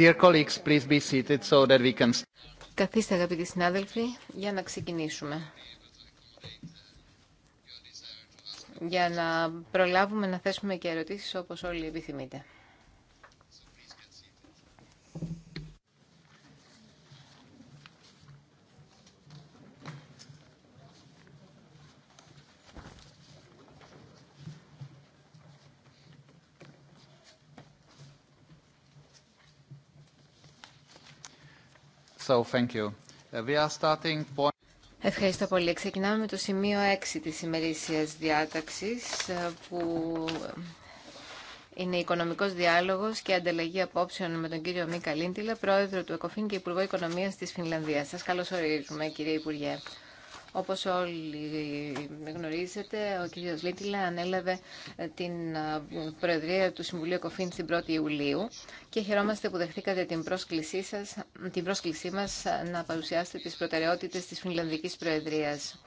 Dear colleagues, please be seated so that we can... Καθίστε αγαπητοί συνάδελφοι για να ξεκινήσουμε. Για να προλάβουμε να θέσουμε και ερωτήσεις όπως όλοι επιθυμείτε. Uh, Ευχαριστώ πολύ. Ξεκινάμε με το σημείο 6 της ημερήσιας διάταξης ε, που είναι οικονομικός διάλογος και ανταλλαγή απόψεων με τον κύριο Μίκα Λίντιλα, πρόεδρο του ΕΚΟΦΗΝ και Υπουργό Οικονομίας της Φινλανδίας. Σας καλωσορίζουμε κύριε Υπουργέ. Όπως όλοι γνωρίζετε, ο κ. Λίτιλα ανέλαβε ε, την ε, Προεδρία του Συμβουλίου Κοφίν την 1η Ιουλίου και χαιρόμαστε που δεχτήκατε την πρόσκλησή, σας, την πρόσκλησή μας να παρουσιάσετε τις προτεραιότητες της Φινλανδικής Προεδρίας.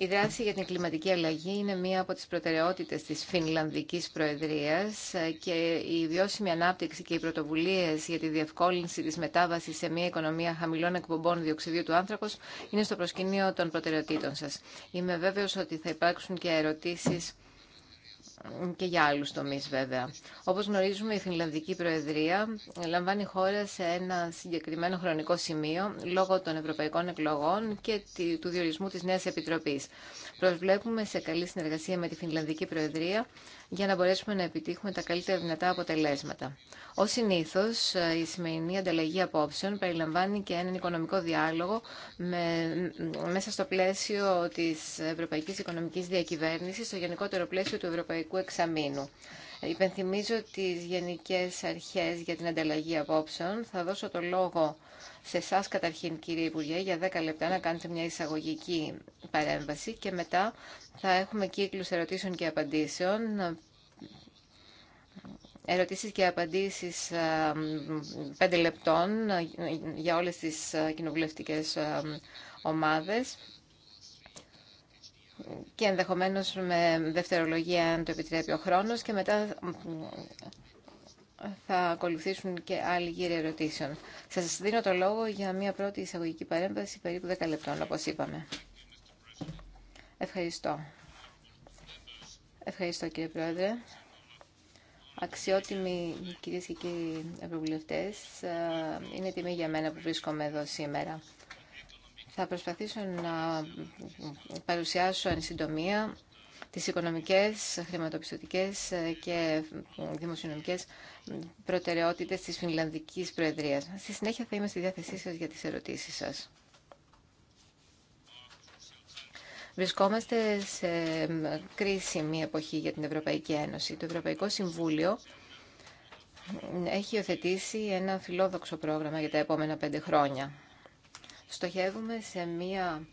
Η δράση για την κλιματική αλλαγή είναι μία από τις προτεραιότητες της Φινλανδικής Προεδρίας και η βιώσιμη ανάπτυξη και οι πρωτοβουλίες για τη διευκόλυνση της μετάβασης σε μία οικονομία χαμηλών εκπομπών διοξιδίου του άνθρακος είναι στο προσκήνιο των προτεραιοτήτων σας. Είμαι βέβαιος ότι θα υπάρξουν και ερωτήσεις και για άλλους τομείς βέβαια. Όπως γνωρίζουμε η Φινλανδική Προεδρία λαμβάνει χώρα σε ένα συγκεκριμένο χρονικό σημείο λόγω των ευρωπαϊκών εκλογών και του διορισμού της νέας επιτροπής. Προσβλέπουμε σε καλή συνεργασία με τη Φινλανδική Προεδρία για να μπορέσουμε να επιτύχουμε τα καλύτερα δυνατά αποτελέσματα. Ω συνήθω, η σημερινή ανταλλαγή απόψεων περιλαμβάνει και έναν οικονομικό διάλογο με, μέσα στο πλαίσιο τη Ευρωπαϊκή Οικονομική Διακυβέρνηση, στο γενικότερο πλαίσιο του Ευρωπαϊκού Εξαμήνου. Υπενθυμίζω τι γενικέ αρχέ για την ανταλλαγή απόψεων. Θα δώσω το λόγο σε εσά καταρχήν κύριε Υπουργέ για 10 λεπτά να κάνετε μια εισαγωγική παρέμβαση και μετά θα έχουμε κύκλους ερωτήσεων και απαντήσεων. Ερωτήσεις και απαντήσεις ε, πέντε λεπτών ε, για όλες τις ε, κοινοβουλευτικές ομάδες και ενδεχομένως με δευτερολογία αν το επιτρέπει ο χρόνος και μετά θα ακολουθήσουν και άλλοι γύροι ερωτήσεων. Σας δίνω το λόγο για μια πρώτη εισαγωγική παρέμβαση περίπου 10 λεπτών όπως είπαμε. Ευχαριστώ. Ευχαριστώ κύριε Πρόεδρε. Αξιότιμοι κυρίες και κύριοι ευρωβουλευτές, ε, είναι τιμή για μένα που βρίσκομαι εδώ σήμερα. Θα προσπαθήσω να παρουσιάσω εν συντομία τις οικονομικές, χρηματοπιστωτικές ε, και δημοσιονομικές προτεραιότητες της Φινλανδικής Προεδρίας. Στη συνέχεια θα είμαι στη διάθεσή σας για τις ερωτήσεις σας. Βρισκόμαστε σε κρίσιμη εποχή για την Ευρωπαϊκή Ένωση. Το Ευρωπαϊκό Συμβούλιο έχει υιοθετήσει ένα φιλόδοξο πρόγραμμα για τα επόμενα πέντε χρόνια. Στοχεύουμε σε μία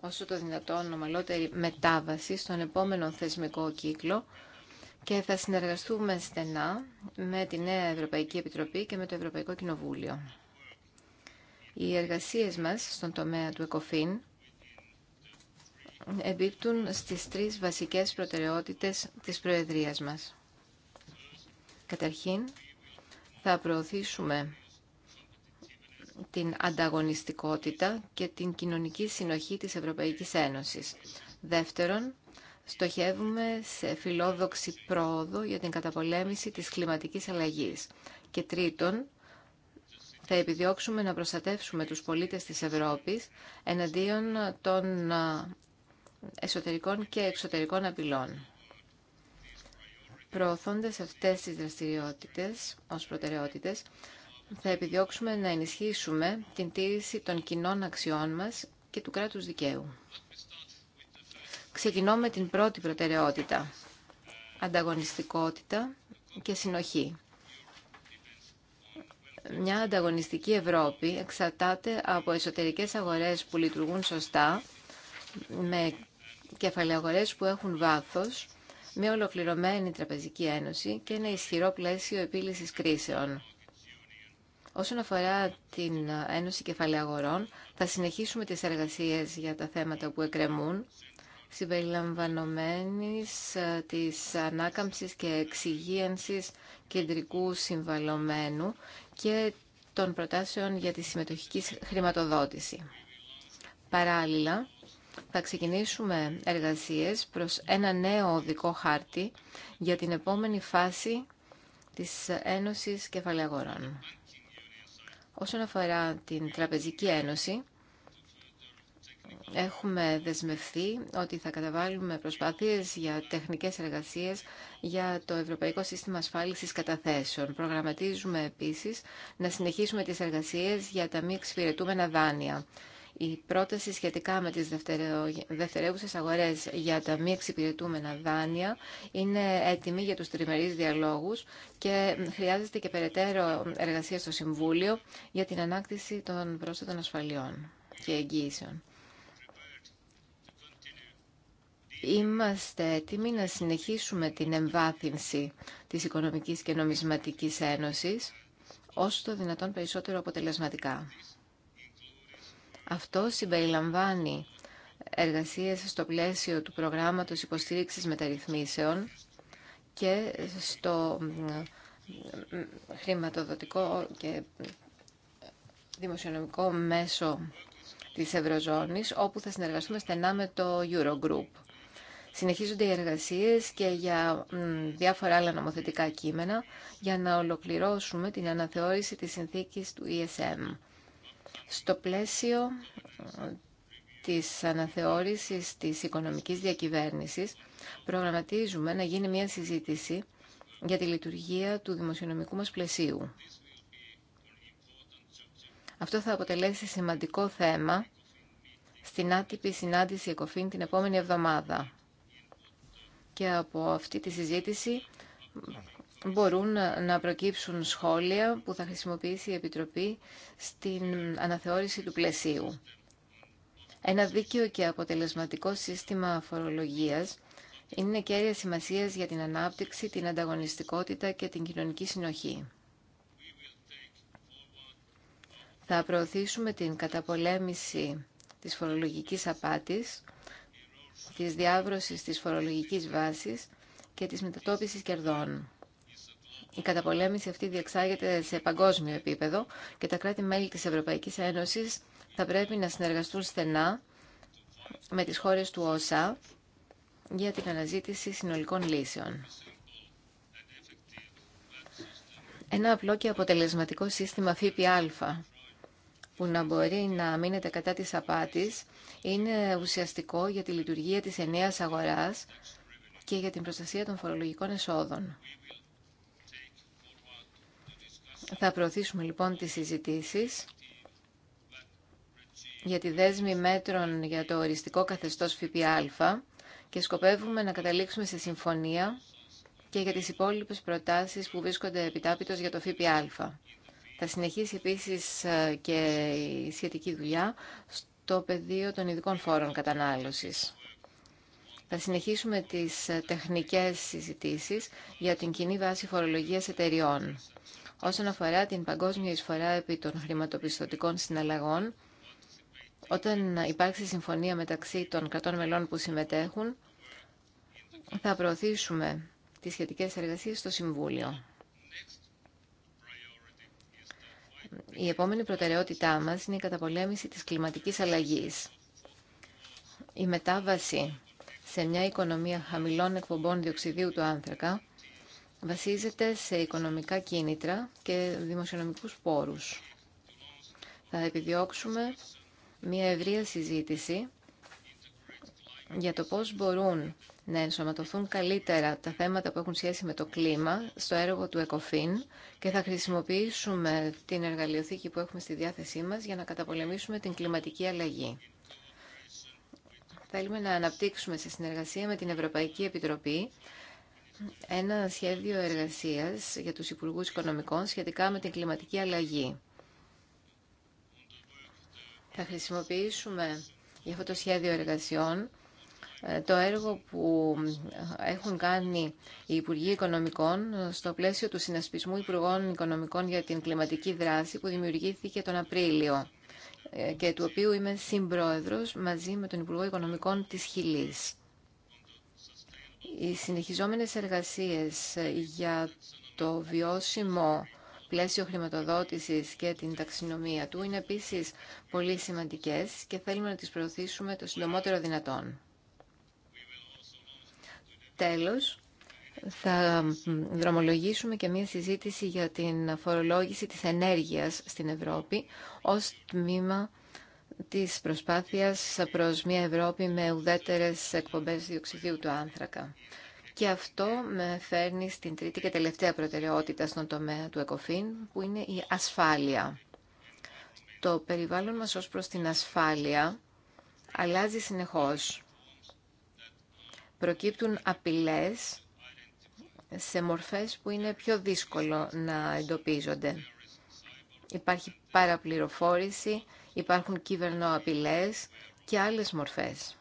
όσο το δυνατόν ομαλότερη μετάβαση στον επόμενο θεσμικό κύκλο και θα συνεργαστούμε στενά με τη Νέα Ευρωπαϊκή Επιτροπή και με το Ευρωπαϊκό Κοινοβούλιο. Οι εργασίες μας στον τομέα του ΕΚΟΦΗΝ εμπίπτουν στις τρεις βασικές προτεραιότητες της Προεδρίας μας. Καταρχήν, θα προωθήσουμε την ανταγωνιστικότητα και την κοινωνική συνοχή της Ευρωπαϊκής Ένωσης. Δεύτερον, στοχεύουμε σε φιλόδοξη πρόοδο για την καταπολέμηση της κλιματικής αλλαγής. Και τρίτον, θα επιδιώξουμε να προστατεύσουμε τους πολίτες της Ευρώπης εναντίον των εσωτερικών και εξωτερικών απειλών. Προωθώντας αυτές τις δραστηριότητες ως προτεραιότητες, θα επιδιώξουμε να ενισχύσουμε την τήρηση των κοινών αξιών μας και του κράτους δικαίου. Ξεκινώ με την πρώτη προτεραιότητα, ανταγωνιστικότητα και συνοχή. Μια ανταγωνιστική Ευρώπη εξαρτάται από εσωτερικές αγορές που λειτουργούν σωστά, με κεφαλαιαγορές που έχουν βάθος, μια ολοκληρωμένη τραπεζική ένωση και ένα ισχυρό πλαίσιο επίλυσης κρίσεων. Όσον αφορά την Ένωση κεφαλαιαγορών, θα συνεχίσουμε τις εργασίες για τα θέματα που εκκρεμούν, συμπεριλαμβανομένης ε, της ανάκαμψης και εξυγίανσης κεντρικού συμβαλωμένου και των προτάσεων για τη συμμετοχική χρηματοδότηση. Παράλληλα, θα ξεκινήσουμε εργασίες προς ένα νέο οδικό χάρτη για την επόμενη φάση της Ένωσης κεφαλαιαγορών. Όσον αφορά την Τραπεζική Ένωση, έχουμε δεσμευθεί ότι θα καταβάλουμε προσπάθειες για τεχνικές εργασίες για το Ευρωπαϊκό Σύστημα Ασφάλισης Καταθέσεων. Προγραμματίζουμε επίσης να συνεχίσουμε τις εργασίες για τα μη εξυπηρετούμενα δάνεια. Η πρόταση σχετικά με τις δευτερεύουσες αγορές για τα μη εξυπηρετούμενα δάνεια είναι έτοιμη για τους τριμερείς διαλόγους και χρειάζεται και περαιτέρω εργασία στο Συμβούλιο για την ανάκτηση των πρόσθετων ασφαλιών και εγγύησεων. Είμαστε έτοιμοι να συνεχίσουμε την εμβάθυνση της Οικονομικής και Νομισματικής Ένωσης όσο το δυνατόν περισσότερο αποτελεσματικά. Αυτό συμπεριλαμβάνει εργασίες στο πλαίσιο του προγράμματος υποστήριξης μεταρρυθμίσεων και στο χρηματοδοτικό και δημοσιονομικό μέσο της Ευρωζώνης, όπου θα συνεργαστούμε στενά με το Eurogroup. Συνεχίζονται οι εργασίες και για διάφορα άλλα νομοθετικά κείμενα για να ολοκληρώσουμε την αναθεώρηση της συνθήκης του ESM. Στο πλαίσιο ε, της αναθεώρησης της οικονομικής διακυβέρνησης, προγραμματίζουμε να γίνει μια συζήτηση για τη λειτουργία του δημοσιονομικού μας πλαισίου. Αυτό θα αποτελέσει σημαντικό θέμα στην άτυπη συνάντηση ΕΚΟΦΗΝ την επόμενη εβδομάδα. Και από αυτή τη συζήτηση μπορούν να προκύψουν σχόλια που θα χρησιμοποιήσει η Επιτροπή στην αναθεώρηση του πλαισίου. Ένα δίκαιο και αποτελεσματικό σύστημα φορολογίας είναι κέρια σημασίας για την ανάπτυξη, την ανταγωνιστικότητα και την κοινωνική συνοχή. Θα προωθήσουμε την καταπολέμηση της φορολογικής απάτης, της διάβρωσης της φορολογικής βάσης και της μετατόπισης κερδών. Η καταπολέμηση αυτή διεξάγεται σε παγκόσμιο επίπεδο και τα κράτη-μέλη της Ευρωπαϊκής Ένωσης θα πρέπει να συνεργαστούν στενά με τις χώρες του ΟΣΑ για την αναζήτηση συνολικών λύσεων. Ένα απλό και αποτελεσματικό σύστημα ΦΠΑ που να μπορεί να μείνεται κατά της απάτης είναι ουσιαστικό για τη λειτουργία της ενιαίας αγοράς και για την προστασία των φορολογικών εσόδων. Θα προωθήσουμε λοιπόν τις συζητήσεις για τη δέσμη μέτρων για το οριστικό καθεστώς ΦΠΑ και σκοπεύουμε να καταλήξουμε σε συμφωνία και για τις υπόλοιπες προτάσεις που βρίσκονται επιτάπητος για το ΦΠΑ. Θα συνεχίσει επίσης και η σχετική δουλειά στο πεδίο των ειδικών φόρων κατανάλωσης. Θα συνεχίσουμε τις τεχνικές συζητήσεις για την κοινή βάση φορολογίας εταιριών όσον αφορά την παγκόσμια εισφορά επί των χρηματοπιστωτικών συναλλαγών, όταν υπάρξει συμφωνία μεταξύ των κρατών μελών που συμμετέχουν, θα προωθήσουμε τις σχετικές εργασίες στο Συμβούλιο. Η επόμενη προτεραιότητά μας είναι η καταπολέμηση της κλιματικής αλλαγής. Η μετάβαση σε μια οικονομία χαμηλών εκπομπών διοξιδίου του άνθρακα βασίζεται σε οικονομικά κίνητρα και δημοσιονομικούς πόρους. Θα επιδιώξουμε μια ευρεία συζήτηση για το πώς μπορούν να ενσωματωθούν καλύτερα τα θέματα που έχουν σχέση με το κλίμα στο έργο του ΕΚΟΦΗΝ και θα χρησιμοποιήσουμε την εργαλειοθήκη που έχουμε στη διάθεσή μας για να καταπολεμήσουμε την κλιματική αλλαγή. Θέλουμε να αναπτύξουμε σε συνεργασία με την Ευρωπαϊκή Επιτροπή ένα σχέδιο εργασίας για τους Υπουργούς Οικονομικών σχετικά με την κλιματική αλλαγή. Θα χρησιμοποιήσουμε για αυτό το σχέδιο εργασιών ε, το έργο που έχουν κάνει οι Υπουργοί Οικονομικών στο πλαίσιο του Συνασπισμού Υπουργών Οικονομικών για την Κλιματική Δράση που δημιουργήθηκε τον Απρίλιο ε, και του οποίου είμαι συμπρόεδρος μαζί με τον Υπουργό Οικονομικών της Χιλής. Οι συνεχιζόμενες εργασίες ε, για το βιώσιμο πλαίσιο χρηματοδότησης και την ταξινομία του είναι επίσης πολύ σημαντικές και θέλουμε να τις προωθήσουμε το συντομότερο δυνατόν. Τέλος, θα δρομολογήσουμε και μία συζήτηση για την φορολόγηση της ενέργειας στην Ευρώπη ως τμήμα της προσπάθειας προς μια Ευρώπη με ουδέτερες εκπομπές διοξιδίου του άνθρακα. Και αυτό με φέρνει στην τρίτη και τελευταία προτεραιότητα στον τομέα του ΕΚΟΦΗΝ, που είναι η ασφάλεια. Το περιβάλλον μας ως προς την ασφάλεια αλλάζει συνεχώς. Προκύπτουν απειλές σε μορφές που είναι πιο δύσκολο να εντοπίζονται. Υπάρχει παραπληροφόρηση, υπάρχουν κυβερνοαπειλές και άλλες μορφές.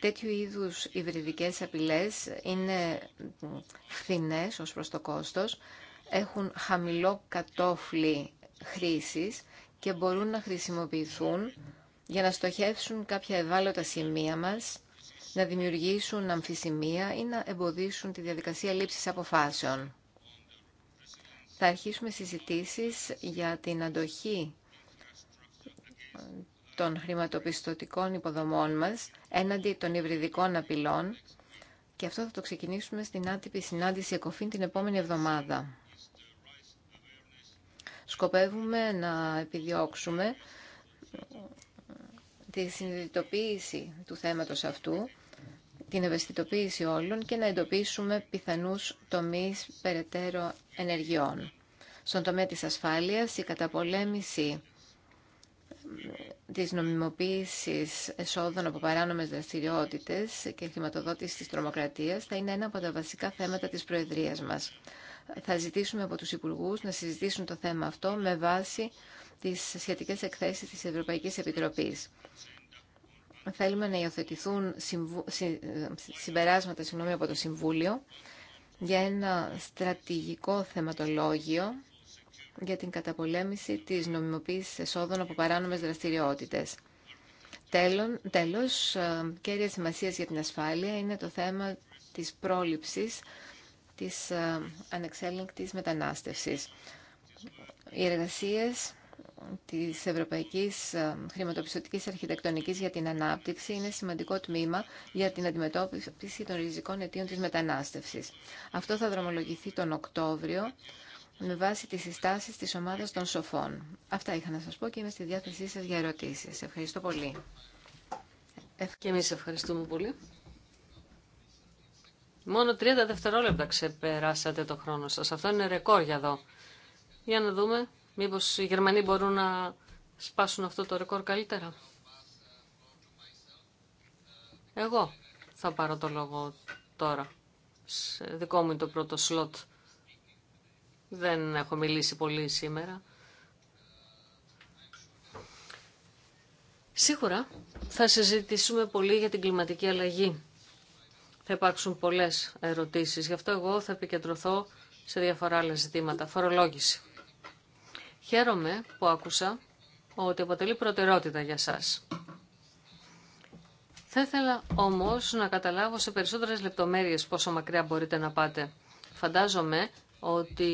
Τέτοιου είδους υβριδικές απειλές είναι φθηνές ως προς το κόστος, έχουν χαμηλό κατόφλι χρήσης και μπορούν να χρησιμοποιηθούν για να στοχεύσουν κάποια ευάλωτα σημεία μας, να δημιουργήσουν αμφισημεία ή να εμποδίσουν τη διαδικασία λήψης αποφάσεων θα αρχίσουμε συζητήσεις για την αντοχή των χρηματοπιστωτικών υποδομών μας έναντι των υβριδικών απειλών και αυτό θα το ξεκινήσουμε στην άτυπη συνάντηση ΕΚΟΦΗΝ την επόμενη εβδομάδα. Σκοπεύουμε να επιδιώξουμε τη συνειδητοποίηση του θέματος αυτού την ευαισθητοποίηση όλων και να εντοπίσουμε πιθανούς τομείς περαιτέρω ενεργειών. Στον τομέα της ασφάλειας, η καταπολέμηση της νομιμοποίησης εσόδων από παράνομες δραστηριότητες και χρηματοδότηση της τρομοκρατίας θα είναι ένα από τα βασικά θέματα της Προεδρίας μας. Θα ζητήσουμε από τους Υπουργούς να συζητήσουν το θέμα αυτό με βάση τις σχετικές εκθέσεις της Ευρωπαϊκής Επιτροπής. Θέλουμε να υιοθετηθούν συμπεράσματα συγγνώμη, από το Συμβούλιο για ένα στρατηγικό θεματολόγιο για την καταπολέμηση της νομιμοποίησης εσόδων από παράνομες δραστηριότητες. Τέλον, τέλος, ε, κέρια σημασία για την ασφάλεια είναι το θέμα της πρόληψης της ε, ανεξέλεγκτης μετανάστευσης. Οι εργασίες της Ευρωπαϊκής ε, Χρηματοπιστωτικής Αρχιτεκτονικής για την Ανάπτυξη είναι σημαντικό τμήμα για την αντιμετώπιση των ριζικών αιτίων της μετανάστευσης. Αυτό θα δρομολογηθεί τον Οκτώβριο με βάση τις συστάσεις της ομάδας των σοφών. Αυτά είχα να σας πω και είμαι στη διάθεσή σας για ερωτήσεις. Ευχαριστώ πολύ. Και εμείς ευχαριστούμε πολύ. Μόνο 30 δευτερόλεπτα ξεπεράσατε το χρόνο σας. Αυτό είναι ρεκόρ για εδώ. Για να δούμε Μήπως οι Γερμανοί μπορούν να σπάσουν αυτό το ρεκόρ καλύτερα. Εγώ θα πάρω το λόγο τώρα. δικό μου είναι το πρώτο σλότ. Δεν έχω μιλήσει πολύ σήμερα. Σίγουρα θα συζητήσουμε πολύ για την κλιματική αλλαγή. Θα υπάρξουν πολλές ερωτήσεις. Γι' αυτό εγώ θα επικεντρωθώ σε διαφορά άλλα ζητήματα. Φορολόγηση. Χαίρομαι που άκουσα ότι αποτελεί προτεραιότητα για σας. Θα ήθελα όμως να καταλάβω σε περισσότερες λεπτομέρειες πόσο μακριά μπορείτε να πάτε. Φαντάζομαι ότι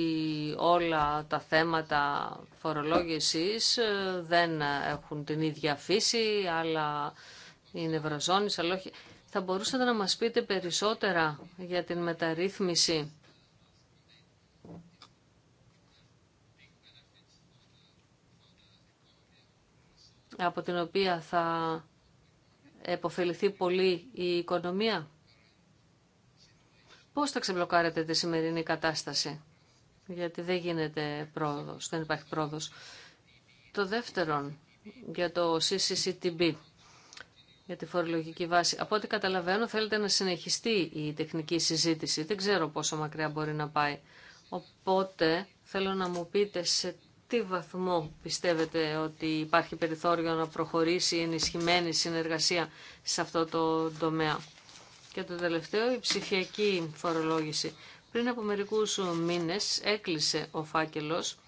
όλα τα θέματα φορολόγησης ε, δεν έχουν την ίδια φύση, αλλά είναι νευροζώνη αλλά όχι. Θα μπορούσατε να μας πείτε περισσότερα για την μεταρρύθμιση από την οποία θα εποφεληθεί πολύ η οικονομία. Πώς θα ξεμπλοκάρετε τη σημερινή κατάσταση, γιατί δεν γίνεται πρόοδος, δεν υπάρχει πρόοδος. Το δεύτερον, για το CCCTB, για τη φορολογική βάση. Από ό,τι καταλαβαίνω θέλετε να συνεχιστεί η τεχνική συζήτηση. Δεν ξέρω πόσο μακριά μπορεί να πάει. Οπότε θέλω να μου πείτε σε τι βαθμό πιστεύετε ότι υπάρχει περιθώριο να προχωρήσει η ενισχυμένη συνεργασία σε αυτό το τομέα. Και το τελευταίο, η ψηφιακή φορολόγηση. Πριν από μερικούς μήνες έκλεισε ο φάκελος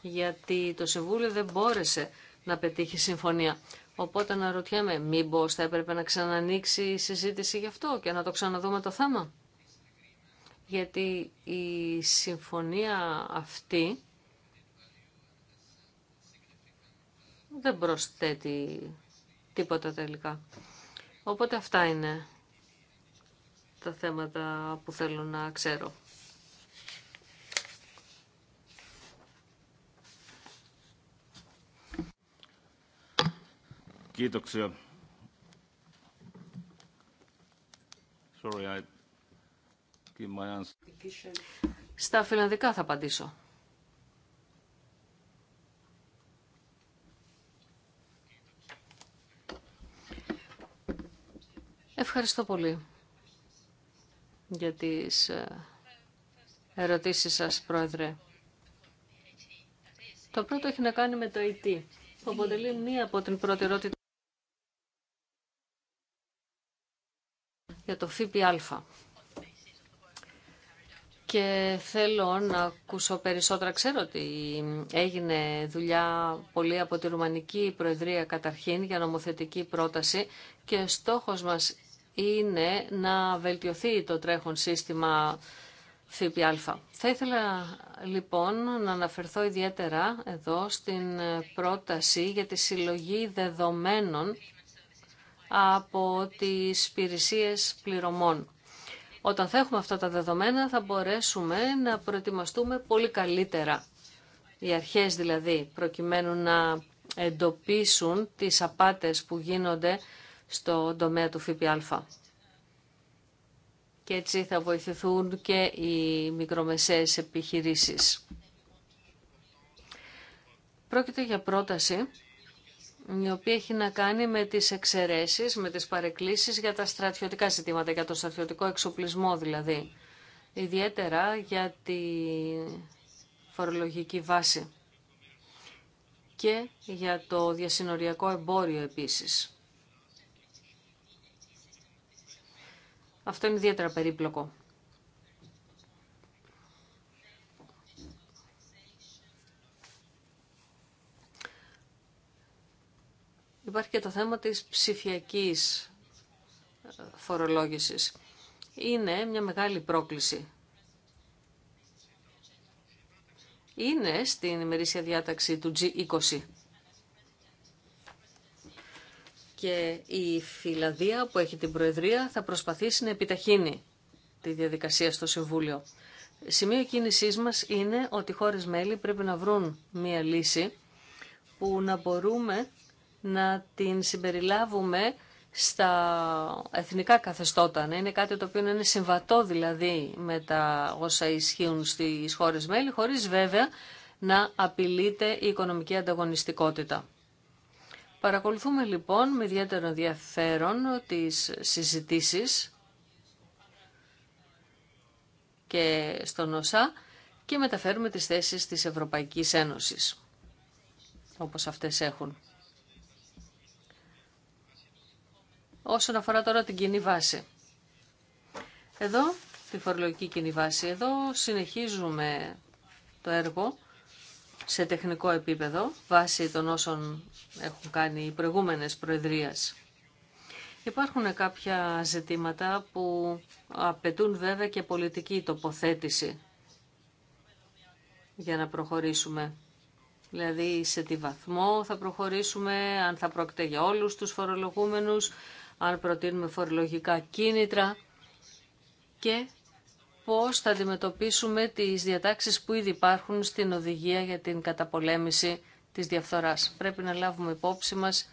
γιατί το Συμβούλιο δεν μπόρεσε να πετύχει συμφωνία. Οπότε να ρωτιέμαι, μήπως θα έπρεπε να ξανανοίξει η συζήτηση γι' αυτό και να το ξαναδούμε το θέμα. Γιατί η συμφωνία αυτή δεν προσθέτει τίποτα τελικά. Οπότε αυτά είναι τα θέματα που θέλω να ξέρω. Kiitoksia. Sorry, I... Στα φιλανδικά θα απαντήσω. Ευχαριστώ πολύ για τις ε, ερωτήσεις σας, Πρόεδρε. Το πρώτο έχει να κάνει με το IT, ε που αποτελεί μία από την πρώτη ερώτηση για το ΦΠΑ. Και θέλω να ακούσω περισσότερα. Ξέρω ότι έγινε δουλειά πολύ από τη Ρουμανική Προεδρία καταρχήν για νομοθετική πρόταση και στόχος μας είναι να βελτιωθεί το τρέχον σύστημα ΦΠΑ. Θα ήθελα λοιπόν να αναφερθώ ιδιαίτερα εδώ στην πρόταση για τη συλλογή δεδομένων από τις υπηρεσίε πληρωμών. Όταν θα έχουμε αυτά τα δεδομένα θα μπορέσουμε να προετοιμαστούμε πολύ καλύτερα. Οι αρχές δηλαδή προκειμένου να εντοπίσουν τις απάτες που γίνονται στον τομέα του ΦΠΑ. Και έτσι θα βοηθηθούν και οι μικρομεσαίες επιχειρήσεις. Πρόκειται για πρόταση η οποία έχει να κάνει με τις εξαιρέσεις, με τις παρεκκλήσεις για τα στρατιωτικά ζητήματα, για το στρατιωτικό εξοπλισμό δηλαδή. Ιδιαίτερα για τη φορολογική βάση και για το διασυνοριακό εμπόριο επίσης. Αυτό είναι ιδιαίτερα περίπλοκο. Υπάρχει και το θέμα της ψηφιακής ε, φορολόγησης. Είναι μια μεγάλη πρόκληση. Είναι στην ημερήσια διάταξη του G20 και η Φιλανδία που έχει την Προεδρία θα προσπαθήσει να επιταχύνει τη διαδικασία στο Συμβούλιο. Σημείο κίνησή μα είναι ότι οι χώρε μέλη πρέπει να βρουν μία λύση που να μπορούμε να την συμπεριλάβουμε στα εθνικά καθεστώτα. Να είναι κάτι το οποίο είναι συμβατό δηλαδή με τα όσα ισχύουν στις χώρες μέλη, χωρίς βέβαια να απειλείται η οικονομική ανταγωνιστικότητα. Παρακολουθούμε λοιπόν με ιδιαίτερο ενδιαφέρον τις συζητήσεις και στον ΩΣΑ και μεταφέρουμε τις θέσεις της Ευρωπαϊκής Ένωσης, όπως αυτές έχουν. Όσον αφορά τώρα την κοινή βάση. Εδώ, τη φορολογική κοινή βάση, εδώ συνεχίζουμε το έργο σε τεχνικό επίπεδο βάσει των όσων έχουν κάνει οι προηγούμενες προεδρίες. Υπάρχουν κάποια ζητήματα που απαιτούν βέβαια και πολιτική τοποθέτηση για να προχωρήσουμε. Δηλαδή σε τι βαθμό θα προχωρήσουμε, αν θα πρόκειται για όλους τους φορολογούμενους, αν προτείνουμε φορολογικά κίνητρα και πώς θα αντιμετωπίσουμε τις διατάξεις που ήδη υπάρχουν στην οδηγία για την καταπολέμηση της διαφθοράς. Πρέπει να λάβουμε υπόψη μας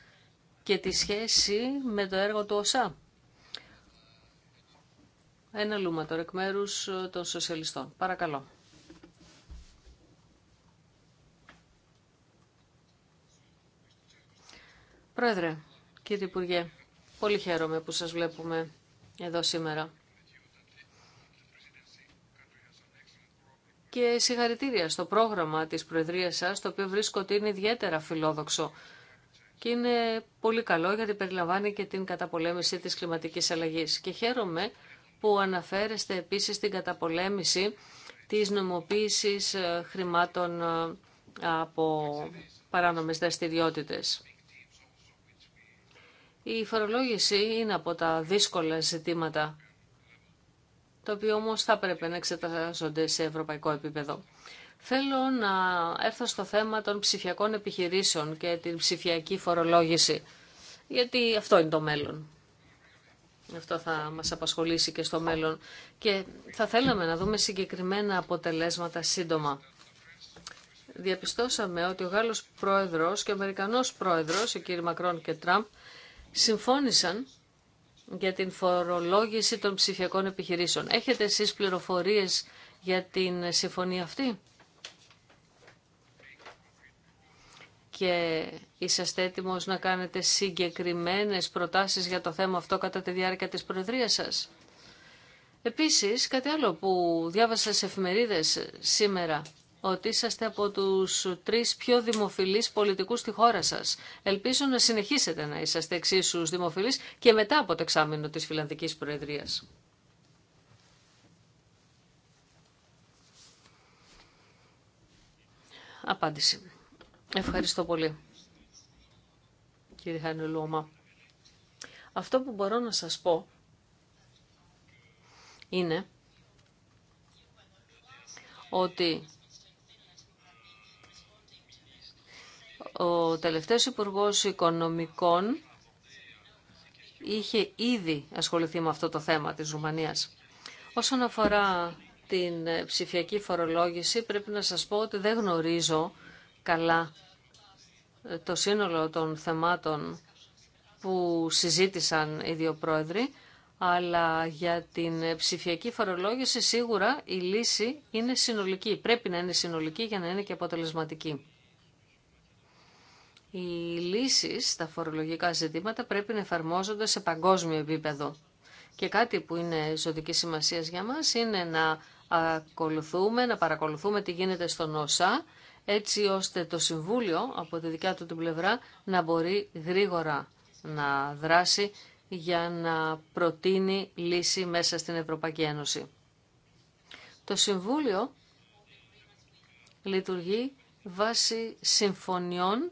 και τη σχέση με το έργο του ΟΣΑ. Ένα λούμα τώρα εκ μέρους ε, των σοσιαλιστών. Παρακαλώ. Πρόεδρε, κύριε Υπουργέ, πολύ χαίρομαι που σας βλέπουμε εδώ σήμερα. και συγχαρητήρια στο πρόγραμμα της Προεδρίας σας, το οποίο βρίσκω ότι είναι ιδιαίτερα φιλόδοξο και είναι πολύ καλό γιατί περιλαμβάνει και την καταπολέμηση της κλιματικής αλλαγής. Και χαίρομαι που αναφέρεστε επίσης την καταπολέμηση της νομοποίησης ε, χρημάτων ε, από παράνομες δραστηριότητε. Η φορολόγηση είναι από τα δύσκολα ζητήματα το οποίο όμως θα πρέπει να εξετάζονται σε ευρωπαϊκό επίπεδο. Θέλω να έρθω στο θέμα των ψηφιακών επιχειρήσεων και την ψηφιακή φορολόγηση, γιατί αυτό είναι το μέλλον. Αυτό θα μας απασχολήσει και στο μέλλον και θα θέλαμε να δούμε συγκεκριμένα αποτελέσματα σύντομα. Διαπιστώσαμε ότι ο Γάλλος Πρόεδρος και ο Αμερικανός Πρόεδρος, ο κ. Μακρόν και Τραμπ, συμφώνησαν για την φορολόγηση των ψηφιακών επιχειρήσεων. Έχετε εσείς πληροφορίες για την συμφωνία αυτή και είσαστε έτοιμος να κάνετε συγκεκριμένες προτάσεις για το θέμα αυτό κατά τη διάρκεια της Προεδρίας σας. Επίσης, κάτι άλλο που διάβασα σε εφημερίδες σήμερα ότι είσαστε από τους τρεις πιο δημοφιλείς πολιτικούς στη χώρα σας. Ελπίζω να συνεχίσετε να είσαστε εξίσου δημοφιλείς και μετά από το εξάμεινο της Φιλανδικής Προεδρίας. Απάντηση. Ευχαριστώ πολύ, κύριε Χανελούμα. Αυτό που μπορώ να σας πω είναι ότι ο τελευταίος Υπουργός Οικονομικών είχε ήδη ασχοληθεί με αυτό το θέμα της Ρουμανίας. Όσον αφορά την ψηφιακή φορολόγηση, πρέπει να σας πω ότι δεν γνωρίζω καλά ε, το σύνολο των θεμάτων που συζήτησαν οι δύο πρόεδροι, αλλά για την ψηφιακή φορολόγηση σίγουρα η λύση είναι συνολική. Πρέπει να είναι συνολική για να είναι και αποτελεσματική οι λύσει στα φορολογικά ζητήματα πρέπει να εφαρμόζονται σε παγκόσμιο επίπεδο. Και κάτι που είναι ζωτική σημασία για μας είναι να ακολουθούμε, να παρακολουθούμε τι γίνεται στον ΩΣΑ, έτσι ώστε το Συμβούλιο από τη δικιά του την πλευρά να μπορεί γρήγορα να δράσει για να προτείνει λύση μέσα στην Ευρωπαϊκή Ένωση. Το Συμβούλιο λειτουργεί βάσει συμφωνιών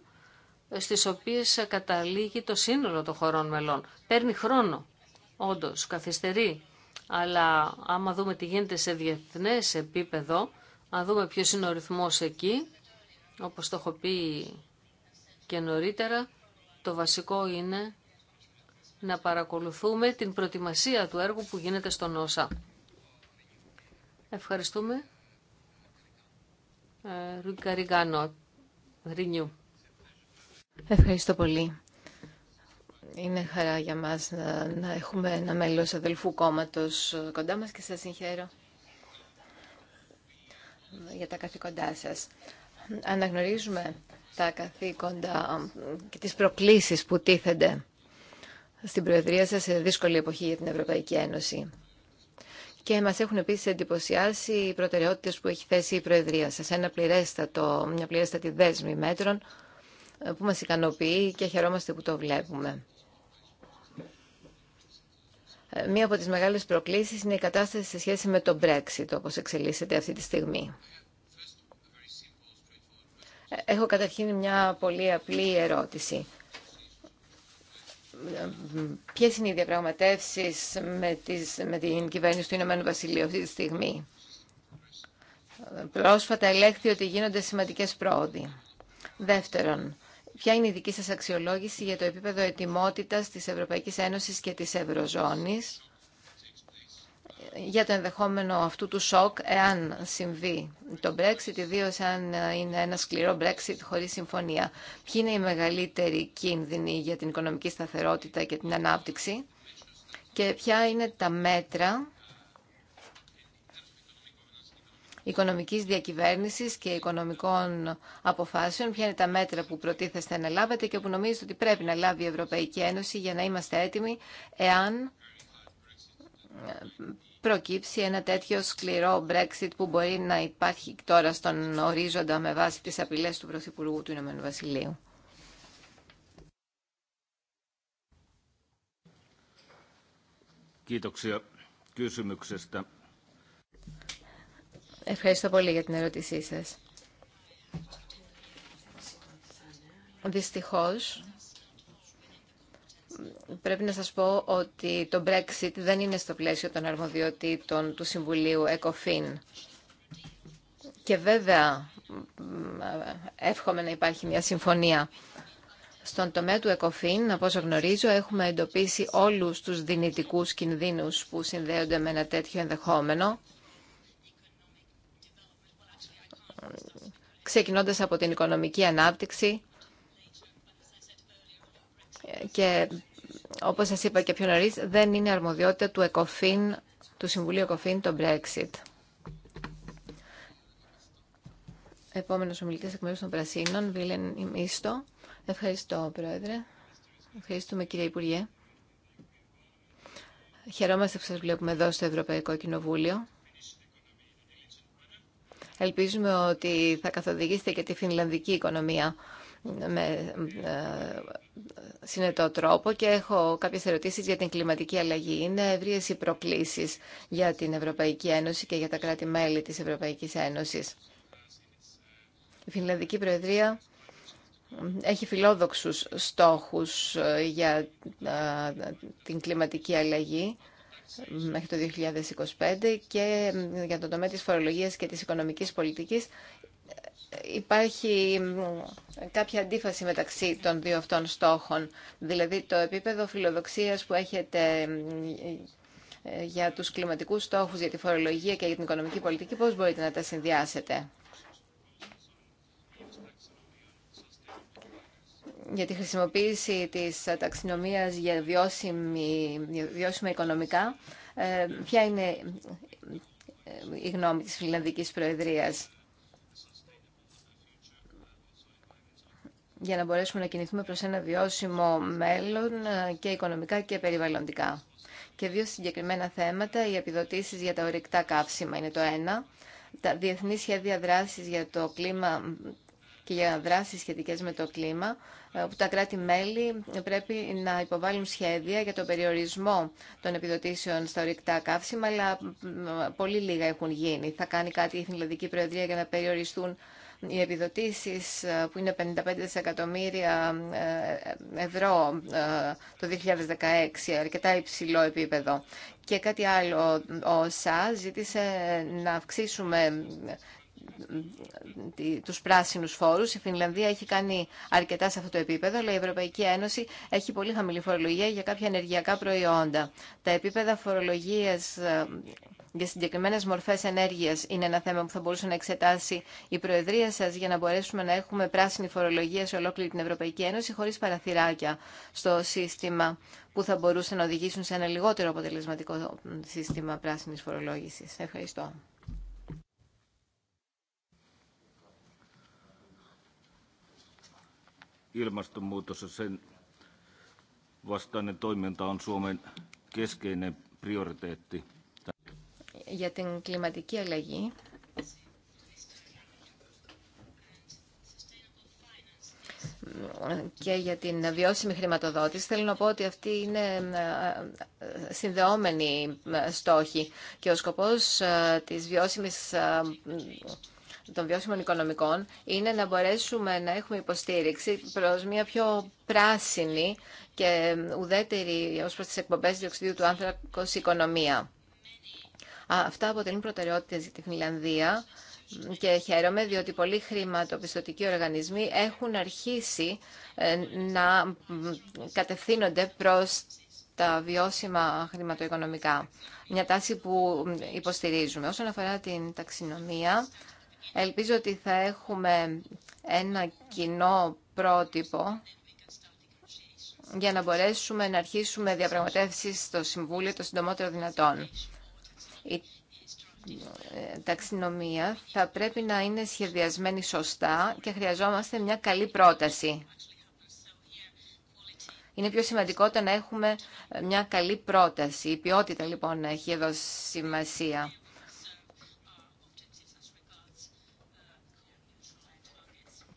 στις οποίες καταλήγει το σύνολο των χωρών μελών. Παίρνει χρόνο, όντως, καθυστερεί. Αλλά άμα δούμε τι γίνεται σε διεθνές επίπεδο, αν δούμε ποιος είναι ο ρυθμός εκεί, όπως το έχω πει και νωρίτερα, το βασικό είναι να παρακολουθούμε την προετοιμασία του έργου που γίνεται στον ΩΣΑ. Ευχαριστούμε. Ε, Ρουγκαριγκάνο, Ρινιού. Ευχαριστώ πολύ. Είναι χαρά για μας να, έχουμε ένα μέλος αδελφού κόμματος κοντά μας και σας συγχαίρω για τα καθήκοντά σας. Αναγνωρίζουμε τα καθήκοντα και τις προκλήσεις που τίθενται στην Προεδρία σας σε δύσκολη εποχή για την Ευρωπαϊκή Ένωση. Και μας έχουν επίσης εντυπωσιάσει οι προτεραιότητες που έχει θέσει η Προεδρία σας. Ένα πληρέστατο, μια πληρέστατη δέσμη μέτρων ε, που μας ικανοποιεί και χαιρόμαστε που το βλέπουμε. Ε, μία από τις μεγάλες προκλήσεις είναι η κατάσταση σε σχέση με το Brexit, όπως εξελίσσεται αυτή τη στιγμή. Ε, έχω καταρχήν μια πολύ απλή ερώτηση. Ποιες είναι οι διαπραγματεύσεις με, με την κυβέρνηση του Ηνωμένου Βασιλείου αυτή τη στιγμή. Πρόσφατα ελέγχθη ότι γίνονται σημαντικές πρόοδοι. Δεύτερον, ποια είναι η δική σας αξιολόγηση για το επίπεδο ετοιμότητας της Ευρωπαϊκής Ένωσης και της Ευρωζώνης για το ενδεχόμενο αυτού του σοκ εάν συμβεί το Brexit, ιδίω αν είναι ένα σκληρό Brexit χωρίς συμφωνία. Ποιοι είναι οι μεγαλύτεροι κίνδυνοι για την οικονομική σταθερότητα και την ανάπτυξη και ποια είναι τα μέτρα οικονομικής διακυβέρνησης και οικονομικών αποφάσεων, ποια είναι τα μέτρα που προτίθεστε να λάβετε και που νομίζετε ότι πρέπει να λάβει η Ευρωπαϊκή Ένωση για να είμαστε έτοιμοι εάν προκύψει ένα τέτοιο σκληρό Brexit που μπορεί να υπάρχει τώρα στον ορίζοντα με βάση τις απειλές του Πρωθυπουργού του Ηνωμένου Βασιλείου. Kiitoksia kysymyksestä. Ευχαριστώ πολύ για την ερώτησή σας. Δυστυχώς, πρέπει να σας πω ότι το Brexit δεν είναι στο πλαίσιο των αρμοδιοτήτων του Συμβουλίου ΕΚΟΦΗΝ. Και βέβαια, εύχομαι να υπάρχει μια συμφωνία. Στον τομέα του ΕΚΟΦΗΝ, από όσο γνωρίζω, έχουμε εντοπίσει όλους τους δυνητικούς κινδύνους που συνδέονται με ένα τέτοιο ενδεχόμενο ξεκινώντας από την οικονομική ανάπτυξη και όπως σας είπα και πιο νωρίς, δεν είναι αρμοδιότητα του, του Συμβουλίου ΕΚΟΦΗΝ το Brexit. Επόμενος ομιλητής εκ μέρους των Πρασίνων, Βίλεν Ιμίστο. Ευχαριστώ, Πρόεδρε. Ευχαριστούμε, κύριε Υπουργέ. Χαιρόμαστε που σας βλέπουμε εδώ στο Ευρωπαϊκό Κοινοβούλιο. Ελπίζουμε ότι θα καθοδηγήσετε και τη φινλανδική οικονομία με ε, συνετό τρόπο και έχω κάποιες ερωτήσεις για την κλιματική αλλαγή. Είναι ευρείες οι προκλήσεις για την Ευρωπαϊκή Ένωση και για τα κράτη-μέλη της Ευρωπαϊκής Ένωσης. Η Φινλανδική Προεδρία έχει φιλόδοξους στόχους ε, για ε, την κλιματική αλλαγή μέχρι το 2025 και για τον τομέα της φορολογίας και της οικονομικής πολιτικής υπάρχει κάποια αντίφαση μεταξύ των δύο αυτών στόχων. Δηλαδή το επίπεδο φιλοδοξίας που έχετε ε, για τους κλιματικούς στόχους, για τη φορολογία και για την οικονομική πολιτική, πώς μπορείτε να τα συνδυάσετε. για τη χρησιμοποίηση της ταξινομίας για βιώσιμη, βιώσιμα οικονομικά, ε, ποια είναι ε, η γνώμη της Φιλανδικής Προεδρίας. για να μπορέσουμε να κινηθούμε προς ένα βιώσιμο μέλλον ε, και οικονομικά και περιβαλλοντικά. Και δύο συγκεκριμένα θέματα, οι επιδοτήσεις για τα ορυκτά καύσιμα είναι το ένα, τα διεθνή σχέδια δράσης για το κλίμα και για δράσεις σχετικές με το κλίμα, ε, που τα κράτη-μέλη πρέπει να υποβάλουν σχέδια για τον περιορισμό των επιδοτήσεων στα ορυκτά καύσιμα, αλλά πολύ λίγα έχουν γίνει. Θα κάνει κάτι η Εθνική Προεδρία για να περιοριστούν οι επιδοτήσεις ε, που είναι 55 δισεκατομμύρια ε, ευρώ το 2016, αρκετά υψηλό επίπεδο. Και κάτι άλλο, ο ΣΑ ζήτησε να αυξήσουμε τους πράσινους φόρους. Η Φινλανδία έχει κάνει αρκετά σε αυτό το επίπεδο, αλλά η Ευρωπαϊκή Ένωση έχει πολύ χαμηλή φορολογία για κάποια ενεργειακά προϊόντα. Τα επίπεδα φορολογίας ε, για συγκεκριμένε μορφέ ενέργεια είναι ένα θέμα που θα μπορούσε να εξετάσει η Προεδρία σα για να μπορέσουμε να έχουμε πράσινη φορολογία σε ολόκληρη την Ευρωπαϊκή Ένωση χωρί παραθυράκια στο σύστημα που θα μπορούσε να οδηγήσουν σε ένα λιγότερο αποτελεσματικό σύστημα πράσινη φορολόγηση. Ευχαριστώ. ilmastonmuutos ja sen vastainen toiminta on Suomen keskeinen prioriteetti. Για την κλιματική αλλαγή και για την βιώσιμη χρηματοδότηση, θέλω να πω ότι αυτή είναι ε, ε, συνδεόμενη ε, στόχη και ο σκοπός της βιώσιμης των βιώσιμων οικονομικών είναι να μπορέσουμε να έχουμε υποστήριξη προς μια πιο πράσινη και ουδέτερη ως προς τις εκπομπές διοξιδίου του άνθρακος οικονομία. Αυτά αποτελούν προτεραιότητες για τη Φινλανδία και χαίρομαι διότι πολλοί χρηματοπιστωτικοί οργανισμοί έχουν αρχίσει ε, να κατευθύνονται προς τα βιώσιμα χρηματοοικονομικά. Μια τάση που υποστηρίζουμε. Όσον αφορά την ταξινομία, Ελπίζω ότι θα έχουμε ένα κοινό πρότυπο για να μπορέσουμε να αρχίσουμε διαπραγματεύσεις στο Συμβούλιο το συντομότερο δυνατόν. Η ταξινομία θα πρέπει να είναι σχεδιασμένη σωστά και χρειαζόμαστε μια καλή πρόταση. Είναι πιο σημαντικό το να έχουμε μια καλή πρόταση. Η ποιότητα λοιπόν έχει εδώ σημασία.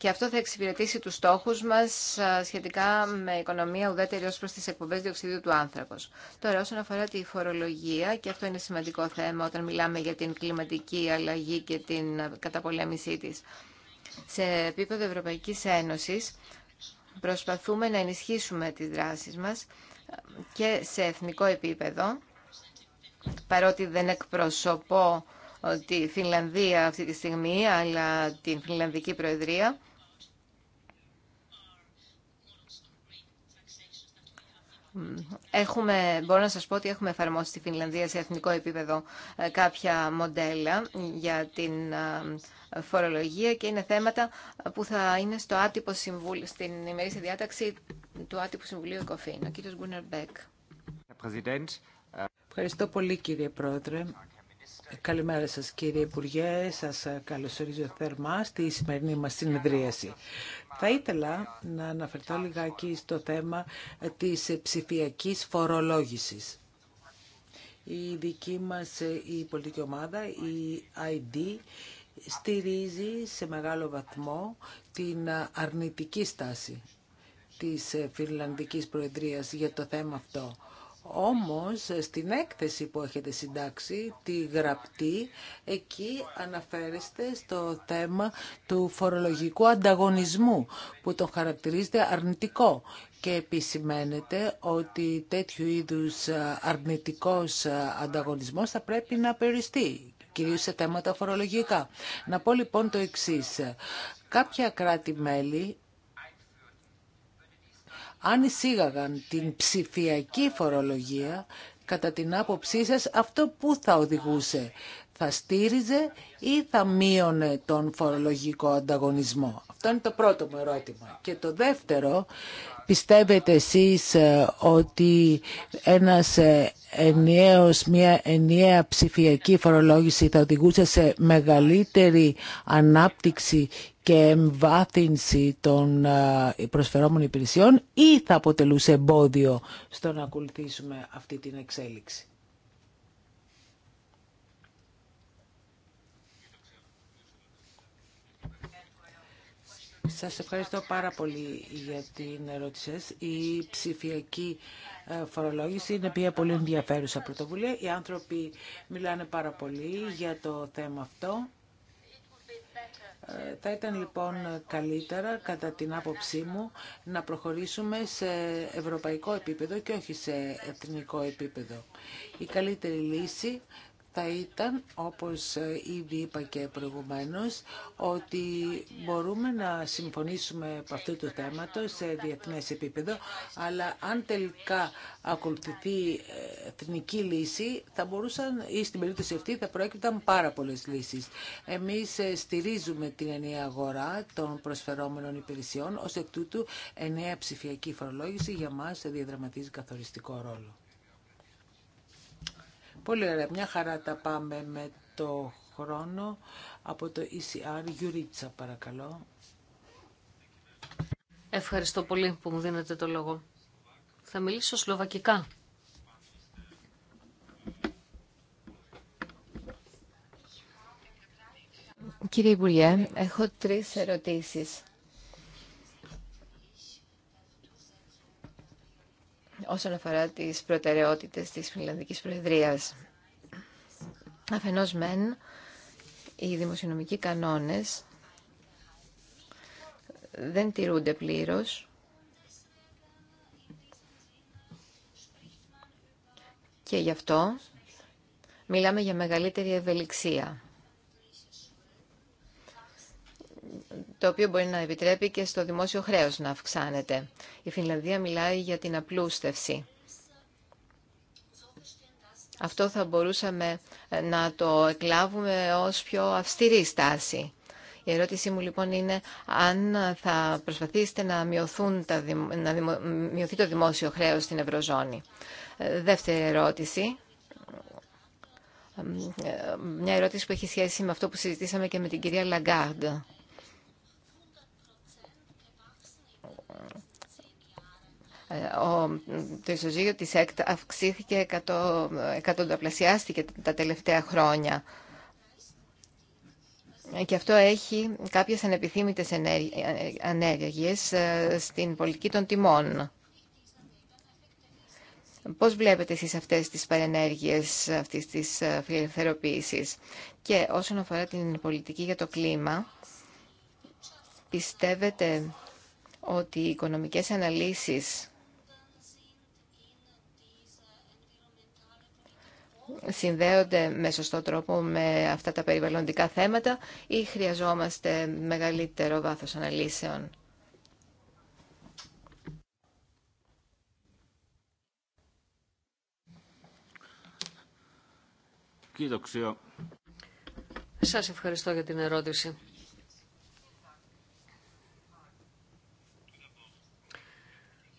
Και αυτό θα εξυπηρετήσει τους στόχους μας σχετικά με οικονομία ουδέτερη ως προς τις εκπομπές διοξιδίου του άνθρακος. Τώρα, όσον αφορά τη φορολογία, και αυτό είναι σημαντικό θέμα όταν μιλάμε για την κλιματική αλλαγή και την καταπολέμησή της. Σε επίπεδο Ευρωπαϊκής Ένωσης, προσπαθούμε να ενισχύσουμε τις δράσεις μας και σε εθνικό επίπεδο, παρότι δεν εκπροσωπώ ε, τη Φινλανδία αυτή τη στιγμή, αλλά την Φινλανδική Προεδρία. Έχουμε, μπορώ να σας πω ότι έχουμε εφαρμόσει στη Φινλανδία σε εθνικό επίπεδο ε, κάποια μοντέλα για την ε, φορολογία και είναι θέματα που θα είναι στο άτυπο συμβούλιο, στην ημερήσια διάταξη του άτυπου συμβουλίου ΕΚΟΦΗΝ. Ο κύριος Γκούνερ Μπέκ. Ε, Ευχαριστώ πολύ κύριε Πρόεδρε. Καλημέρα σας κύριε Υπουργέ, σας καλωσορίζω θερμά στη σημερινή μας συνεδρίαση. Θα ήθελα να αναφερθώ λιγάκι στο θέμα της ψηφιακή φορολόγηση. Η δική μας η πολιτική ομάδα, η ID, στηρίζει σε μεγάλο βαθμό την αρνητική στάση της Φινλανδικής Προεδρίας για το θέμα αυτό. Όμως στην έκθεση που έχετε συντάξει, τη γραπτή, εκεί αναφέρεστε στο θέμα του φορολογικού ανταγωνισμού που τον χαρακτηρίζεται αρνητικό και επισημαίνεται ότι τέτοιου είδους αρνητικός ανταγωνισμός θα πρέπει να περιστεί κυρίως σε θέματα φορολογικά. Να πω λοιπόν το εξής. Κάποια κράτη-μέλη αν εισήγαγαν την ψηφιακή φορολογία, κατά την άποψή σας, αυτό που θα οδηγούσε, θα στήριζε ή θα μείωνε τον φορολογικό ανταγωνισμό. Αυτό είναι το πρώτο μου ερώτημα. Και το δεύτερο, πιστεύετε εσείς ε, ότι ένας ε, ενιαίος, μια ενιαία ψηφιακή φορολόγηση θα οδηγούσε σε μεγαλύτερη ανάπτυξη και εμβάθυνση των ε, προσφερόμενων υπηρεσιών ή θα αποτελούσε εμπόδιο στο να ακολουθήσουμε αυτή την εξέλιξη. Σας ευχαριστώ πάρα πολύ για την ερώτησή σας. Η ψηφιακή ε, φορολόγηση είναι μια πολύ ενδιαφέρουσα πρωτοβουλία. Οι άνθρωποι μιλάνε πάρα πολύ για το θέμα αυτό. Θα ήταν λοιπόν καλύτερα, κατά την άποψή μου, να προχωρήσουμε σε ευρωπαϊκό επίπεδο και όχι σε εθνικό επίπεδο. Η καλύτερη λύση θα ήταν, όπως ήδη είπα και προηγουμένως, ότι μπορούμε να συμφωνήσουμε από αυτό το θέμα σε διεθνές επίπεδο, αλλά αν τελικά ακολουθηθεί εθνική λύση, θα μπορούσαν, ή στην περίπτωση αυτή, θα προέκυπταν πάρα πολλές λύσεις. Εμείς στηρίζουμε την ενιαία αγορά των προσφερόμενων υπηρεσιών, ως εκ τούτου ενιαία ψηφιακή φορολόγηση για μας διαδραματίζει καθοριστικό ρόλο. Πολύ ωραία. Μια χαρά τα πάμε με το χρόνο. Από το ECR, Γιουρίτσα παρακαλώ. Ευχαριστώ πολύ που μου δίνετε το λόγο. Θα μιλήσω σλοβακικά. Κύριε Υπουργέ, έχω τρεις ερωτήσεις. όσον αφορά τις προτεραιότητες της Φιλανδικής Προεδρίας. Αφενός μεν, οι δημοσιονομικοί κανόνες δεν τηρούνται πλήρως και γι' αυτό μιλάμε για μεγαλύτερη ευελιξία το οποίο μπορεί να επιτρέπει και στο δημόσιο χρέος να αυξάνεται. Η Φινλανδία μιλάει για την απλούστευση. Αυτό θα μπορούσαμε ε, να το εκλάβουμε ως πιο αυστηρή στάση. Η ερώτησή μου λοιπόν είναι αν θα προσπαθήσετε να, μειωθούν τα, να μειωθεί το δημόσιο χρέος στην Ευρωζώνη. Ε, δεύτερη ερώτηση. Ε, μια ερώτηση που έχει σχέση με αυτό που συζητήσαμε και με την κυρία Λαγκάρντ. Ε, το ισοζύγιο της ΕΚΤ αυξήθηκε, εκατονταπλασιάστηκε τα τελευταία χρόνια. Και αυτό έχει κάποιες ανεπιθύμητες ανέργειες ε, στην πολιτική των τιμών. Πώς βλέπετε εσείς αυτές τις παρενέργειες αυτής της ε, φιλελευθεροποίησης. Και όσον αφορά την πολιτική για το κλίμα, πιστεύετε ότι οι οικονομικές αναλύσεις συνδέονται με σωστό τρόπο με αυτά τα περιβαλλοντικά θέματα ή χρειαζόμαστε μεγαλύτερο βάθος αναλύσεων. Σας ευχαριστώ για την ερώτηση.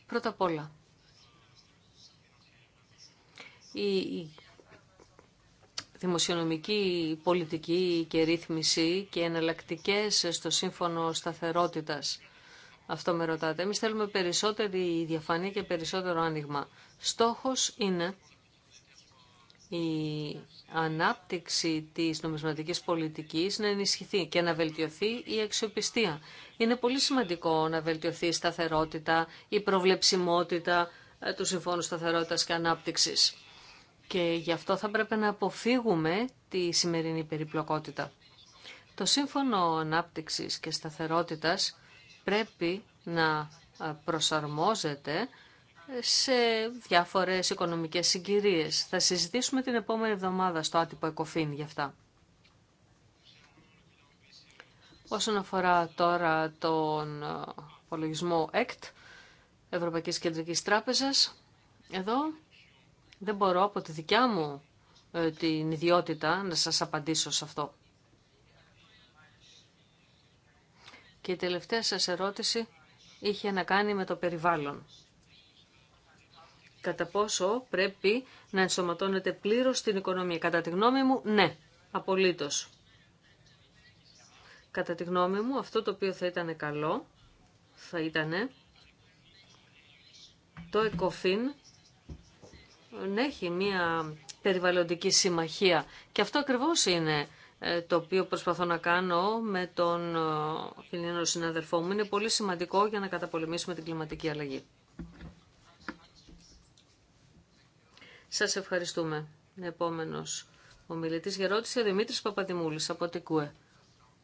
Πρώτα απ' όλα, η δημοσιονομική πολιτική και ρύθμιση και εναλλακτικέ στο σύμφωνο σταθερότητας. Αυτό με ρωτάτε. Εμεί θέλουμε περισσότερη διαφάνεια και περισσότερο άνοιγμα. Στόχος είναι η ανάπτυξη της νομισματικής πολιτικής να ενισχυθεί και να βελτιωθεί η αξιοπιστία. Είναι πολύ σημαντικό να βελτιωθεί η σταθερότητα, η προβλεψιμότητα ε, του Συμφώνου Σταθερότητας και Ανάπτυξης και γι' αυτό θα πρέπει να αποφύγουμε τη σημερινή περιπλοκότητα. Το Σύμφωνο Ανάπτυξης και Σταθερότητας πρέπει να ε, προσαρμόζεται ε, σε διάφορες οικονομικές συγκυρίες. Θα συζητήσουμε την επόμενη εβδομάδα στο άτυπο ΕΚΟΦΗΝ γι' αυτά. Όσον αφορά τώρα τον ε, απολογισμό ΕΚΤ, Ευρωπαϊκής Κεντρικής Τράπεζας, εδώ δεν μπορώ από τη δικιά μου ε, την ιδιότητα να σας απαντήσω σε αυτό. Και η τελευταία σας ερώτηση είχε να κάνει με το περιβάλλον. Κατά πόσο πρέπει να ενσωματώνεται πλήρως στην οικονομία. Κατά τη γνώμη μου, ναι, απολύτως. Κατά τη γνώμη μου, αυτό το οποίο θα ήταν καλό, θα ήταν το ΕΚΟΦΗΝ έχει μία περιβαλλοντική συμμαχία. Και αυτό ακριβώς είναι ε, το οποίο προσπαθώ να κάνω με τον ε, Φιλίνο συναδελφό μου. Είναι πολύ σημαντικό για να καταπολεμήσουμε την κλιματική αλλαγή. Σας ευχαριστούμε. Επόμενος ο μιλητής για ερώτηση, ο Δημήτρης Παπαδημούλης από την ΚΟΕ.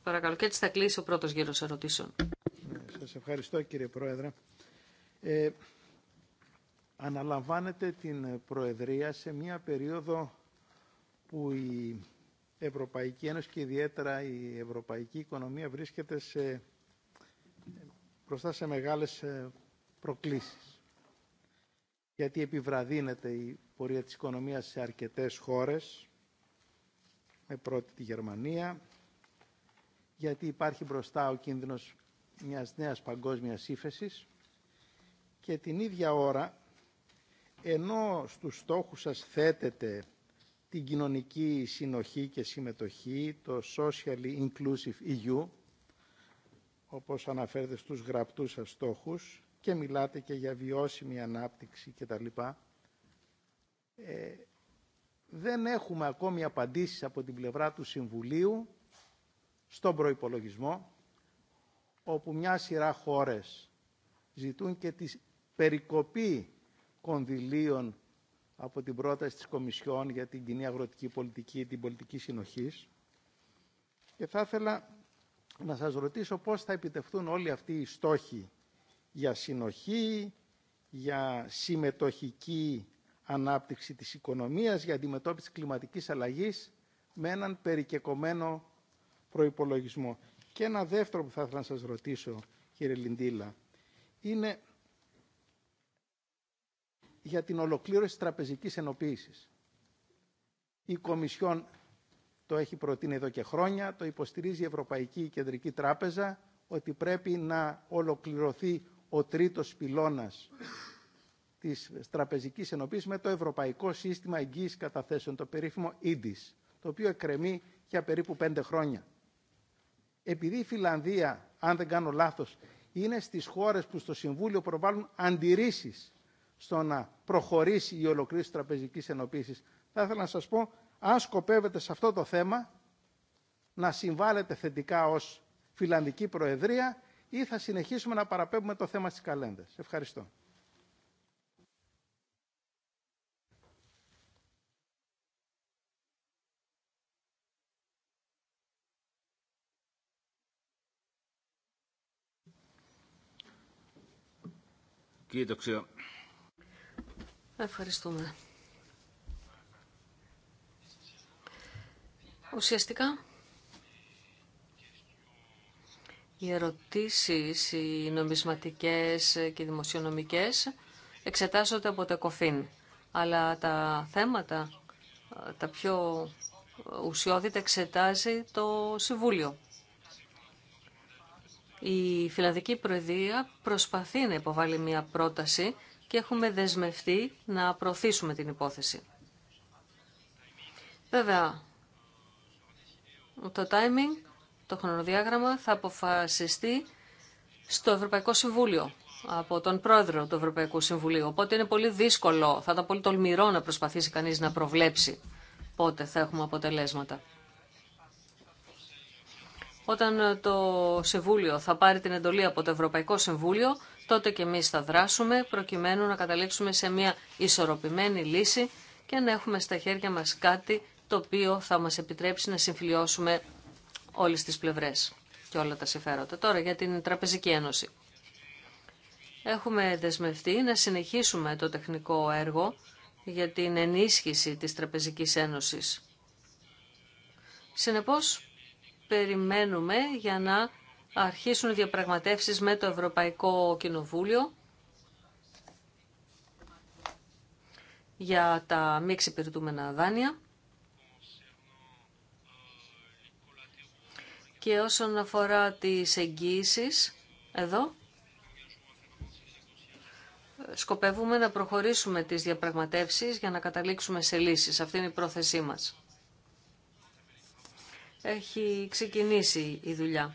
Παρακαλώ και έτσι θα κλείσει ο πρώτος γύρος ερωτήσεων. Σας ευχαριστώ κύριε Πρόεδρε. Ε, Αναλαμβάνεται την Προεδρία σε μια περίοδο που η Ευρωπαϊκή Ένωση και ιδιαίτερα η Ευρωπαϊκή Οικονομία βρίσκεται σε, μπροστά σε μεγάλες ε, προκλήσεις. Γιατί επιβραδύνεται η πορεία της οικονομίας σε αρκετές χώρες, με πρώτη τη Γερμανία, γιατί υπάρχει μπροστά ο κίνδυνος μιας νέας παγκόσμιας ύφεσης και την ίδια ώρα ενώ στους στόχους σας θέτετε την κοινωνική συνοχή και συμμετοχή, το Socially Inclusive EU, όπως αναφέρετε στους γραπτούς σας στόχους, και μιλάτε και για βιώσιμη ανάπτυξη κτλ. Ε, δεν έχουμε ακόμη απαντήσεις από την πλευρά του Συμβουλίου στον προϋπολογισμό, όπου μια σειρά χώρες ζητούν και τις περικοπή κονδυλίων από την πρόταση της Κομισιόν για την κοινή αγροτική πολιτική, την πολιτική συνοχής. Και θα ήθελα να σας ρωτήσω πώς θα επιτευχθούν όλοι αυτοί οι στόχοι για συνοχή, για συμμετοχική ανάπτυξη της οικονομίας, για αντιμετώπιση κλιματικής αλλαγής με έναν περικεκομένο προϋπολογισμό. Και ένα δεύτερο που θα ήθελα να σας ρωτήσω, κύριε Λιντήλα, είναι για την ολοκλήρωση τραπεζικής ενοποίησης. Η Κομισιόν το έχει προτείνει εδώ και χρόνια, το υποστηρίζει η Ευρωπαϊκή Κεντρική Τράπεζα ότι πρέπει να ολοκληρωθεί ο τρίτος πυλώνας της τραπεζικής ενοποίησης με το Ευρωπαϊκό Σύστημα Εγγύης Καταθέσεων, το περίφημο EDIS, το οποίο εκκρεμεί για περίπου πέντε χρόνια. Επειδή η Φιλανδία, αν δεν κάνω λάθος, είναι στις χώρες που στο Συμβούλιο προβάλλουν αντιρρήσεις στο να προχωρήσει η ολοκλήρωση τραπεζική ενοποίησης. Θα ήθελα να σας πω, αν σκοπεύετε σε αυτό το θέμα, να συμβάλλετε θετικά ως Φιλανδική Προεδρία ή θα συνεχίσουμε να παραπέμπουμε το θέμα στις καλέντες. Ευχαριστώ. Kiitoksia Ευχαριστούμε. Ουσιαστικά, οι ερωτήσεις, οι νομισματικές και δημοσιονομικές εξετάζονται από το ΕΚΟΦΗΝ. Αλλά τα θέματα, τα πιο ουσιώδη, τα εξετάζει το Συμβούλιο. Η Φιλανδική Προεδρία προσπαθεί να υποβάλει μια πρόταση και έχουμε δεσμευτεί να προωθήσουμε την υπόθεση. Βέβαια, το timing, το χρονοδιάγραμμα θα αποφασιστεί στο Ευρωπαϊκό Συμβούλιο από τον πρόεδρο του Ευρωπαϊκού Συμβουλίου. Οπότε είναι πολύ δύσκολο, θα ήταν πολύ τολμηρό να προσπαθήσει κανείς να προβλέψει πότε θα έχουμε αποτελέσματα. Όταν το Συμβούλιο θα πάρει την εντολή από το Ευρωπαϊκό Συμβούλιο, τότε και εμείς θα δράσουμε προκειμένου να καταλήξουμε σε μια ισορροπημένη λύση και να έχουμε στα χέρια μας κάτι το οποίο θα μας επιτρέψει να συμφιλιώσουμε όλες τις πλευρές και όλα τα συμφέροντα. Τώρα για την Τραπεζική Ένωση. Έχουμε δεσμευτεί να συνεχίσουμε το τεχνικό έργο για την ενίσχυση της Τραπεζικής Ένωσης. Συνεπώς, περιμένουμε για να αρχίσουν οι διαπραγματεύσεις με το Ευρωπαϊκό Κοινοβούλιο για τα μη εξυπηρετούμενα δάνεια. Και όσον αφορά τις εγγύησεις, εδώ σκοπεύουμε να προχωρήσουμε τις διαπραγματεύσεις για να καταλήξουμε σε λύσεις. Αυτή είναι η πρόθεσή μας. Έχει ξεκινήσει η δουλειά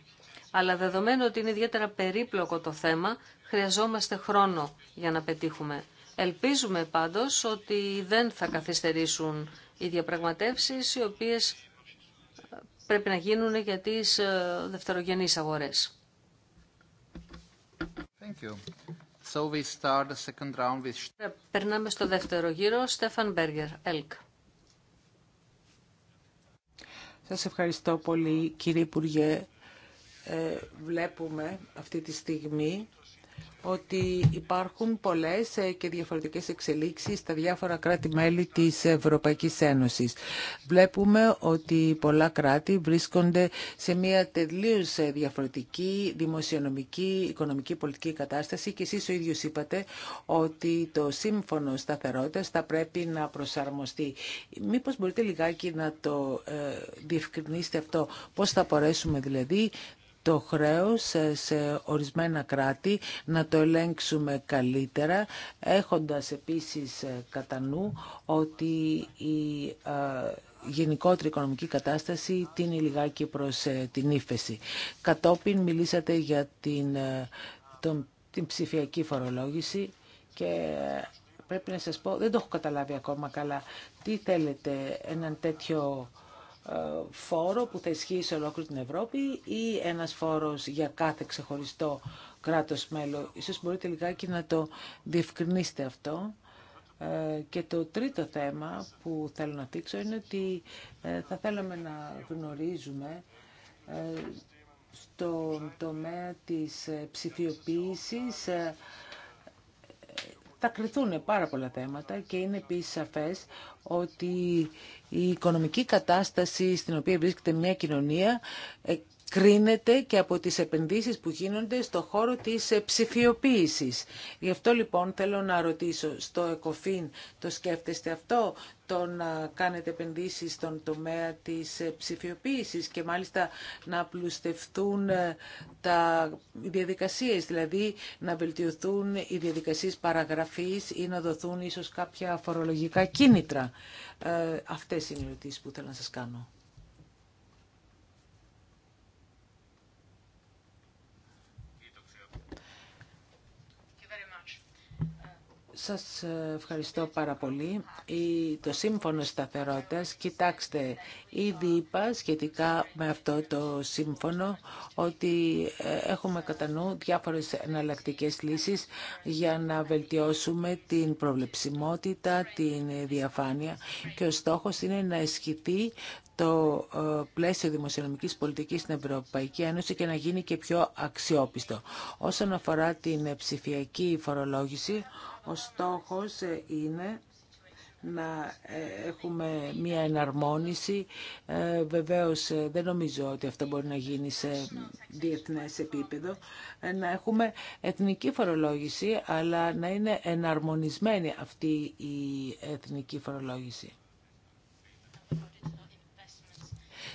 αλλά δεδομένου ότι είναι ιδιαίτερα περίπλοκο το θέμα, χρειαζόμαστε χρόνο για να πετύχουμε. Ελπίζουμε πάντως ότι δεν θα καθυστερήσουν οι διαπραγματεύσεις οι οποίες ε, πρέπει να γίνουν για τις ε, δευτερογενείς αγορές. Thank you. So we ε, Περνάμε στο δεύτερο γύρο. Στέφαν Μπέργκερ, ΕΛΚ. Σας ευχαριστώ πολύ κύριε Υπουργέ. Ε, βλέπουμε αυτή τη στιγμή ότι υπάρχουν πολλές ε, και διαφορετικές εξελίξεις στα διάφορα κράτη-μέλη της Ευρωπαϊκής Ένωσης. Βλέπουμε ότι πολλά κράτη βρίσκονται σε μια τελείως ε, διαφορετική δημοσιονομική, οικονομική, πολιτική κατάσταση και εσείς ο ίδιος είπατε ότι το σύμφωνο σταθερότητας θα πρέπει να προσαρμοστεί. Μήπως μπορείτε λιγάκι να το διευκρινίσετε αυτό, πώς θα μπορέσουμε δηλαδή το χρέος σε ορισμένα κράτη, να το ελέγξουμε καλύτερα, έχοντας επίσης ε, κατά νου ότι η ε, γενικότερη οικονομική κατάσταση τίνει λιγάκι προς ε, την ύφεση. Κατόπιν μιλήσατε για την, τον, την ψηφιακή φορολόγηση και πρέπει να σας πω, δεν το έχω καταλάβει ακόμα καλά, τι θέλετε, έναν τέτοιο ε, φόρο που θα ισχύει σε ολόκληρη την Ευρώπη ή ένας φόρος για κάθε ξεχωριστό κράτος μέλο. Ίσως μπορείτε λιγάκι να το διευκρινίσετε αυτό. Ε, και το τρίτο θέμα που θέλω να δείξω είναι ότι ε, θα θέλαμε να γνωρίζουμε στον τομέα της ψηφιοποίησης θα κρυθούν πάρα πολλά θέματα και είναι επίσης σαφές ότι η οικονομική κατάσταση στην οποία βρίσκεται μια κοινωνία ε, κρίνεται και από τις επενδύσεις που γίνονται στο χώρο της ε, ψηφιοποίησης. Γι' αυτό λοιπόν θέλω να ρωτήσω, στο ΕΚΟΦΗΝ το σκέφτεστε αυτό, το να κάνετε επενδύσεις στον τομέα της ε, ψηφιοποίησης και μάλιστα να πλουστευτούν ε, τα διαδικασίες, δηλαδή να βελτιωθούν οι διαδικασίες παραγραφής ή να δοθούν ίσως κάποια φορολογικά κίνητρα. Ε, αυτές είναι οι ερωτήσεις που θέλω να σας κάνω. Σας ευχαριστώ πάρα πολύ. Το Σύμφωνο Σταθερότητας, κοιτάξτε, ήδη είπα σχετικά με αυτό το σύμφωνο ότι ε, έχουμε κατά νου διάφορες εναλλακτικέ λύσεις για να βελτιώσουμε την προβλεψιμότητα, την διαφάνεια και ο στόχος είναι να ισχυθεί το ε, πλαίσιο δημοσιονομικής πολιτικής στην Ευρωπαϊκή Ένωση και να γίνει και πιο αξιόπιστο. Όσον αφορά την ψηφιακή φορολόγηση, ο στόχος ε, είναι να ε, έχουμε μία εναρμόνιση. Βεβαίως δεν νομίζω ότι αυτό μπορεί να γίνει σε διεθνές επίπεδο. Να έχουμε εθνική φορολόγηση, αλλά να είναι εναρμονισμένη αυτή η εθνική φορολόγηση.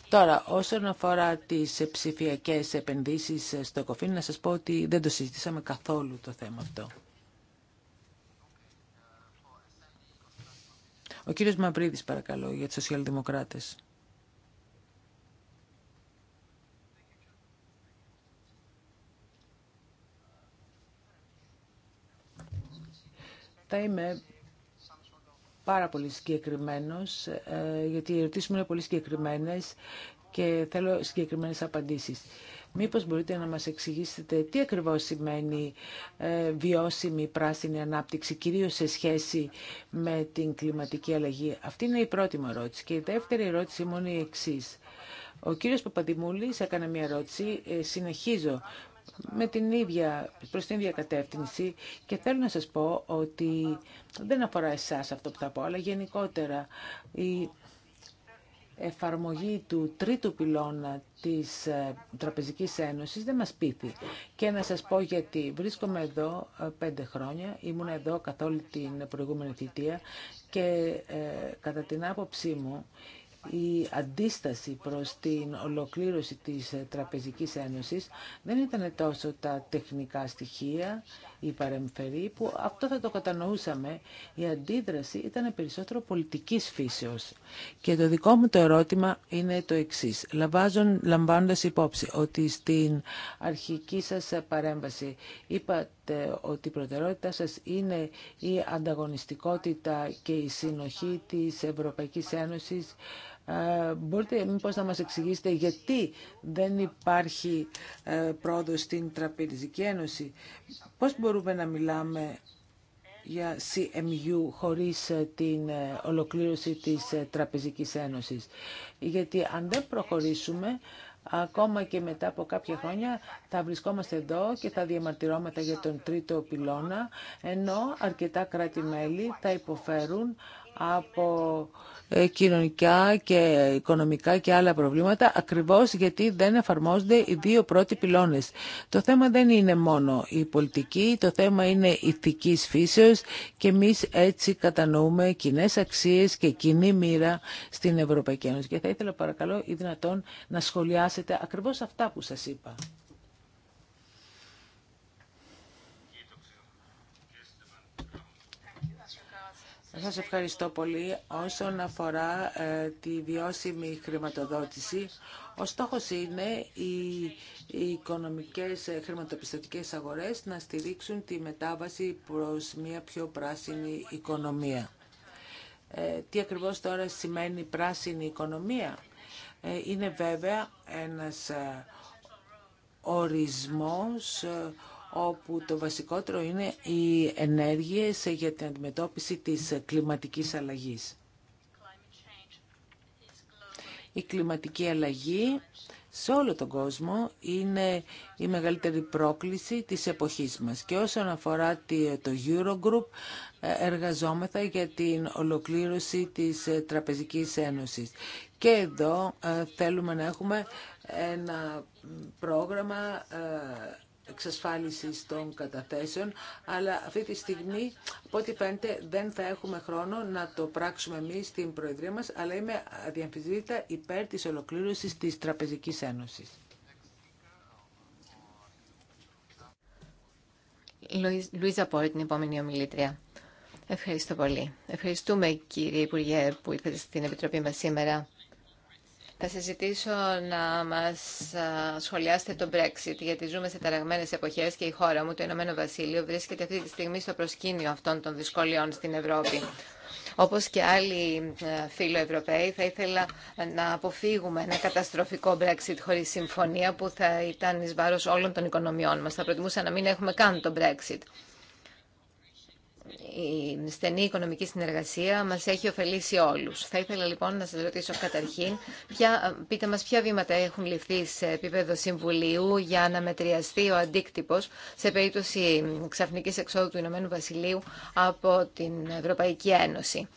Τώρα, όσον αφορά τις ψηφιακέ επενδύσεις στο ΕΚΟΦΗΝ, να σας πω ότι δεν το συζητήσαμε καθόλου το θέμα αυτό. Ο κύριος Μαυρίδης, παρακαλώ, για τους σοσιαλδημοκράτες. Θα είμαι πάρα πολύ συγκεκριμένος, ε, γιατί οι ερωτήσει μου είναι πολύ συγκεκριμένε και θέλω συγκεκριμένες απαντήσεις. Μήπως μπορείτε να μας εξηγήσετε τι ακριβώς σημαίνει ε, βιώσιμη πράσινη ανάπτυξη, κυρίως σε σχέση με την κλιματική αλλαγή. Αυτή είναι η πρώτη μου ερώτηση. Και η δεύτερη ερώτηση μου είναι η εξής. Ο κύριος Παπαδημούλης έκανε μια ερώτηση, ε, συνεχίζω με την ίδια, προς την ίδια κατεύθυνση και θέλω να σας πω ότι δεν αφορά εσάς αυτό που θα πω, αλλά γενικότερα η εφαρμογή του τρίτου πυλώνα της ε, Τραπεζικής Ένωσης δεν μας πείθει. Και να σας πω γιατί βρίσκομαι εδώ ε, πέντε χρόνια, ήμουν εδώ καθ' όλη την προηγούμενη θητεία και ε, κατά την άποψή μου η αντίσταση προς την ολοκλήρωση της Τραπεζικής Ένωσης δεν ήταν τόσο τα τεχνικά στοιχεία, η παρεμφερή, που αυτό θα το κατανοούσαμε. Η αντίδραση ήταν περισσότερο πολιτικής φύσεως. Και το δικό μου το ερώτημα είναι το εξής. Λαμβάζον, λαμβάνοντας υπόψη ότι στην αρχική σας παρέμβαση είπατε ότι η προτεραιότητά σας είναι η ανταγωνιστικότητα και η συνοχή της Ευρωπαϊκής Ένωσης ε, μπορείτε μήπως να μας εξηγήσετε γιατί δεν υπάρχει ε, πρόοδος στην Τραπεζική Ένωση. Πώς μπορούμε να μιλάμε για CMU χωρίς ε, την ολοκλήρωση της Τραπεζικής Ένωσης. Γιατί αν δεν προχωρήσουμε, ακόμα και μετά από κάποια χρόνια θα βρισκόμαστε εδώ και θα διαμαρτυρόμαστε για τον τρίτο πυλώνα, ενώ αρκετά κράτη-μέλη θα υποφέρουν από ε, κοινωνικά και οικονομικά και άλλα προβλήματα, ακριβώς γιατί δεν εφαρμόζονται οι δύο πρώτοι πυλώνες. Το θέμα δεν είναι μόνο η πολιτική, το θέμα είναι ηθικής φύσεως και εμεί έτσι κατανοούμε κοινέ αξίες και κοινή μοίρα στην Ευρωπαϊκή Ένωση. Και θα ήθελα παρακαλώ ή δυνατόν να σχολιάσετε ακριβώς αυτά που σας είπα. Σας ευχαριστώ πολύ. Όσον αφορά ε, τη βιώσιμη χρηματοδότηση, ο στόχος είναι οι, οι οικονομικές ε, χρηματοπιστωτικές αγορές να στηρίξουν τη μετάβαση προς μια πιο πράσινη οικονομία. Ε, τι ακριβώς τώρα σημαίνει πράσινη οικονομία. Είναι βέβαια ένας ορισμός όπου το βασικότερο είναι οι ενέργειες για την αντιμετώπιση της κλιματικής αλλαγής. Η κλιματική αλλαγή σε όλο τον κόσμο είναι η μεγαλύτερη πρόκληση της εποχής μας. Και όσον αφορά το Eurogroup, ε, εργαζόμεθα για την ολοκλήρωση της ε, Τραπεζικής Ένωσης. Και εδώ ε, θέλουμε να έχουμε ένα πρόγραμμα εξασφάλισης των καταθέσεων, αλλά αυτή τη στιγμή, από ό,τι φαίνεται, δεν θα έχουμε χρόνο να το πράξουμε εμείς στην Προεδρία μας, αλλά είμαι αδιαμφισβήτητα υπέρ της ολοκλήρωσης της Τραπεζικής Ένωσης. Λουίζα Πόρη, την επόμενη ομιλήτρια. Ευχαριστώ πολύ. Ευχαριστούμε, κύριε Υπουργέ, που ήρθατε στην Επιτροπή μας σήμερα. Θα σας ζητήσω να μας σχολιάσετε το Brexit, γιατί ζούμε σε ταραγμένες εποχές και η χώρα μου, το Ηνωμένο Βασίλειο, βρίσκεται αυτή τη στιγμή στο προσκήνιο αυτών των δυσκολιών στην Ευρώπη. Όπως και άλλοι ε, φίλοι Ευρωπαίοι, θα ήθελα να αποφύγουμε ένα καταστροφικό Brexit χωρίς συμφωνία που θα ήταν εις όλων των οικονομιών μας. Θα προτιμούσα να μην έχουμε καν το Brexit η στενή οικονομική συνεργασία μας έχει ωφελήσει όλους. Θα ήθελα λοιπόν να σας ρωτήσω καταρχήν, ποια, πείτε μας ποια βήματα έχουν ληφθεί σε επίπεδο Συμβουλίου για να μετριαστεί ο αντίκτυπος σε περίπτωση ξαφνικής εξόδου του Ηνωμένου Βασιλείου από την Ευρωπαϊκή Ένωση.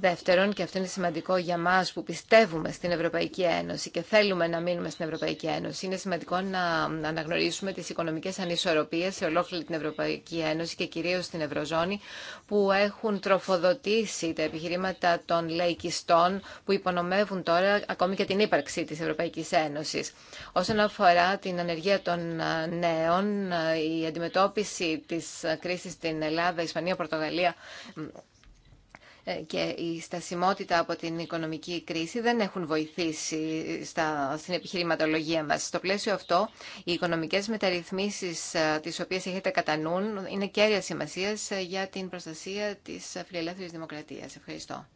Δεύτερον, και αυτό είναι σημαντικό για μα που πιστεύουμε στην Ευρωπαϊκή Ένωση και θέλουμε να μείνουμε στην Ευρωπαϊκή Ένωση, είναι σημαντικό να αναγνωρίσουμε τι οικονομικέ ανισορροπίες σε ολόκληρη την Ευρωπαϊκή Ένωση και κυρίω στην Ευρωζώνη που έχουν τροφοδοτήσει τα επιχειρήματα των λαϊκιστών που υπονομεύουν τώρα ακόμη και την ύπαρξη τη Ευρωπαϊκή Ένωση. Όσον αφορά την ανεργία των νέων, η αντιμετώπιση τη κρίση στην Ελλάδα, Ισπανία, Πορτογαλία ε, και η στασιμότητα από την οικονομική κρίση δεν έχουν βοηθήσει στα, στην επιχειρηματολογία μας. Στο πλαίσιο αυτό, οι οικονομικές μεταρρυθμίσεις ε, τις οποίες έχετε κατά νου είναι κέρια σημασίας ε, για την προστασία της φιλελεύθερης δημοκρατίας. Ευχαριστώ.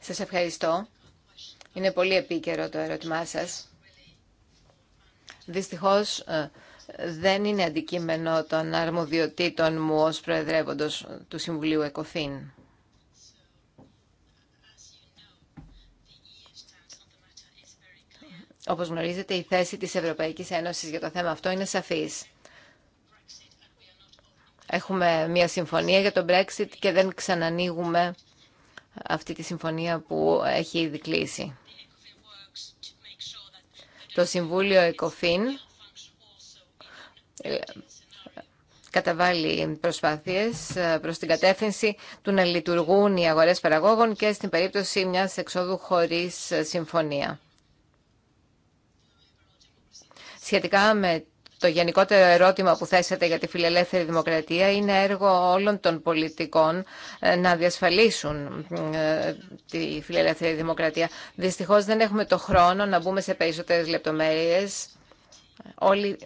Σας ευχαριστώ. Είναι πολύ επίκαιρο το ερώτημά σας. Δυστυχώς ε, δεν είναι αντικείμενο των αρμοδιοτήτων μου ως Προεδρεύοντος του Συμβουλίου ΕΚΟΦΗΝ. Όπως γνωρίζετε, η θέση της Ευρωπαϊκής Ένωσης για το θέμα αυτό είναι σαφής έχουμε μια συμφωνία για τον Brexit και δεν ξανανοίγουμε αυτή τη συμφωνία που έχει ήδη κλείσει. Το Συμβούλιο ΕΚΟΦΗΝ ε, καταβάλει προσπάθειες ε, προς την κατεύθυνση του να λειτουργούν οι αγορές παραγόγων και στην περίπτωση μιας εξόδου χωρίς συμφωνία. Σχετικά με το γενικότερο ερώτημα που θέσατε για τη φιλελεύθερη δημοκρατία είναι έργο όλων των πολιτικών ε, να διασφαλίσουν ε, τη φιλελεύθερη δημοκρατία. Δυστυχώς δεν έχουμε το χρόνο να μπούμε σε περισσότερες λεπτομέρειες. Όλοι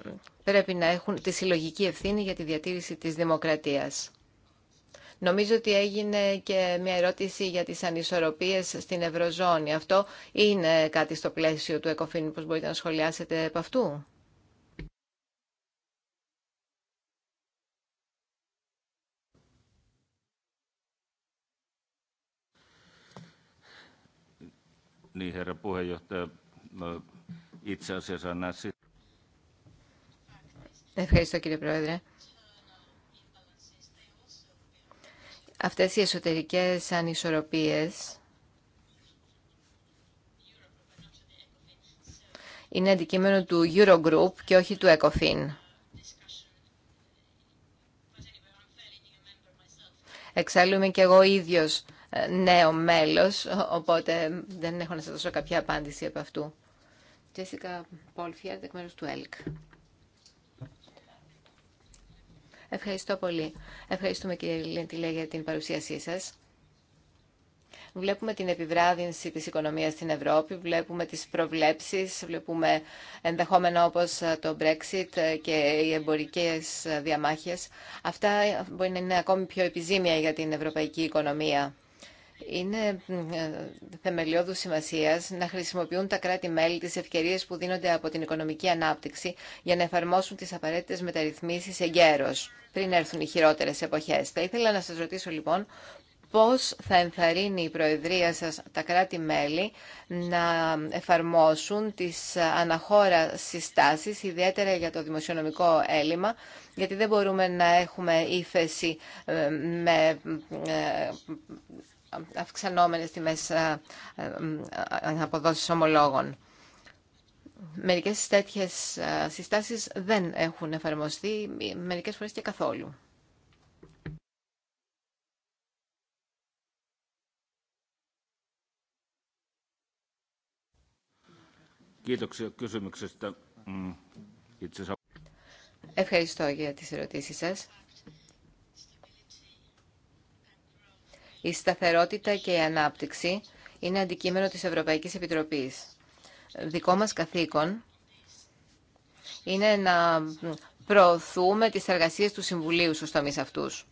πρέπει να έχουν τη συλλογική ευθύνη για τη διατήρηση της δημοκρατίας. Νομίζω ότι έγινε και μια ερώτηση για τις ανισορροπίες στην Ευρωζώνη. Αυτό είναι κάτι στο πλαίσιο του ΕΚΟΦΗΝ, πώς μπορείτε να σχολιάσετε από αυτού. Niin, herra puheenjohtaja. Itse asiassa Ευχαριστώ κύριε Πρόεδρε. Αυτές οι εσωτερικές ανισορροπίες είναι αντικείμενο του Eurogroup και όχι του ECOFIN. Εξάλλου είμαι και εγώ ίδιος ε, νέο μέλος, οπότε δεν έχω να σας δώσω κάποια απάντηση από αυτού. Τζέσικα Πολφιέρ, εκ μέρους του ΕΛΚ. Ευχαριστώ πολύ. Ευχαριστούμε κύριε Λεντιλέ για την παρουσίασή σας. Βλέπουμε την επιβράδυνση της οικονομίας στην Ευρώπη, βλέπουμε τις προβλέψεις, βλέπουμε ενδεχόμενα όπως το Brexit και οι εμπορικές διαμάχες. Αυτά μπορεί να είναι ακόμη πιο επιζήμια για την ευρωπαϊκή οικονομία. Είναι ε, θεμελιώδου σημασία να χρησιμοποιούν τα κράτη-μέλη τι ευκαιρίε που δίνονται από την οικονομική ανάπτυξη για να εφαρμόσουν τι απαραίτητε μεταρρυθμίσει εγκαίρω, πριν έρθουν οι χειρότερε εποχέ. Θα ήθελα να σα ρωτήσω λοιπόν πώς θα ενθαρρύνει η Προεδρία σας τα κράτη-μέλη να εφαρμόσουν τις αναχώρα συστάσει, ιδιαίτερα για το δημοσιονομικό έλλειμμα, γιατί δεν μπορούμε να έχουμε ύφεση ε, με ε, αυξανόμενες τιμές ε, ε, ε, αποδόσεις ομολόγων. Μερικές τέτοιες συστάσεις δεν έχουν εφαρμοστεί, μερικές φορές και καθόλου. Ευχαριστώ για τις ερωτήσεις σας. Η σταθερότητα και η ανάπτυξη είναι αντικείμενο της Ευρωπαϊκής Επιτροπής. Δικό μας καθήκον είναι να προωθούμε τις εργασίες του Συμβουλίου στους τομείς αυτούς.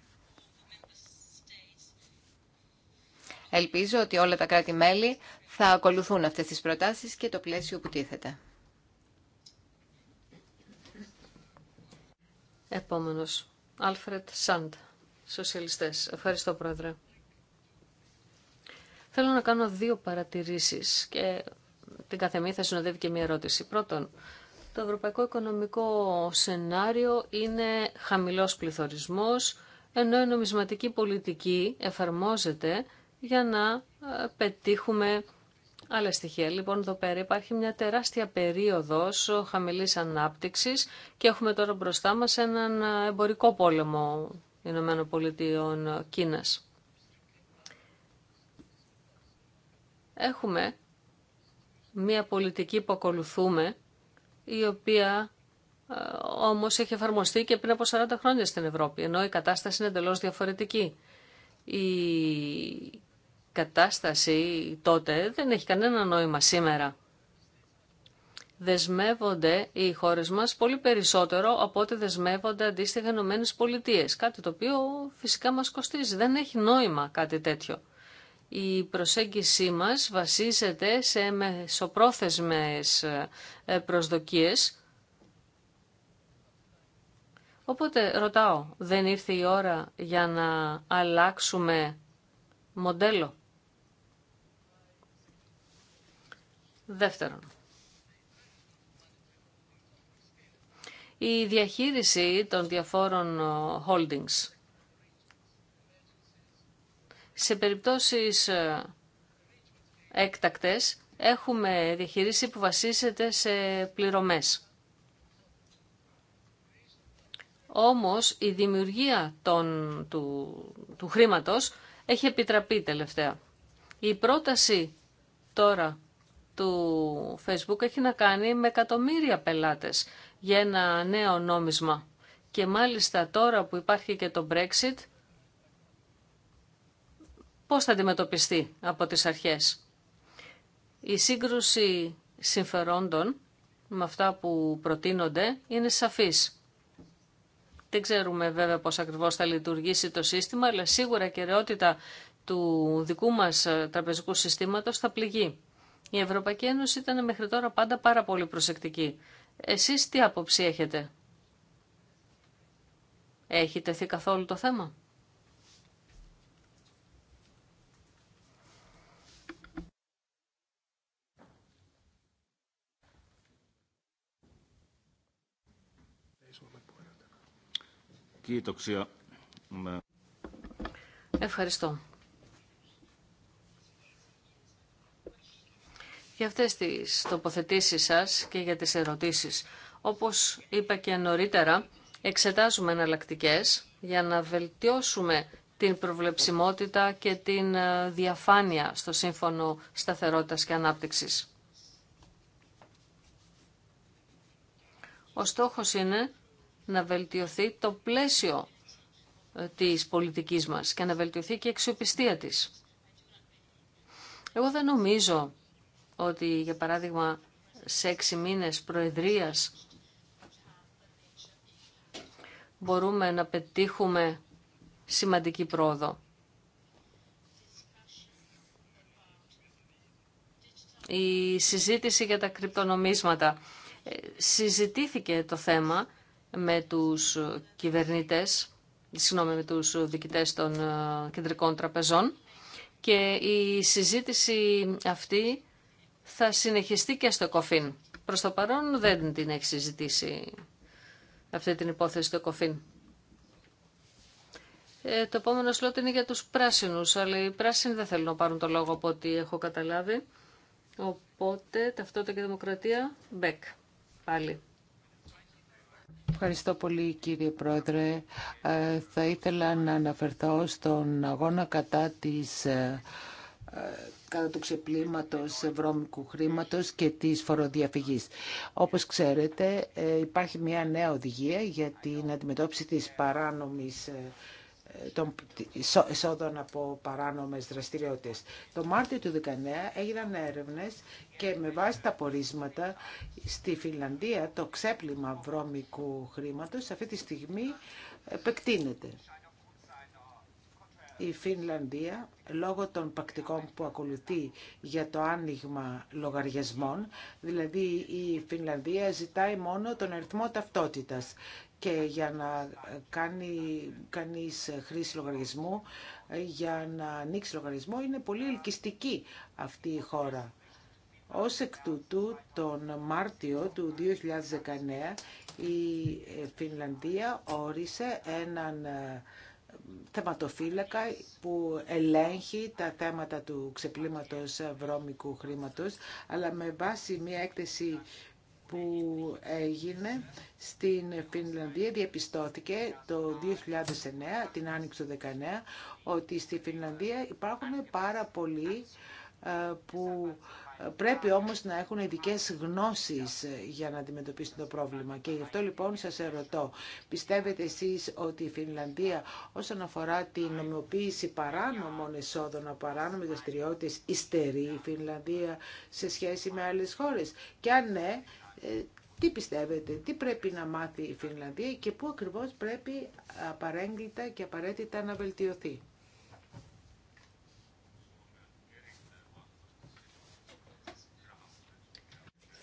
Ελπίζω ότι όλα τα κράτη-μέλη θα ακολουθούν αυτές τις προτάσεις και το πλαίσιο που τίθεται. Επόμενος, Άλφρετ Σάντ, Σοσιαλιστές. Ευχαριστώ, Πρόεδρε. Θέλω να κάνω δύο παρατηρήσεις και την καθεμία θα συνοδεύει και μια ερώτηση. Πρώτον, το ευρωπαϊκό οικονομικό σενάριο είναι χαμηλός πληθωρισμός, ενώ η νομισματική πολιτική εφαρμόζεται για να ε, πετύχουμε άλλα στοιχεία. Λοιπόν, εδώ πέρα υπάρχει μια τεράστια περίοδος χαμηλής ανάπτυξης και έχουμε τώρα μπροστά μας έναν εμπορικό πόλεμο Ηνωμένων Πολιτείων Κίνας. έχουμε μία πολιτική που ακολουθούμε, η οποία ε, όμως έχει εφαρμοστεί και πριν από 40 χρόνια στην Ευρώπη, ενώ η κατάσταση είναι εντελώς διαφορετική. Η κατάσταση τότε δεν έχει κανένα νόημα σήμερα. Δεσμεύονται οι χώρες μας πολύ περισσότερο από ό,τι δεσμεύονται αντίστοιχα Ηνωμένε Πολιτείες, Κάτι το οποίο φυσικά μας κοστίζει. Δεν έχει νόημα κάτι τέτοιο η προσέγγιση μας βασίζεται σε μεσοπρόθεσμες ε, προσδοκίες. Οπότε ρωτάω, δεν ήρθε η ώρα για να αλλάξουμε μοντέλο. Δεύτερον, η διαχείριση των διαφόρων holdings. Σε περιπτώσεις ε, έκτακτες έχουμε διαχειρίσει που βασίζεται σε πληρωμές. Όμως η δημιουργία των, του, του χρήματος έχει επιτραπεί τελευταία. Η πρόταση τώρα του Facebook έχει να κάνει με εκατομμύρια πελάτες για ένα νέο νόμισμα. Και μάλιστα τώρα που υπάρχει και το Brexit πώς θα αντιμετωπιστεί από τις αρχές. Η σύγκρουση συμφερόντων με αυτά που προτείνονται είναι σαφής. Δεν ξέρουμε βέβαια πώς ακριβώς θα λειτουργήσει το σύστημα, αλλά σίγουρα η κυριότητα του δικού μας τραπεζικού συστήματος θα πληγεί. Η Ευρωπαϊκή Ένωση ήταν μέχρι τώρα πάντα πάρα πολύ προσεκτική. Εσείς τι άποψη έχετε? Έχει τεθεί καθόλου το θέμα? Ευχαριστώ. Για αυτές τις τοποθετήσεις σας και για τις ερωτήσεις. Όπως είπα και νωρίτερα, εξετάζουμε εναλλακτικέ για να βελτιώσουμε την προβλεψιμότητα και την ε, διαφάνεια στο Σύμφωνο Σταθερότητας και Ανάπτυξης. Ο στόχος είναι να βελτιωθεί το πλαίσιο ε, της πολιτικής μας και να βελτιωθεί και η αξιοπιστία της. Εγώ δεν νομίζω ότι, για παράδειγμα, σε έξι μήνες προεδρίας μπορούμε να πετύχουμε σημαντική πρόοδο. Η συζήτηση για τα κρυπτονομίσματα. Ε, συζητήθηκε το θέμα με τους κυβερνήτες, συγγνώμη, με τους διοικητές των ε, κεντρικών τραπεζών και η συζήτηση αυτή θα συνεχιστεί και στο ΕΚΟΦΗΝ. Προς το παρόν δεν την έχει συζητήσει αυτή την υπόθεση στο ΕΚΟΦΗΝ. Ε, το επόμενο σλότ είναι για τους πράσινους, αλλά οι πράσινοι δεν θέλουν να πάρουν το λόγο από ό,τι έχω καταλάβει. Οπότε, ταυτότητα και δημοκρατία, μπέκ. Πάλι. Ευχαριστώ πολύ κύριε Πρόεδρε. Ε, θα ήθελα να αναφερθώ στον αγώνα κατά της ε, ε, κατά του ξεπλήματος βρώμικου χρήματος και της φοροδιαφυγής. Όπως ξέρετε, υπάρχει μια νέα οδηγία για την αντιμετώπιση της παράνομης των εισόδων από παράνομες δραστηριότητες. Το Μάρτιο του 2019 έγιναν έρευνες και με βάση τα πορίσματα στη Φινλανδία το ξέπλυμα βρώμικου χρήματος αυτή τη στιγμή επεκτείνεται. Η Φινλανδία, λόγω των πακτικών που ακολουθεί για το άνοιγμα λογαριασμών, δηλαδή η Φινλανδία ζητάει μόνο τον αριθμό ταυτότητας και για να κάνει κανείς χρήση λογαριασμού, για να ανοίξει λογαριασμό, είναι πολύ ελκυστική αυτή η χώρα. Ως εκ τούτου, τον Μάρτιο του 2019, η Φινλανδία όρισε έναν ε, θεματοφύλακα που ελέγχει τα θέματα του ξεπλήματος βρώμικου χρήματος, αλλά με βάση μια έκθεση που έγινε στην Φινλανδία διαπιστώθηκε το 2009, την άνοιξη του 2019, ότι στη Φινλανδία υπάρχουν πάρα πολλοί ε, που πρέπει όμως να έχουν ειδικέ γνώσεις για να αντιμετωπίσουν το πρόβλημα. Και γι' αυτό λοιπόν σας ερωτώ, πιστεύετε εσείς ότι η Φινλανδία όσον αφορά την νομιμοποίηση παράνομων εσόδων από παράνομες δραστηριότητε υστερεί η Φινλανδία σε σχέση με άλλες χώρες. Και αν ναι, ε, τι πιστεύετε, τι πρέπει να μάθει η Φινλανδία και πού ακριβώς πρέπει απαρέγκλητα και απαραίτητα να βελτιωθεί.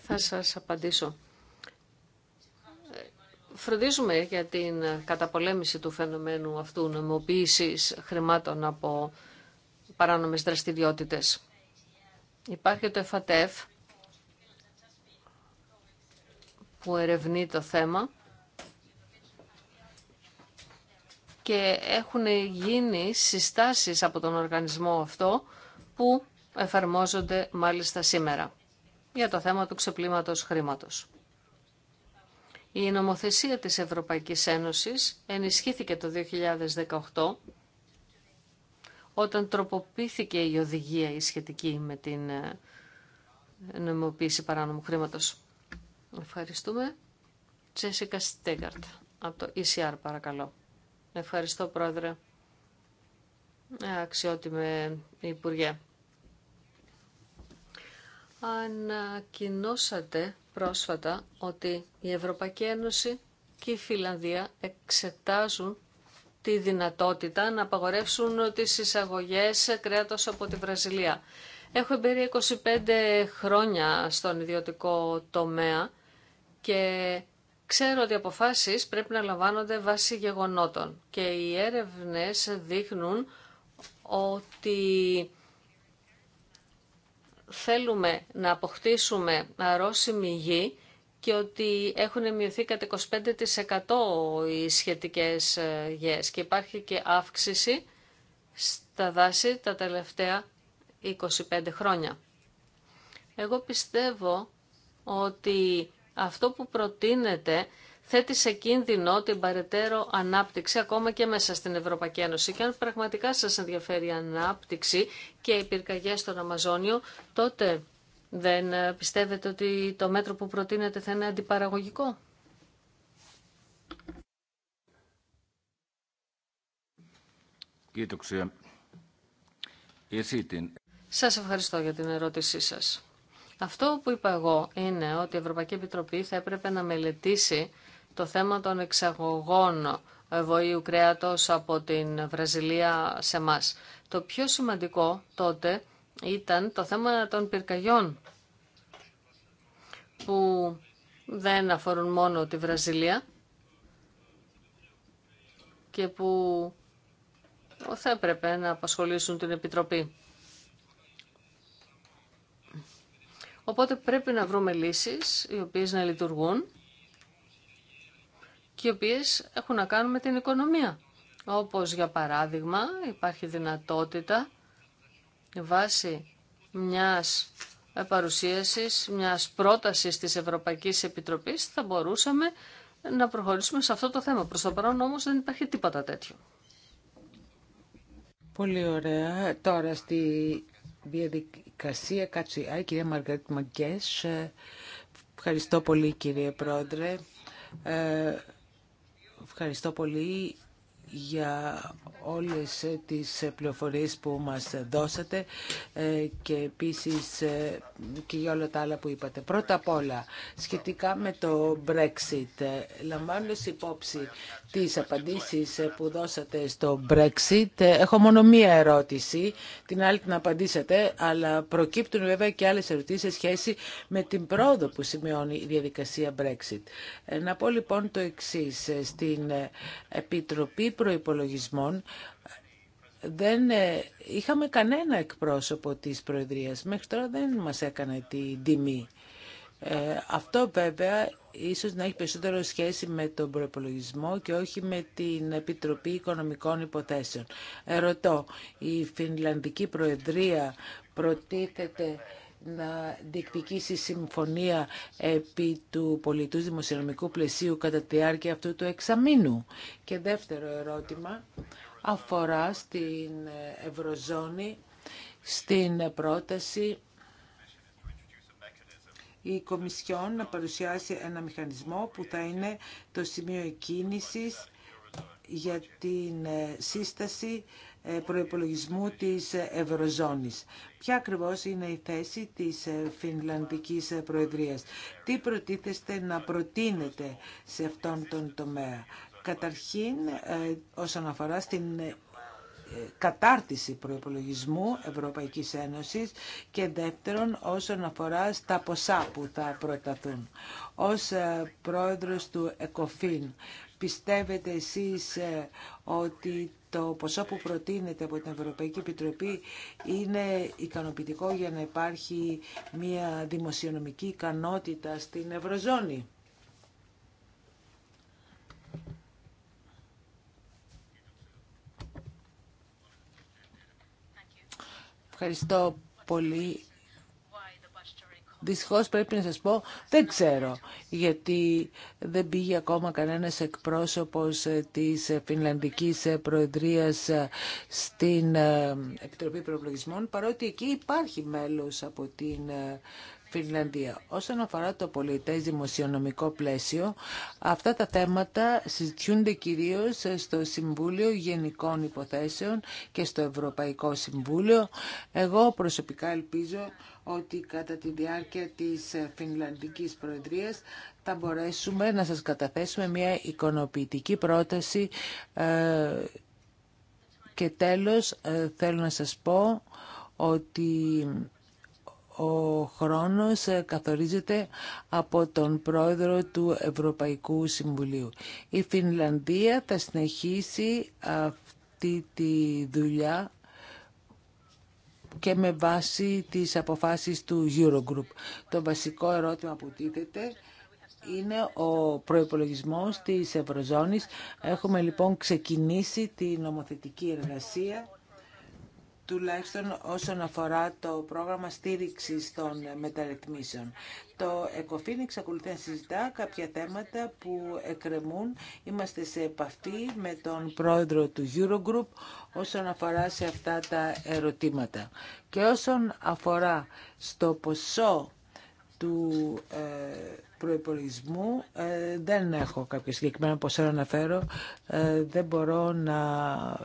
Θα σας απαντήσω. Φροντίζουμε για την καταπολέμηση του φαινομένου αυτού νομοποίησης χρημάτων από παράνομες δραστηριότητες. Υπάρχει το ΕΦΑΤΕΦ που ερευνεί το θέμα και έχουν γίνει συστάσεις από τον οργανισμό αυτό που εφαρμόζονται μάλιστα σήμερα για το θέμα του ξεπλήματος χρήματος. Η νομοθεσία της Ευρωπαϊκής Ένωσης ενισχύθηκε το 2018 όταν τροποποιήθηκε η οδηγία η σχετική με την ε, νομιμοποίηση παράνομου χρήματος. Ευχαριστούμε. Τσέσικα Στέγκαρτ από το ECR παρακαλώ. Ευχαριστώ πρόεδρε. Αξιότιμε Υπουργέ. Ανακοινώσατε πρόσφατα ότι η Ευρωπαϊκή Ένωση και η Φιλανδία εξετάζουν τη δυνατότητα να απαγορεύσουν τις εισαγωγές κρέατος από τη Βραζιλία. Έχω εμπειρία 25 χρόνια στον ιδιωτικό τομέα και ξέρω ότι οι αποφάσεις πρέπει να λαμβάνονται βάσει γεγονότων και οι έρευνες δείχνουν ότι θέλουμε να αποκτήσουμε αρρώσιμη γη και ότι έχουν μειωθεί κατά 25% οι σχετικές ε, γης και υπάρχει και αύξηση στα δάση τα τελευταία 25 χρόνια. Εγώ πιστεύω ότι αυτό που προτείνεται θέτει σε κίνδυνο την παρετέρω ανάπτυξη ακόμα και μέσα στην Ευρωπαϊκή Ένωση. Και αν πραγματικά σας ενδιαφέρει η ανάπτυξη και οι πυρκαγιές στον Αμαζόνιο, τότε δεν πιστεύετε ότι το μέτρο που προτείνετε θα είναι αντιπαραγωγικό. Σας ευχαριστώ για την ερώτησή σας. Αυτό που είπα εγώ είναι ότι η Ευρωπαϊκή Επιτροπή θα έπρεπε να μελετήσει το θέμα των εξαγωγών βοήου κρέατος από την Βραζιλία σε εμά. Το πιο σημαντικό τότε ήταν το θέμα των πυρκαγιών που δεν αφορούν μόνο τη Βραζιλία και που θα έπρεπε να απασχολήσουν την Επιτροπή. Οπότε πρέπει να βρούμε λύσεις οι οποίες να λειτουργούν και οι οποίες έχουν να κάνουν με την οικονομία. Όπως για παράδειγμα υπάρχει δυνατότητα βάσει μιας παρουσίασης, μιας πρότασης της Ευρωπαϊκής Επιτροπής θα μπορούσαμε να προχωρήσουμε σε αυτό το θέμα. Προς το παρόν όμως δεν υπάρχει τίποτα τέτοιο. Πολύ ωραία. Τώρα στη διαδικασία ΚΑΤΣΙΑ, κυρία Μαργαρίτ Μαγκές. Ε, ευχαριστώ πολύ κύριε Πρόεδρε. Ε, ευχαριστώ πολύ για όλες τις πληροφορίες που μας δώσατε ε, και επίσης ε, και για όλα τα άλλα που είπατε. Πρώτα απ' όλα, σχετικά με το Brexit, ε, λαμβάνοντας υπόψη τις απαντήσεις που δώσατε στο Brexit, έχω μόνο μία ερώτηση, την άλλη την απαντήσατε, αλλά προκύπτουν βέβαια και άλλες ερωτήσεις σε σχέση με την πρόοδο που σημειώνει η διαδικασία Brexit. Να πω λοιπόν το εξής, στην Επιτροπή προϋπολογισμών δεν ε, είχαμε κανένα εκπρόσωπο της Προεδρίας. Μέχρι τώρα δεν μας έκανε την τιμή. Ε, αυτό βέβαια ίσως να έχει περισσότερο σχέση με τον προϋπολογισμό και όχι με την Επιτροπή Οικονομικών Υποθέσεων. Ερωτώ. η Φινλανδική Προεδρία προτίθεται να διεκδικήσει συμφωνία επί του πολιτού δημοσιονομικού πλαισίου κατά τη διάρκεια αυτού του εξαμήνου. Και δεύτερο ερώτημα αφορά στην Ευρωζώνη, στην πρόταση η Κομισιόν να παρουσιάσει ένα μηχανισμό που θα είναι το σημείο εκκίνησης για την ε, σύσταση ε, προϋπολογισμού της Ευρωζώνης. Ποια ακριβώς είναι η θέση της ε, Φινλανδικής ε, Προεδρίας. Τι προτίθεστε να προτείνετε σε αυτόν τον τομέα. Καταρχήν, όσον αφορά στην κατάρτιση προϋπολογισμού Ευρωπαϊκής Ένωσης και δεύτερον όσον αφορά στα ποσά που θα προταθούν. Ως πρόεδρος του ΕΚΟΦΗΝ πιστεύετε εσείς ότι το ποσό που προτείνεται από την Ευρωπαϊκή Επιτροπή είναι ικανοποιητικό για να υπάρχει μια δημοσιονομική ικανότητα στην Ευρωζώνη. Ευχαριστώ πολύ Δυστυχώς πρέπει να σας πω δεν ξέρω γιατί δεν πήγε ακόμα κανένας εκπρόσωπος της Φινλανδικής Προεδρίας στην ε, Επιτροπή Προεπλογισμών, παρότι εκεί υπάρχει μέλος από την ε, Φινλανδία. Όσον αφορά το πολιτές δημοσιονομικό πλαίσιο, αυτά τα θέματα συζητιούνται κυρίως στο Συμβούλιο Γενικών Υποθέσεων και στο Ευρωπαϊκό Συμβούλιο. Εγώ προσωπικά ελπίζω ότι κατά τη διάρκεια της Φινλανδικής Προεδρίας θα μπορέσουμε να σας καταθέσουμε μια εικονοποιητική πρόταση ε, και τέλος ε, θέλω να σας πω ότι ο χρόνος ε, καθορίζεται από τον πρόεδρο του Ευρωπαϊκού Συμβουλίου. Η Φινλανδία θα συνεχίσει αυτή τη δουλειά και με βάση τις αποφάσεις του Eurogroup. Το βασικό ερώτημα που τίθεται είναι ο προϋπολογισμός της Ευρωζώνης. Έχουμε λοιπόν ξεκινήσει τη νομοθετική εργασία τουλάχιστον όσον αφορά το πρόγραμμα στήριξης των μεταρρυθμίσεων. Το ΕΚΟΦΗΝ εξακολουθεί να συζητά κάποια θέματα που εκκρεμούν. Είμαστε σε επαφή με τον πρόεδρο του Eurogroup όσον αφορά σε αυτά τα ερωτήματα. Και όσον αφορά στο ποσό του ε, προπολογισμού ε, δεν έχω κάποιο συγκεκριμένο ποσό να αναφέρω. Ε, δεν μπορώ να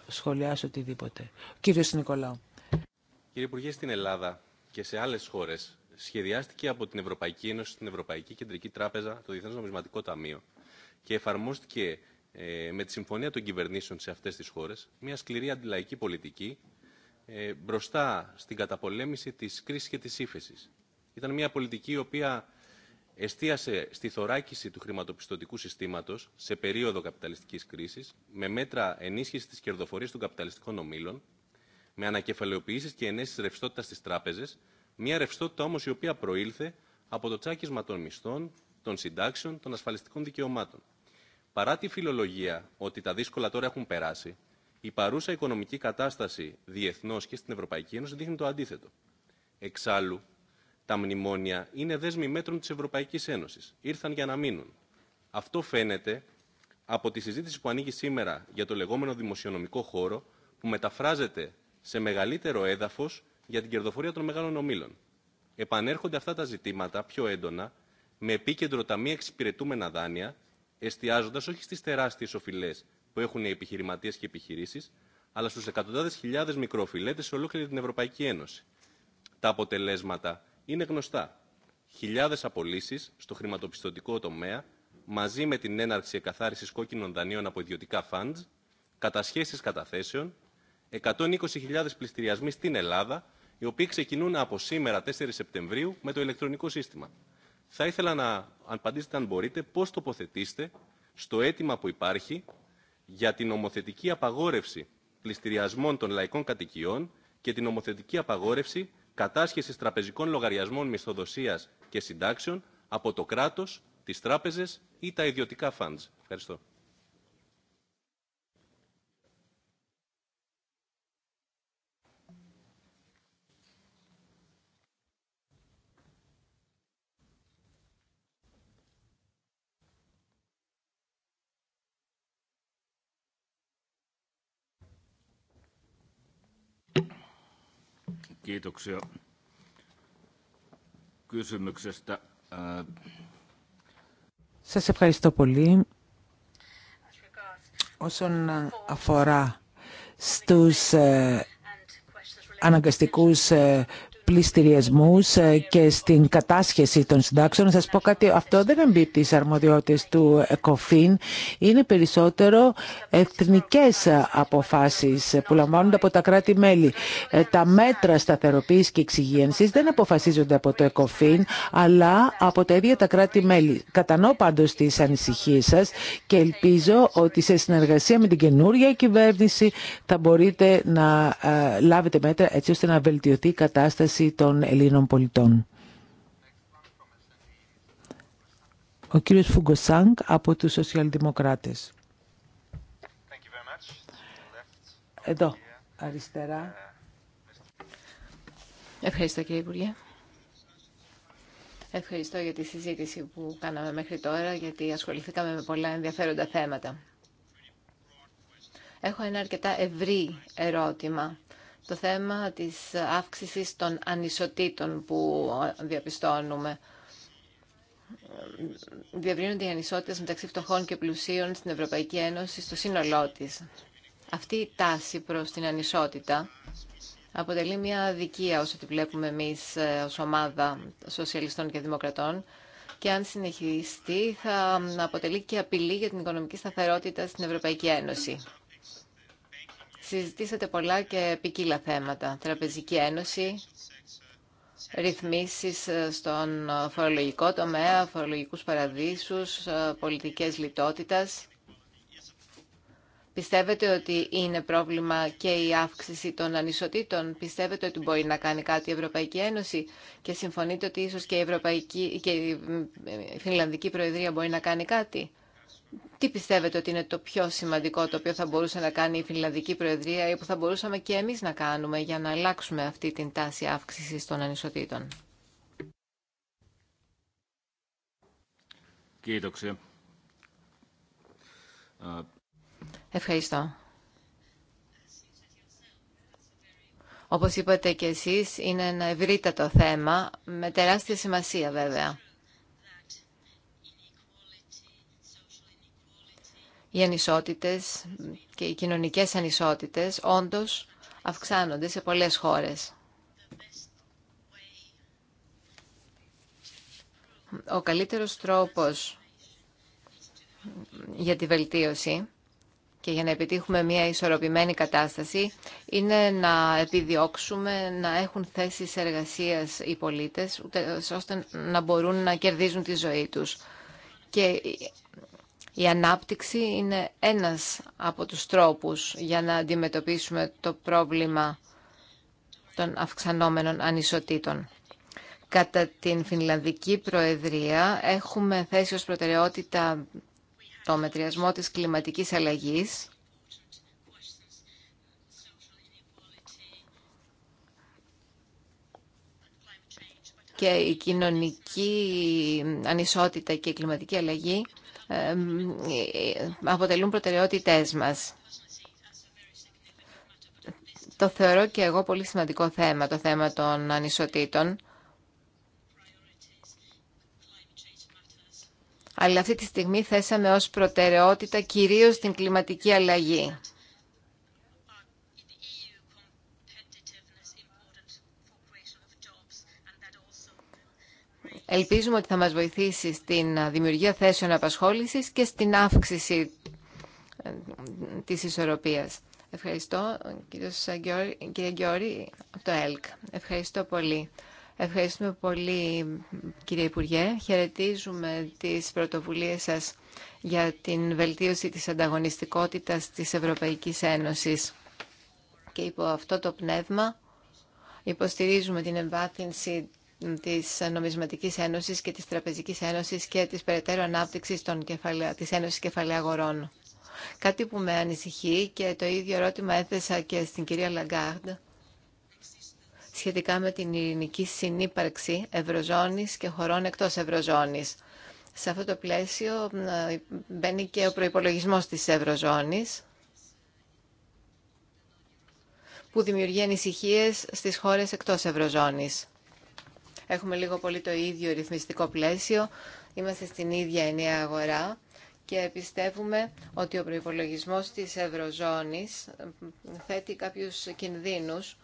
σχολιάσω οτιδήποτε. Κύριο Νικολάου. Κύριε Υπουργέ, στην Ελλάδα και σε άλλες χώρες σχεδιάστηκε από την Ευρωπαϊκή Ένωση, την Ευρωπαϊκή Κεντρική Τράπεζα, το Διεθνές Νομισματικό Ταμείο και εφαρμόστηκε ε, με τη συμφωνία των κυβερνήσεων σε αυτές τις χώρες μια σκληρή αντιλαϊκή πολιτική ε, μπροστά στην καταπολέμηση της κρίσης και της ύφεση. Ήταν μια πολιτική η οποία εστίασε στη θωράκιση του χρηματοπιστωτικού συστήματος σε περίοδο καπιταλιστικής κρίσης, με μέτρα ενίσχυσης της κερδοφορίας των καπιταλιστικών ομήλων, με ανακεφαλαιοποιήσεις και ενέσεις ρευστότητα στις τράπεζες, μια ρευστότητα όμως η οποία προήλθε από το τσάκισμα των μισθών, των συντάξεων, των ασφαλιστικών δικαιωμάτων. Παρά τη φιλολογία ότι τα δύσκολα τώρα έχουν περάσει, η παρούσα οικονομική κατάσταση διεθνώ και στην Ευρωπαϊκή Ένωση δείχνει το αντίθετο. Εξάλλου, τα μνημόνια είναι δέσμοι μέτρων τη Ευρωπαϊκή Ένωση. Ήρθαν για να μείνουν. Αυτό φαίνεται από τη συζήτηση που ανοίγει σήμερα για το λεγόμενο δημοσιονομικό χώρο που μεταφράζεται σε μεγαλύτερο έδαφο για την κερδοφορία των μεγάλων ομήλων. Επανέρχονται αυτά τα ζητήματα πιο έντονα με επίκεντρο τα μη εξυπηρετούμενα δάνεια, εστιάζοντα όχι στι τεράστιε οφειλέ που έχουν οι επιχειρηματίε και επιχειρήσει, αλλά στου εκατοντάδε χιλιάδε μικροφιλέτε σε ολόκληρη την Ευρωπαϊκή Ένωση. Τα αποτελέσματα είναι γνωστά. Χιλιάδες απολύσεις στο χρηματοπιστωτικό τομέα μαζί με την έναρξη εκαθάρισης κόκκινων δανείων από ιδιωτικά funds, κατασχέσεις καταθέσεων, 120.000 πληστηριασμοί στην Ελλάδα, οι οποίοι ξεκινούν από σήμερα 4 Σεπτεμβρίου με το ηλεκτρονικό σύστημα. Θα ήθελα να απαντήσετε αν μπορείτε πώς τοποθετήσετε στο αίτημα που υπάρχει για την ομοθετική απαγόρευση πληστηριασμών των λαϊκών κατοικιών και την ομοθετική απαγόρευση Κατάσχεση τραπεζικών λογαριασμών μισθοδοσίας και συντάξεων από το κράτος, τι τράπεζε ή τα ιδιωτικά funds. Ευχαριστώ. Kiitoksia kysymyksestä. Σα ευχαριστώ πολύ. Όσον αφορά στους ε, αναγκαστικούς ε, πληστηριασμούς ε, και στην κατάσχεση των συντάξεων. Σας πω κάτι, αυτό δεν εμπίπτει στις αρμοδιότητες του ΕΚΟΦΗΝ. Είναι περισσότερο εθνικές αποφάσεις που λαμβάνονται από τα κράτη-μέλη. Ε, τα μέτρα σταθεροποίησης και εξυγίανσης δεν αποφασίζονται από το ΕΚΟΦΗΝ, αλλά από τα ίδια τα κράτη-μέλη. Κατανοώ πάντως τις ανησυχίες σας και ελπίζω ότι σε συνεργασία με την καινούργια κυβέρνηση θα μπορείτε να ε, λάβετε μέτρα έτσι ώστε να βελτιωθεί η κατάσταση θέση των Ελλήνων πολιτών. Ο κύριος Φουγκοσάνκ από τους Σοσιαλδημοκράτες. Εδώ, αριστερά. Ευχαριστώ κύριε Υπουργέ. Ευχαριστώ για τη συζήτηση που κάναμε μέχρι τώρα, γιατί ασχοληθήκαμε με πολλά ενδιαφέροντα θέματα. Έχω ένα αρκετά ευρύ ερώτημα το θέμα της αύξησης των ανισοτήτων που διαπιστώνουμε. Διαβρύνονται οι ανισότητες μεταξύ φτωχών και πλουσίων στην Ευρωπαϊκή Ένωση στο σύνολό της. Αυτή η τάση προς την ανισότητα αποτελεί μια αδικία όσο τη βλέπουμε εμείς ε, ως ομάδα σοσιαλιστών και δημοκρατών και αν συνεχιστεί θα αποτελεί και απειλή για την οικονομική σταθερότητα στην Ευρωπαϊκή Ένωση. Συζητήσατε πολλά και ποικίλα θέματα. Τραπεζική Ένωση, ρυθμίσεις ε, στον φορολογικό τομέα, φορολογικούς παραδείσους, ε, πολιτικές λιτότητας. Πιστεύετε ότι είναι πρόβλημα και η αύξηση των ανισοτήτων. Πιστεύετε ότι μπορεί να κάνει κάτι η Ευρωπαϊκή Ένωση και συμφωνείτε ότι ίσως και η, Ευρωπαϊκή, και η ε, Φινλανδική Προεδρία μπορεί να κάνει κάτι τι πιστεύετε ότι είναι το πιο σημαντικό το οποίο θα μπορούσε να κάνει η Φιλανδική Προεδρία ή που θα μπορούσαμε και εμείς να κάνουμε για να αλλάξουμε αυτή την τάση αύξησης των ανισοτήτων. Ευχαριστώ. Όπως είπατε και εσείς, είναι ένα ευρύτατο θέμα, με τεράστια σημασία βέβαια. οι ανισότητες και οι κοινωνικές ανισότητες όντως αυξάνονται σε πολλές χώρες. Ο καλύτερος τρόπος για τη βελτίωση και για να επιτύχουμε μια ισορροπημένη κατάσταση είναι να επιδιώξουμε να έχουν θέσεις εργασίας οι πολίτες ώστε να μπορούν να κερδίζουν τη ζωή τους. Και η ανάπτυξη είναι ένας από τους τρόπους για να αντιμετωπίσουμε το πρόβλημα των αυξανόμενων ανισοτήτων. Κατά την Φινλανδική Προεδρία έχουμε θέσει ως προτεραιότητα το μετριασμό της κλιματικής αλλαγής και η κοινωνική ανισότητα και η κλιματική αλλαγή ε, ε, αποτελούν προτεραιότητές μας. Το θεωρώ και εγώ πολύ σημαντικό θέμα, το θέμα των ανισοτήτων. Αλλά αυτή τη στιγμή θέσαμε ως προτεραιότητα κυρίως την κλιματική αλλαγή. Ελπίζουμε ότι θα μας βοηθήσει στην ε, δημιουργία θέσεων απασχόλησης και στην αύξηση ε, της ισορροπίας. Ευχαριστώ, κύριε Γκιώρη, από το ΕΛΚ. Ευχαριστώ πολύ. Ευχαριστούμε πολύ, κύριε Υπουργέ. Χαιρετίζουμε τις πρωτοβουλίες σας για την βελτίωση της ανταγωνιστικότητας της Ευρωπαϊκής Ένωσης. Και υπό αυτό το πνεύμα υποστηρίζουμε την εμβάθυνση της Νομισματικής Ένωσης και της Τραπεζικής Ένωσης και της περαιτέρω ανάπτυξης των Ένωση της Ένωσης Κεφαλαίου Αγορών. Κάτι που με ανησυχεί και το ίδιο ερώτημα έθεσα και στην κυρία Λαγκάρντ σχετικά με την ειρηνική συνύπαρξη Ευρωζώνης και χωρών εκτός Ευρωζώνης. Σε αυτό το πλαίσιο ε, μπαίνει και ο προϋπολογισμός της Ευρωζώνης που δημιουργεί ανησυχίες στις χώρες εκτός Ευρωζώνης. Έχουμε λίγο πολύ το ίδιο ρυθμιστικό πλαίσιο. Είμαστε στην ίδια ενιαία αγορά και πιστεύουμε ότι ο προϋπολογισμός της Ευρωζώνης θέτει κάποιους κινδύνους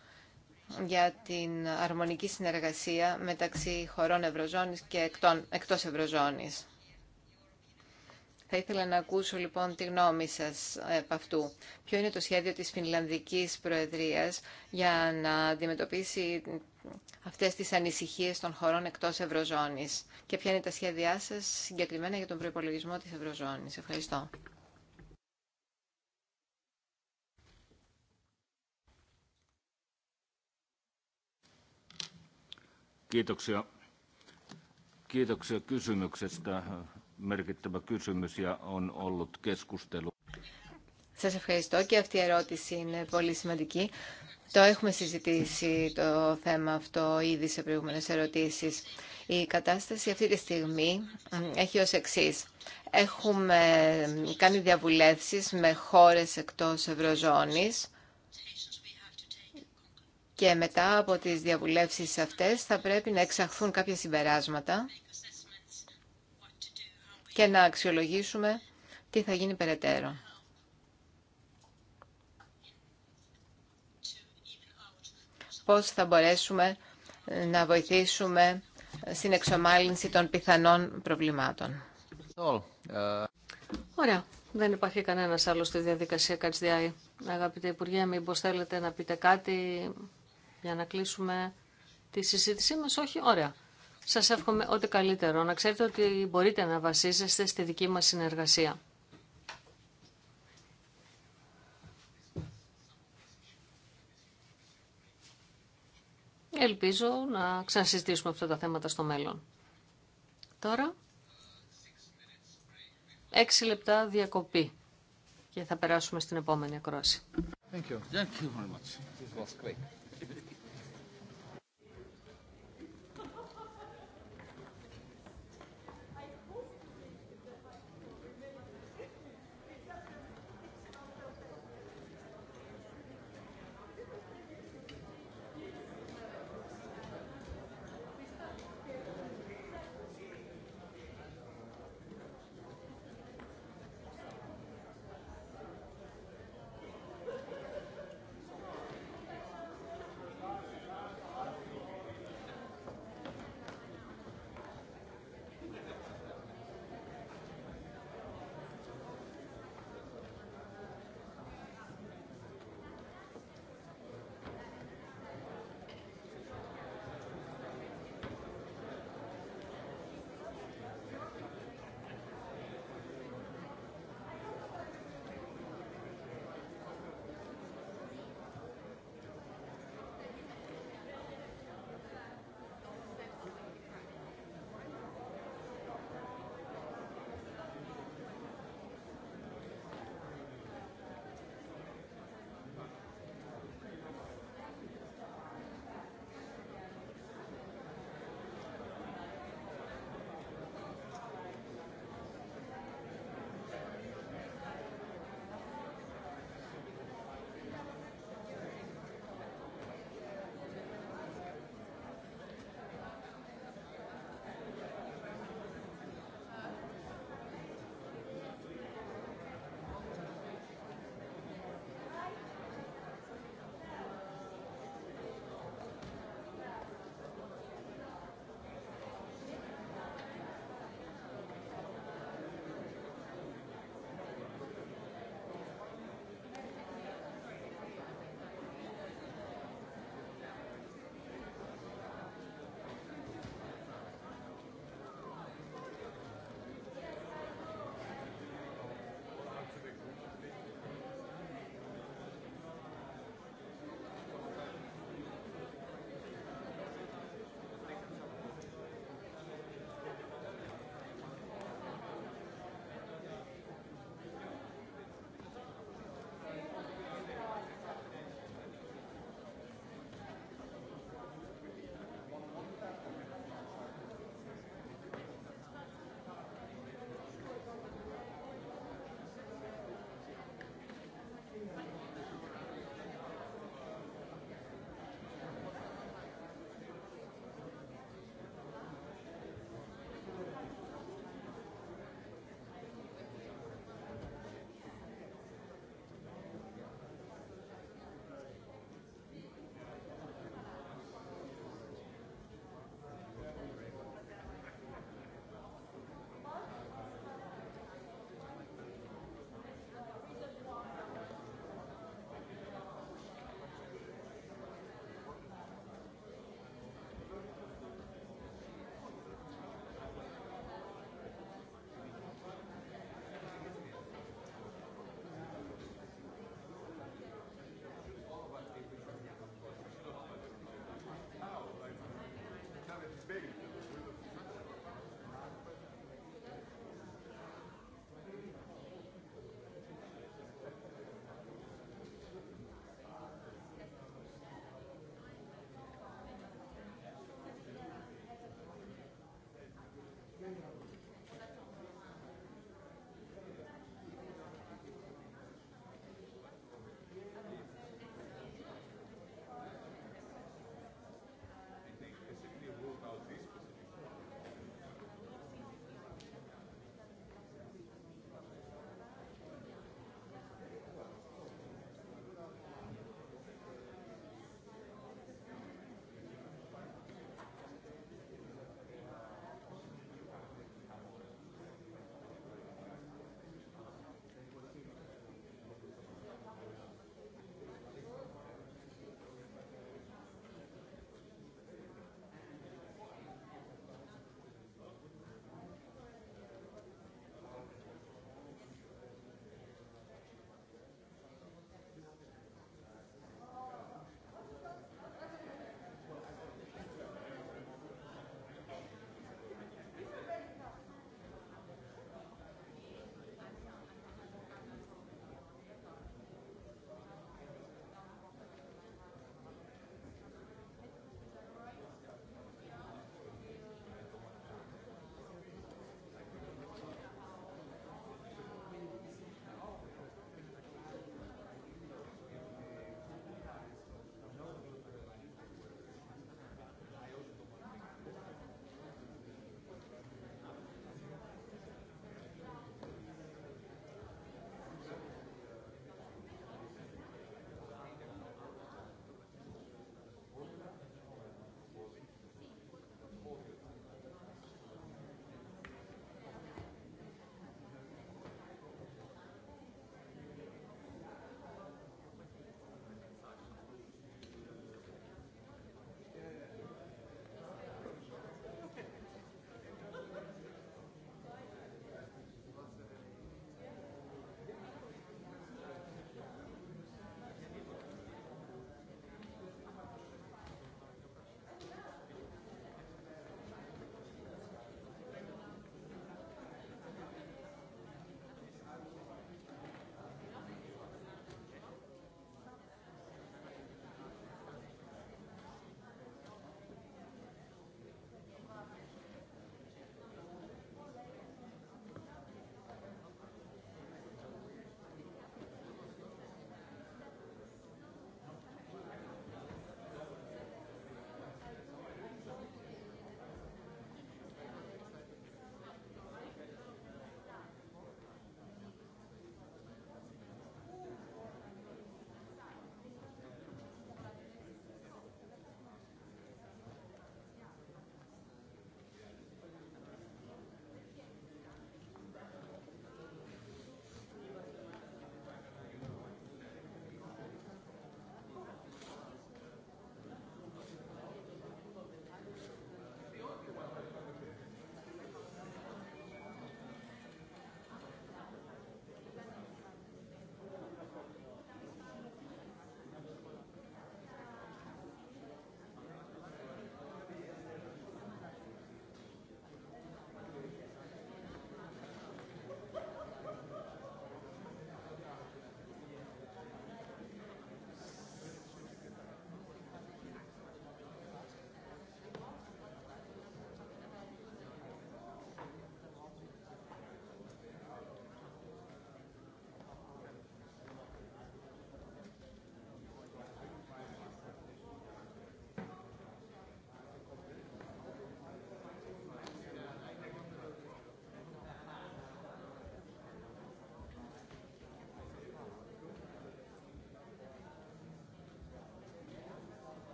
για την αρμονική συνεργασία μεταξύ χωρών Ευρωζώνης και εκτός Ευρωζώνης. Θα ήθελα να ακούσω λοιπόν τη γνώμη σας από ε, αυτού. Ποιο είναι το σχέδιο της Φινλανδικής Προεδρίας για να αντιμετωπίσει Αυτέ τι ανησυχίε των χωρών εκτό Ευρωζώνη και ποια είναι τα σχέδιά σα συγκεκριμένα για τον προπολογισμό τη Ευρωζώνη. Ευχαριστώ. Kiitoksia. Kiitoksia kysymyksestä. Merkittävä kysymys ja on ollut keskustelu. Σας ευχαριστώ και αυτή η ερώτηση είναι πολύ σημαντική. Το έχουμε συζητήσει το θέμα αυτό ήδη σε προηγούμενες ερωτήσεις. Η κατάσταση αυτή τη στιγμή έχει ως εξή. Έχουμε κάνει διαβουλεύσεις με χώρες εκτός Ευρωζώνης και μετά από τις διαβουλεύσεις αυτές θα πρέπει να εξαχθούν κάποια συμπεράσματα και να αξιολογήσουμε τι θα γίνει περαιτέρω. πώς θα μπορέσουμε ε, να βοηθήσουμε ε, στην εξομάλυνση των πιθανών προβλημάτων. Ε. Ωραία. Δεν υπάρχει κανένα άλλο στη διαδικασία ΚΑΤΣΔΙ. Αγαπητέ Υπουργέ, μήπως θέλετε να πείτε κάτι για να κλείσουμε τη συζήτησή μας. Όχι, ωραία. Σας εύχομαι ό,τι καλύτερο. Να ξέρετε ότι μπορείτε να βασίζεστε στη δική μας συνεργασία. Ελπίζω να ξανασυζητήσουμε αυτά τα θέματα στο μέλλον. Τώρα, έξι λεπτά διακοπή και θα περάσουμε στην επόμενη ακρόαση. Thank you. Thank you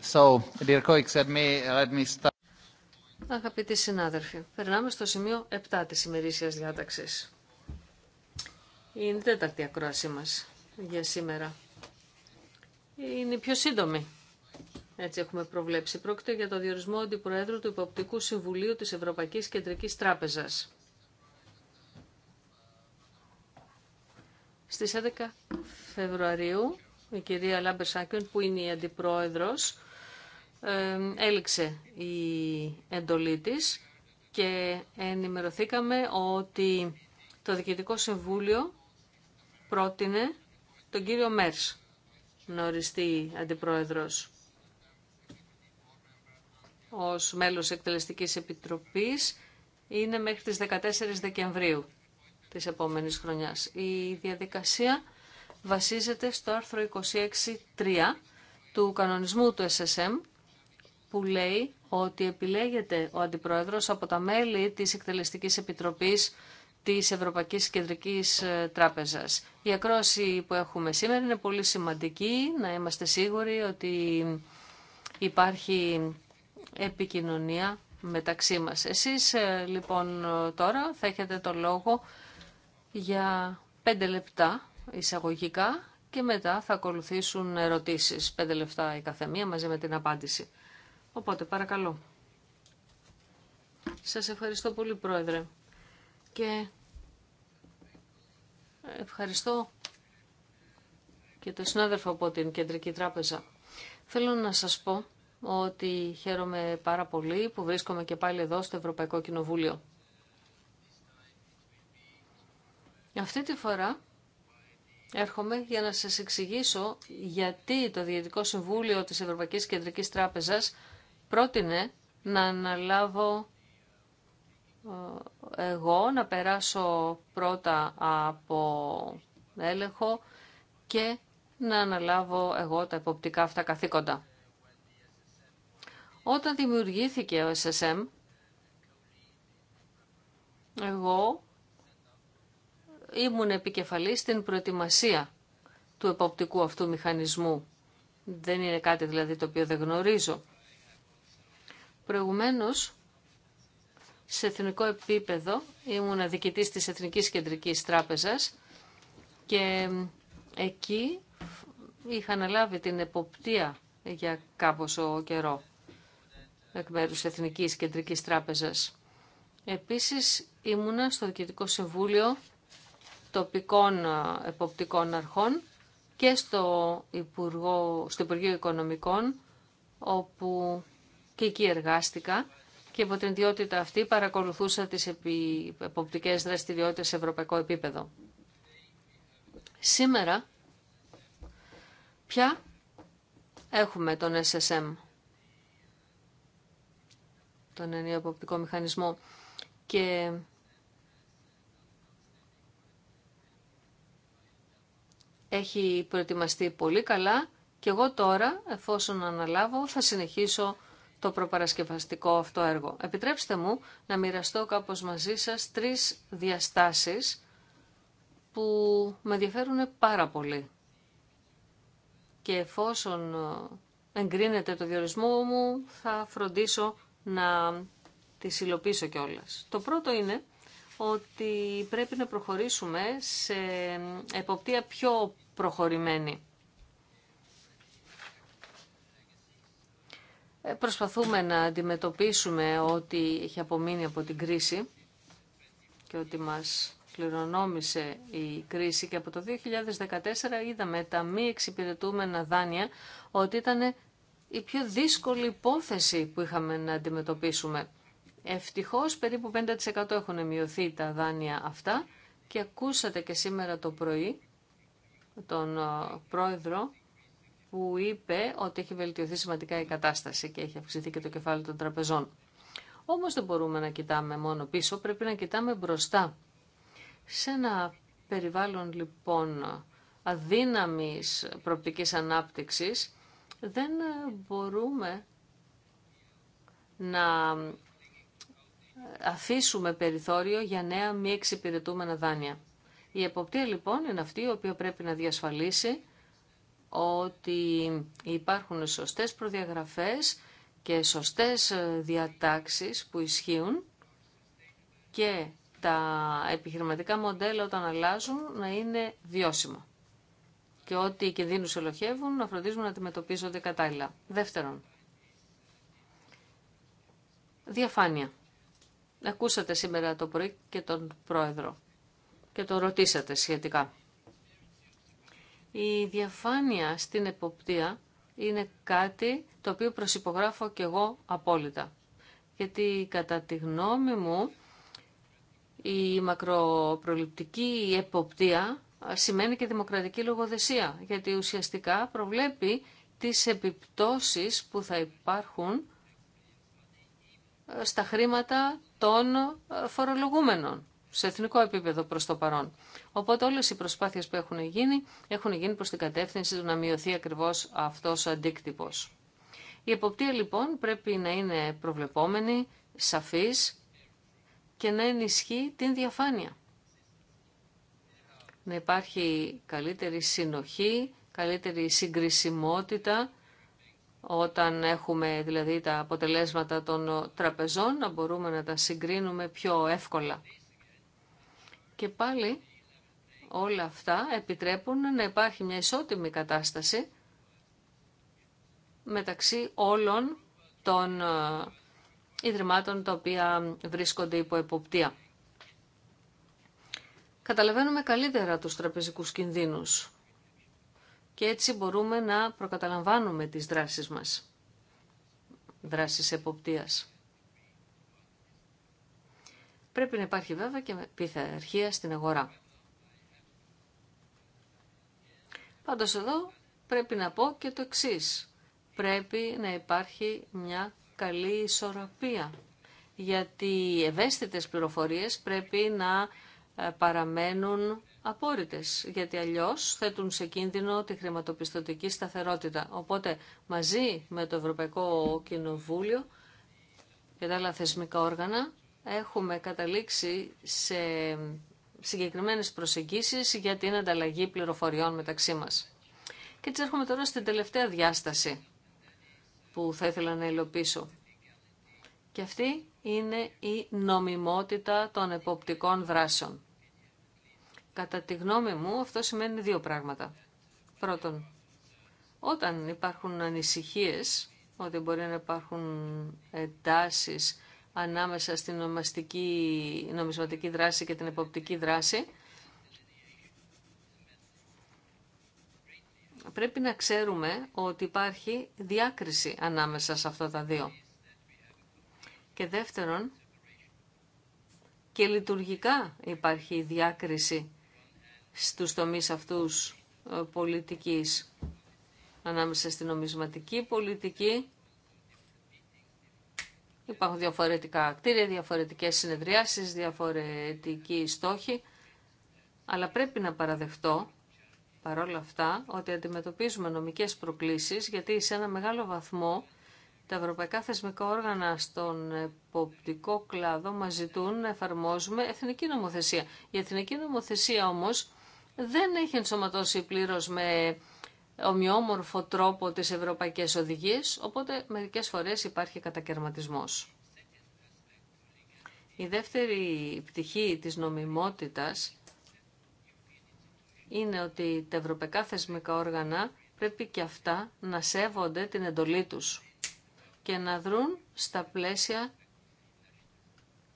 So, dear colleagues, let me, let me start. Αγαπητοί συνάδελφοι, περνάμε στο σημείο 7 της ημερήσιας διάταξης. Είναι η τέταρτη ακρόαση μας για σήμερα. Είναι η πιο σύντομη έτσι έχουμε προβλέψει. Πρόκειται για το διορισμό αντιπροέδρου του Υποπτικού Συμβουλίου της Ευρωπαϊκής Κεντρικής Τράπεζας. Στις 11 Φεβρουαρίου η κυρία Λάμπερ Σάκιον που είναι η αντιπρόεδρος έληξε η εντολή της και ενημερωθήκαμε ότι το Διοικητικό Συμβούλιο πρότεινε τον κύριο Μέρς να οριστεί αντιπρόεδρος ως μέλος εκτελεστικής επιτροπής είναι μέχρι τις 14 Δεκεμβρίου της επόμενης χρονιάς. Η διαδικασία βασίζεται στο άρθρο 26.3 του κανονισμού του SSM που λέει ότι επιλέγεται ο Αντιπρόεδρος από τα μέλη της Εκτελεστικής Επιτροπής της Ευρωπαϊκής Κεντρικής ε, Τράπεζας. Η ακρόση που έχουμε σήμερα είναι πολύ σημαντική, να είμαστε σίγουροι ότι υπάρχει επικοινωνία μεταξύ μας. Εσείς ε, λοιπόν τώρα θα έχετε το λόγο για πέντε λεπτά εισαγωγικά και μετά θα ακολουθήσουν ερωτήσεις. Πέντε λεπτά η καθεμία μαζί με την απάντηση. Οπότε παρακαλώ. Σας ευχαριστώ πολύ Πρόεδρε και ευχαριστώ και τον συνάδελφο από την Κεντρική Τράπεζα. Θέλω να σας πω ότι χαίρομαι πάρα πολύ που βρίσκομαι και πάλι εδώ στο Ευρωπαϊκό Κοινοβούλιο. Αυτή τη φορά έρχομαι για να σας εξηγήσω γιατί το Διευθυντικό Συμβούλιο της Ευρωπαϊκής Κεντρικής Τράπεζας πρότεινε να αναλάβω ε, εγώ να περάσω πρώτα από έλεγχο και να αναλάβω εγώ τα εποπτικά αυτά καθήκοντα. Όταν δημιουργήθηκε ο SSM, εγώ ήμουν επικεφαλής στην προετοιμασία του εποπτικού αυτού μηχανισμού. Δεν είναι κάτι δηλαδή το οποίο δεν γνωρίζω. Προηγουμένως, σε εθνικό επίπεδο ήμουν διοικητής της Εθνικής Κεντρικής Τράπεζας και εκεί είχα αναλάβει την εποπτεία για ο καιρό εκ μέρους Εθνικής Κεντρικής Τράπεζας. Επίσης ήμουνα στο Διοικητικό Συμβούλιο τοπικών ε, εποπτικών αρχών και στο, Υπουργό, στο Υπουργείο Οικονομικών, όπου και εκεί εργάστηκα και υπό την ιδιότητα αυτή παρακολουθούσα τις εποπτικές δραστηριότητες σε ευρωπαϊκό επίπεδο. Σήμερα πια έχουμε τον SSM τον ενιαίο μηχανισμό και έχει προετοιμαστεί πολύ καλά και εγώ τώρα, εφόσον αναλάβω, θα συνεχίσω το προπαρασκευαστικό αυτό έργο. Επιτρέψτε μου να μοιραστώ κάπως μαζί σας τρεις διαστάσεις που με ενδιαφέρουν πάρα πολύ. Και εφόσον ε, εγκρίνεται το διορισμό μου, θα φροντίσω να τις υλοποιήσω κιόλα. Το πρώτο είναι ότι πρέπει να προχωρήσουμε σε εποπτεία πιο προχωρημένη. Ε, προσπαθούμε να αντιμετωπίσουμε ό,τι έχει απομείνει από την κρίση και ότι μας κληρονόμησε η κρίση και από το 2014 είδαμε τα μη εξυπηρετούμενα δάνεια ότι ήταν η πιο δύσκολη υπόθεση που είχαμε να αντιμετωπίσουμε. Ευτυχώς περίπου 50% έχουν μειωθεί τα δάνεια αυτά και ακούσατε και σήμερα το πρωί τον ε, πρόεδρο που είπε ότι έχει βελτιωθεί σημαντικά η κατάσταση και έχει αυξηθεί και το κεφάλαιο των τραπεζών. Όμως δεν μπορούμε να κοιτάμε μόνο πίσω, πρέπει να κοιτάμε μπροστά. Σε ένα περιβάλλον λοιπόν αδύναμης προοπτικής ανάπτυξης, δεν ε, μπορούμε να ε, αφήσουμε περιθώριο για νέα μη εξυπηρετούμενα δάνεια. Η εποπτεία λοιπόν είναι αυτή η οποία πρέπει να διασφαλίσει ότι υπάρχουν σωστές προδιαγραφές και σωστές ε, διατάξεις που ισχύουν και τα επιχειρηματικά μοντέλα όταν αλλάζουν να είναι βιώσιμα και ό,τι οι κινδύνου ελοχεύουν να φροντίζουν να αντιμετωπίζονται κατάλληλα. Δεύτερον, διαφάνεια. Ακούσατε σήμερα το πρωί και τον πρόεδρο και τον ρωτήσατε σχετικά. Η διαφάνεια στην εποπτεία είναι κάτι το οποίο προσυπογράφω και εγώ απόλυτα. Γιατί κατά τη γνώμη μου η μακροπροληπτική εποπτεία σημαίνει και δημοκρατική λογοδεσία, γιατί ουσιαστικά προβλέπει τις επιπτώσεις που θα υπάρχουν ε, στα χρήματα των ε, φορολογούμενων σε εθνικό επίπεδο προς το παρόν. Οπότε όλες οι προσπάθειες που έχουν γίνει έχουν γίνει προς την κατεύθυνση του να μειωθεί ακριβώς αυτός ο αντίκτυπος. Η εποπτεία λοιπόν πρέπει να είναι προβλεπόμενη, σαφής και να ενισχύει την διαφάνεια να υπάρχει καλύτερη συνοχή, καλύτερη συγκρισιμότητα όταν έχουμε δηλαδή τα αποτελέσματα των τραπεζών να μπορούμε να τα συγκρίνουμε πιο εύκολα. Και πάλι όλα αυτά επιτρέπουν να υπάρχει μια ισότιμη κατάσταση μεταξύ όλων των ε, ιδρυμάτων τα οποία βρίσκονται υπό εποπτεία καταλαβαίνουμε καλύτερα τους τραπεζικούς κινδύνους και έτσι μπορούμε να προκαταλαμβάνουμε τις δράσεις μας, δράσεις εποπτείας. Πρέπει να υπάρχει βέβαια και πειθαρχία στην αγορά. Πάντως εδώ πρέπει να πω και το εξής. Πρέπει να υπάρχει μια καλή ισορροπία, γιατί ευαίσθητες πληροφορίες πρέπει να ε, παραμένουν απόρριτες, γιατί αλλιώς θέτουν σε κίνδυνο τη χρηματοπιστωτική σταθερότητα. Οπότε μαζί με το Ευρωπαϊκό Κοινοβούλιο και τα άλλα θεσμικά όργανα έχουμε καταλήξει σε συγκεκριμένες προσεγγίσεις για την ανταλλαγή πληροφοριών μεταξύ μας. Και έτσι έρχομαι τώρα στην τελευταία διάσταση που θα ήθελα να υλοποιήσω. Και αυτή είναι η νομιμότητα των εποπτικών δράσεων. Κατά τη γνώμη μου αυτό σημαίνει δύο πράγματα. Πρώτον, όταν υπάρχουν ανησυχίες, ότι μπορεί να υπάρχουν εντάσεις ανάμεσα στην νομαστική, νομισματική δράση και την εποπτική δράση, πρέπει να ξέρουμε ότι υπάρχει διάκριση ανάμεσα σε αυτά τα δύο. Και δεύτερον, και λειτουργικά υπάρχει διάκριση στους τομείς αυτούς ε, πολιτικής ανάμεσα στην νομισματική πολιτική. Υπάρχουν διαφορετικά κτίρια, διαφορετικές συνεδριάσεις, διαφορετικοί στόχοι, αλλά πρέπει να παραδεχτώ παρόλα αυτά ότι αντιμετωπίζουμε νομικές προκλήσεις γιατί σε ένα μεγάλο βαθμό τα ευρωπαϊκά θεσμικά όργανα στον εποπτικό κλάδο μας ζητούν να εφαρμόζουμε εθνική νομοθεσία. Η εθνική νομοθεσία όμως δεν έχει ενσωματώσει πλήρως με ομοιόμορφο τρόπο τις ευρωπαϊκές οδηγίες, οπότε μερικές φορές υπάρχει κατακαιρματισμός. Η δεύτερη πτυχή της νομιμότητας είναι ότι τα ευρωπαϊκά θεσμικά όργανα πρέπει και αυτά να σέβονται την εντολή τους και να δρουν στα πλαίσια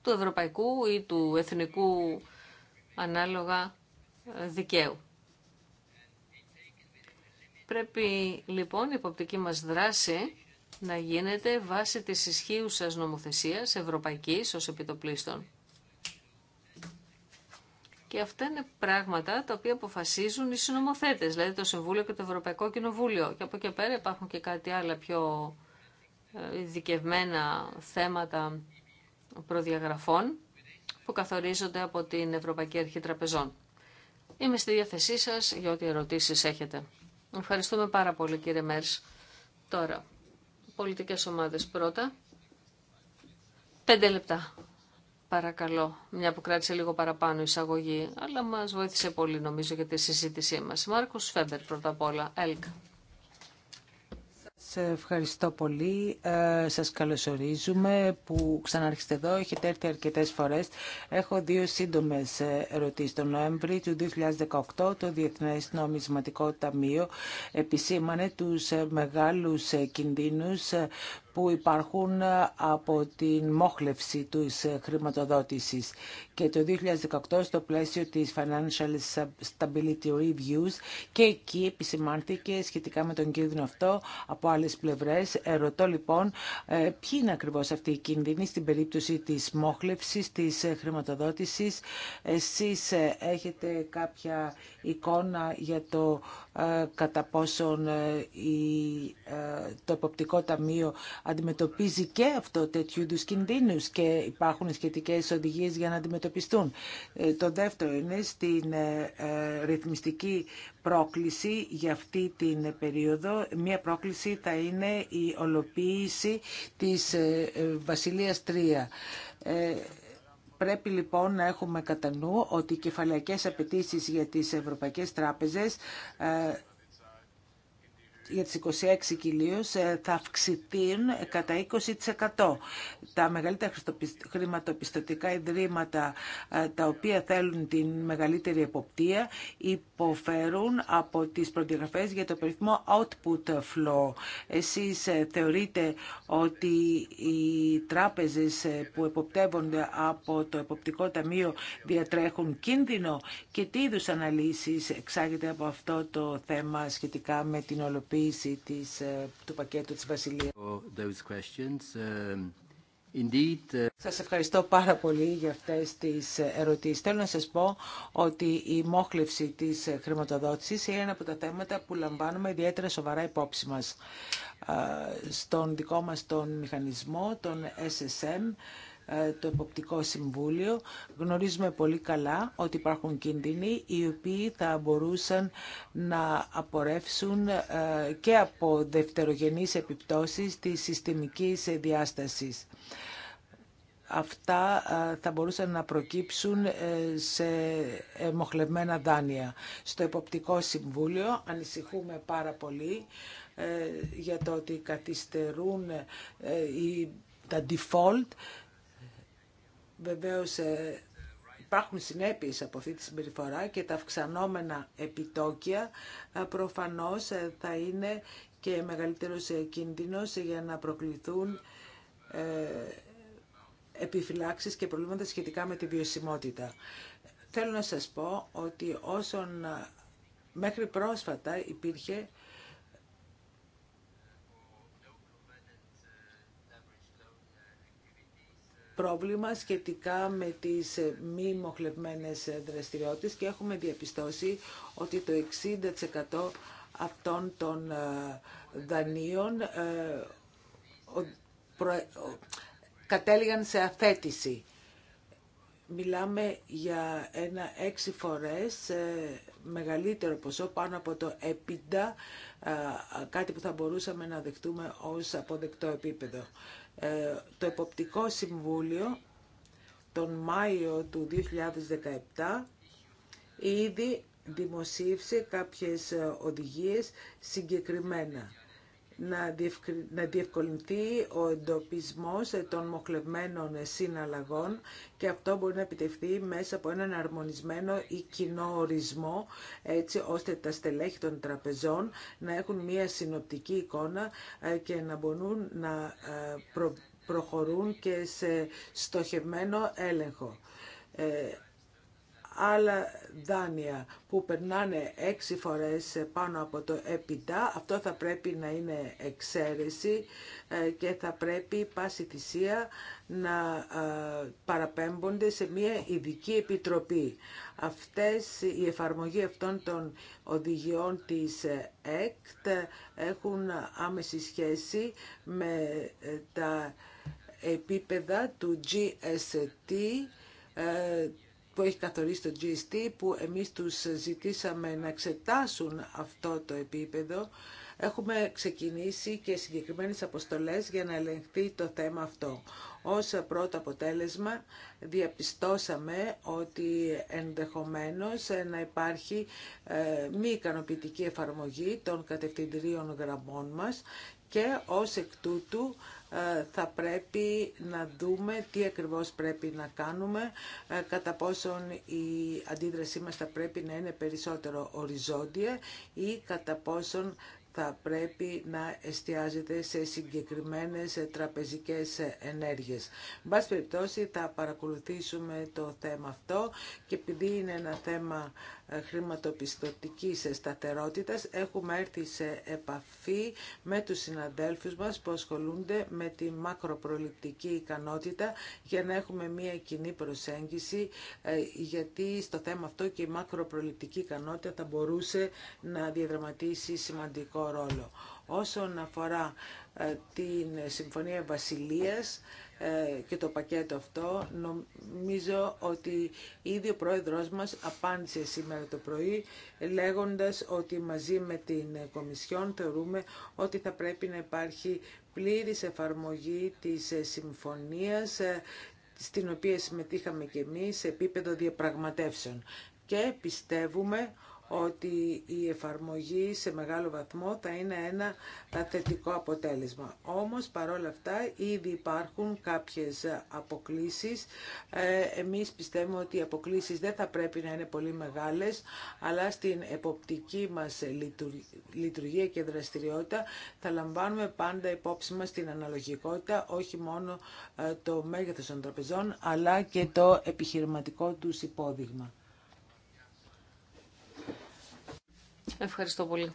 του ευρωπαϊκού ή του εθνικού ανάλογα δικαίου. Πρέπει λοιπόν η υποπτική μας δράση να γίνεται βάσει της ισχύουσας νομοθεσίας ευρωπαϊκής ως επιτοπλίστων. Και αυτά είναι πράγματα τα οποία αποφασίζουν οι συνομοθέτες, δηλαδή το Συμβούλιο και το Ευρωπαϊκό Κοινοβούλιο. Και από εκεί πέρα υπάρχουν και κάτι άλλα πιο ε, ειδικευμένα θέματα προδιαγραφών που καθορίζονται από την Ευρωπαϊκή Αρχή Τραπεζών. Είμαι στη διάθεσή σας για ό,τι ερωτήσεις έχετε. Ευχαριστούμε πάρα πολύ κύριε Μέρς. Τώρα, πολιτικές ομάδες πρώτα. Πέντε λεπτά. Παρακαλώ, μια που κράτησε λίγο παραπάνω εισαγωγή, αλλά μας βοήθησε πολύ νομίζω για τη συζήτησή μας. Μάρκος Φέμπερ πρώτα απ' όλα, ΕΛΚ. Σε ευχαριστώ πολύ. Ε, σας καλωσορίζουμε που ξανάρχιστε εδώ. Έχετε έρθει αρκετές φορές. Έχω δύο σύντομες ερωτήσεις. Το Νοέμβρη του 2018 το Διεθνές Νομισματικό Ταμείο επισήμανε τους μεγάλους κινδύνους που υπάρχουν ε, από την μόχλευση της ε, χρηματοδότησης. Και το 2018 στο πλαίσιο της Financial Stability Reviews και εκεί επισημάνθηκε σχετικά με τον κίνδυνο αυτό από άλλες πλευρές. Ρωτώ λοιπόν ε, ποιοι είναι ακριβώς αυτοί οι κίνδυνοι στην περίπτωση της μόχλευσης, της χρηματοδότησης. Εσείς έχετε κάποια εικόνα για το ε, κατά πόσον ε, ε, το Εποπτικό Ταμείο αντιμετωπίζει και αυτό τέτοιου είδου κινδύνους και υπάρχουν σχετικές οδηγίες για να αντιμετωπιστούν. Το δεύτερο είναι στην ρυθμιστική πρόκληση για αυτή την περίοδο. Μία πρόκληση θα είναι η ολοποίηση της Βασιλείας 3 Πρέπει λοιπόν να έχουμε κατά νου ότι οι κεφαλαϊκές απαιτήσει για τις ευρωπαϊκές τράπεζες ε, για τις 26 κιλίους ε, θα αυξηθεί κατά 20%. Τα μεγαλύτερα χρηματοπιστωτικά ιδρύματα ε, τα οποία θέλουν την μεγαλύτερη εποπτεία υποφέρουν από τις προδιαγραφές για το περίφημο output flow. Εσείς ε, θεωρείτε ότι οι τράπεζες που εποπτεύονται από το Εποπτικό Ταμείο διατρέχουν κίνδυνο και τι είδους αναλύσεις εξάγεται από αυτό το θέμα σχετικά με την ολοποίηση υλοποίηση της, ε, του πακέτου της Βασιλείας. Um, indeed. Uh, σας ευχαριστώ πάρα πολύ για αυτές τις ερωτήσεις. Θέλω να σας πω ότι η μόχλευση της χρηματοδότησης είναι ένα από τα θέματα που λαμβάνουμε ιδιαίτερα σοβαρά υπόψη μας. Στον δικό μας τον μηχανισμό, τον SSM, ε, το Εποπτικό Συμβούλιο. Γνωρίζουμε πολύ καλά ότι υπάρχουν κίνδυνοι οι οποίοι θα μπορούσαν να απορρεύσουν ε, και από δευτερογενείς επιπτώσεις της συστημικής διάστασης. Αυτά ε, θα μπορούσαν να προκύψουν σε μοχλευμένα δάνεια. Στο Εποπτικό Συμβούλιο ανησυχούμε πάρα πολύ για το ότι καθυστερούν τα default Βεβαίως ε, υπάρχουν συνέπειε από αυτή τη συμπεριφορά και τα αυξανόμενα επιτόκια ε, προφανώς ε, θα είναι και μεγαλύτερος κίνδυνος για να προκληθούν επιφυλάξεις και προβλήματα σχετικά με τη βιωσιμότητα. Θέλω να σας πω ότι όσον μέχρι πρόσφατα υπήρχε πρόβλημα σχετικά με τις μη μοχλευμένες δραστηριότητες και έχουμε διαπιστώσει ότι το 60% αυτών των ε, δανείων ε, κατέληγαν σε αθέτηση. Μιλάμε για ένα έξι φορές ε, μεγαλύτερο ποσό, πάνω από το έπιντα, κάτι που θα μπορούσαμε να δεχτούμε ως αποδεκτό επίπεδο. Ε, το Εποπτικό Συμβούλιο τον Μάιο του 2017 ήδη δημοσίευσε κάποιες ε, οδηγίες συγκεκριμένα να διευκολυνθεί ο εντοπισμός των μοχλευμένων συναλλαγών και αυτό μπορεί να επιτευχθεί μέσα από έναν αρμονισμένο ή κοινό ορισμό έτσι ώστε τα στελέχη των τραπεζών να έχουν μία συνοπτική εικόνα ε, και να μπορούν να ε, προχωρούν και σε στοχευμένο έλεγχο. Ε, άλλα δάνεια που περνάνε έξι φορές πάνω από το έπιτα, αυτό θα πρέπει να είναι εξαίρεση ε, και θα πρέπει πάση θυσία να ε, παραπέμπονται σε μια ειδική επιτροπή. Αυτές, η εφαρμογή αυτών των οδηγιών της ε, ΕΚΤ έχουν άμεση σχέση με τα επίπεδα του GST, που έχει καθορίσει το GST, που εμείς τους ζητήσαμε να εξετάσουν αυτό το επίπεδο, έχουμε ξεκινήσει και συγκεκριμένες αποστολές για να ελεγχθεί το θέμα αυτό. Ως πρώτο αποτέλεσμα διαπιστώσαμε ότι ενδεχομένως να υπάρχει ε, μη ικανοποιητική εφαρμογή των κατευθυντηρίων γραμμών μας και ως εκ τούτου ε, θα πρέπει να δούμε τι ακριβώς πρέπει να κάνουμε, ε, κατά πόσον η αντίδρασή μας θα πρέπει να είναι περισσότερο οριζόντια ή κατά πόσον θα πρέπει να εστιάζεται σε συγκεκριμένες τραπεζικές ενέργειες. Εν πάση περιπτώσει θα παρακολουθήσουμε το θέμα αυτό και επειδή είναι ένα θέμα ε, χρηματοπιστωτικής σταθερότητας έχουμε έρθει σε επαφή με τους συναδέλφους μας που ασχολούνται με τη μακροπροληπτική ικανότητα για να έχουμε μια κοινή προσέγγιση ε, γιατί στο θέμα αυτό και η μακροπροληπτική ικανότητα θα μπορούσε να διαδραματίσει σημαντικό σημαντικό ρόλο. Όσον αφορά ε, την Συμφωνία Βασιλείας ε, και το πακέτο αυτό, νομίζω ότι ήδη ο πρόεδρος μας απάντησε σήμερα το πρωί λέγοντας ότι μαζί με την Κομισιόν θεωρούμε ότι θα πρέπει να υπάρχει πλήρης εφαρμογή της συμφωνίας ε, στην οποία συμμετείχαμε και εμείς σε επίπεδο διαπραγματεύσεων. Και πιστεύουμε ότι η εφαρμογή σε μεγάλο βαθμό θα είναι ένα θετικό αποτέλεσμα. Όμως παρόλα αυτά ήδη υπάρχουν κάποιες αποκλήσεις. Ε, εμείς πιστεύουμε ότι οι αποκλήσεις δεν θα πρέπει να είναι πολύ μεγάλες, αλλά στην εποπτική μας λειτουργία και δραστηριότητα θα λαμβάνουμε πάντα υπόψη μας την αναλογικότητα, όχι μόνο ε, το μέγεθος των τραπεζών, αλλά και το επιχειρηματικό τους υπόδειγμα. Ευχαριστώ πολύ.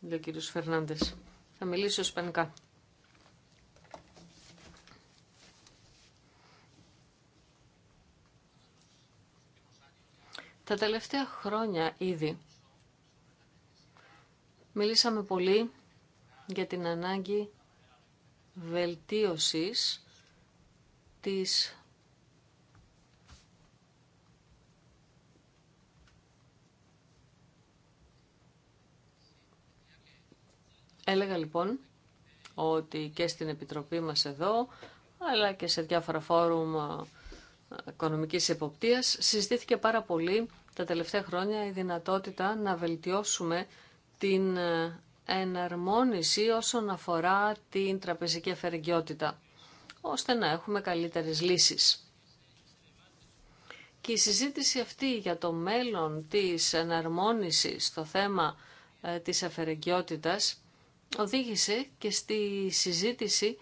Λέει κύριος Φερνάντες. Θα μιλήσω ισπανικά. Τα τελευταία χρόνια ήδη μιλήσαμε πολύ για την ανάγκη βελτίωσης της Έλεγα λοιπόν ότι και στην Επιτροπή μας εδώ, αλλά και σε διάφορα φόρουμ ε, οικονομικής εποπτείας, συζητήθηκε πάρα πολύ τα τελευταία χρόνια η δυνατότητα να βελτιώσουμε την ε, εναρμόνιση όσον αφορά την τραπεζική αφαιρεγγιότητα, ώστε να έχουμε καλύτερες λύσεις. Και η συζήτηση αυτή για το μέλλον της εναρμόνισης στο θέμα ε, της αφαιρεγγιότητας οδήγησε και στη συζήτηση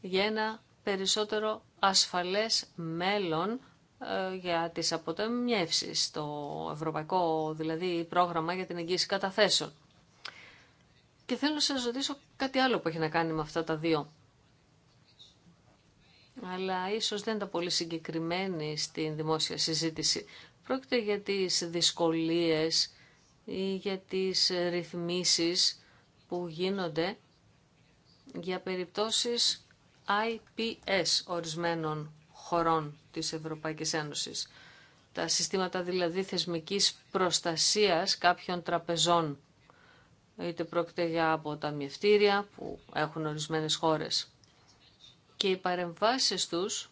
για ένα περισσότερο ασφαλές μέλλον ε, για τις αποτεμιεύσεις, το ευρωπαϊκό δηλαδή πρόγραμμα για την εγγύηση καταθέσεων. Και θέλω να σας ρωτήσω κάτι άλλο που έχει να κάνει με αυτά τα δύο. Αλλά ίσως δεν ήταν πολύ συγκεκριμένη στην δημόσια συζήτηση. Πρόκειται για τις δυσκολίες ή για τις ρυθμίσεις που γίνονται για περιπτώσεις IPS ορισμένων χωρών της Ευρωπαϊκής Ένωσης. Τα συστήματα δηλαδή θεσμικής προστασίας κάποιων τραπεζών, είτε πρόκειται για από τα μιευτήρια που έχουν ορισμένες χώρες. Και οι παρεμβάσεις τους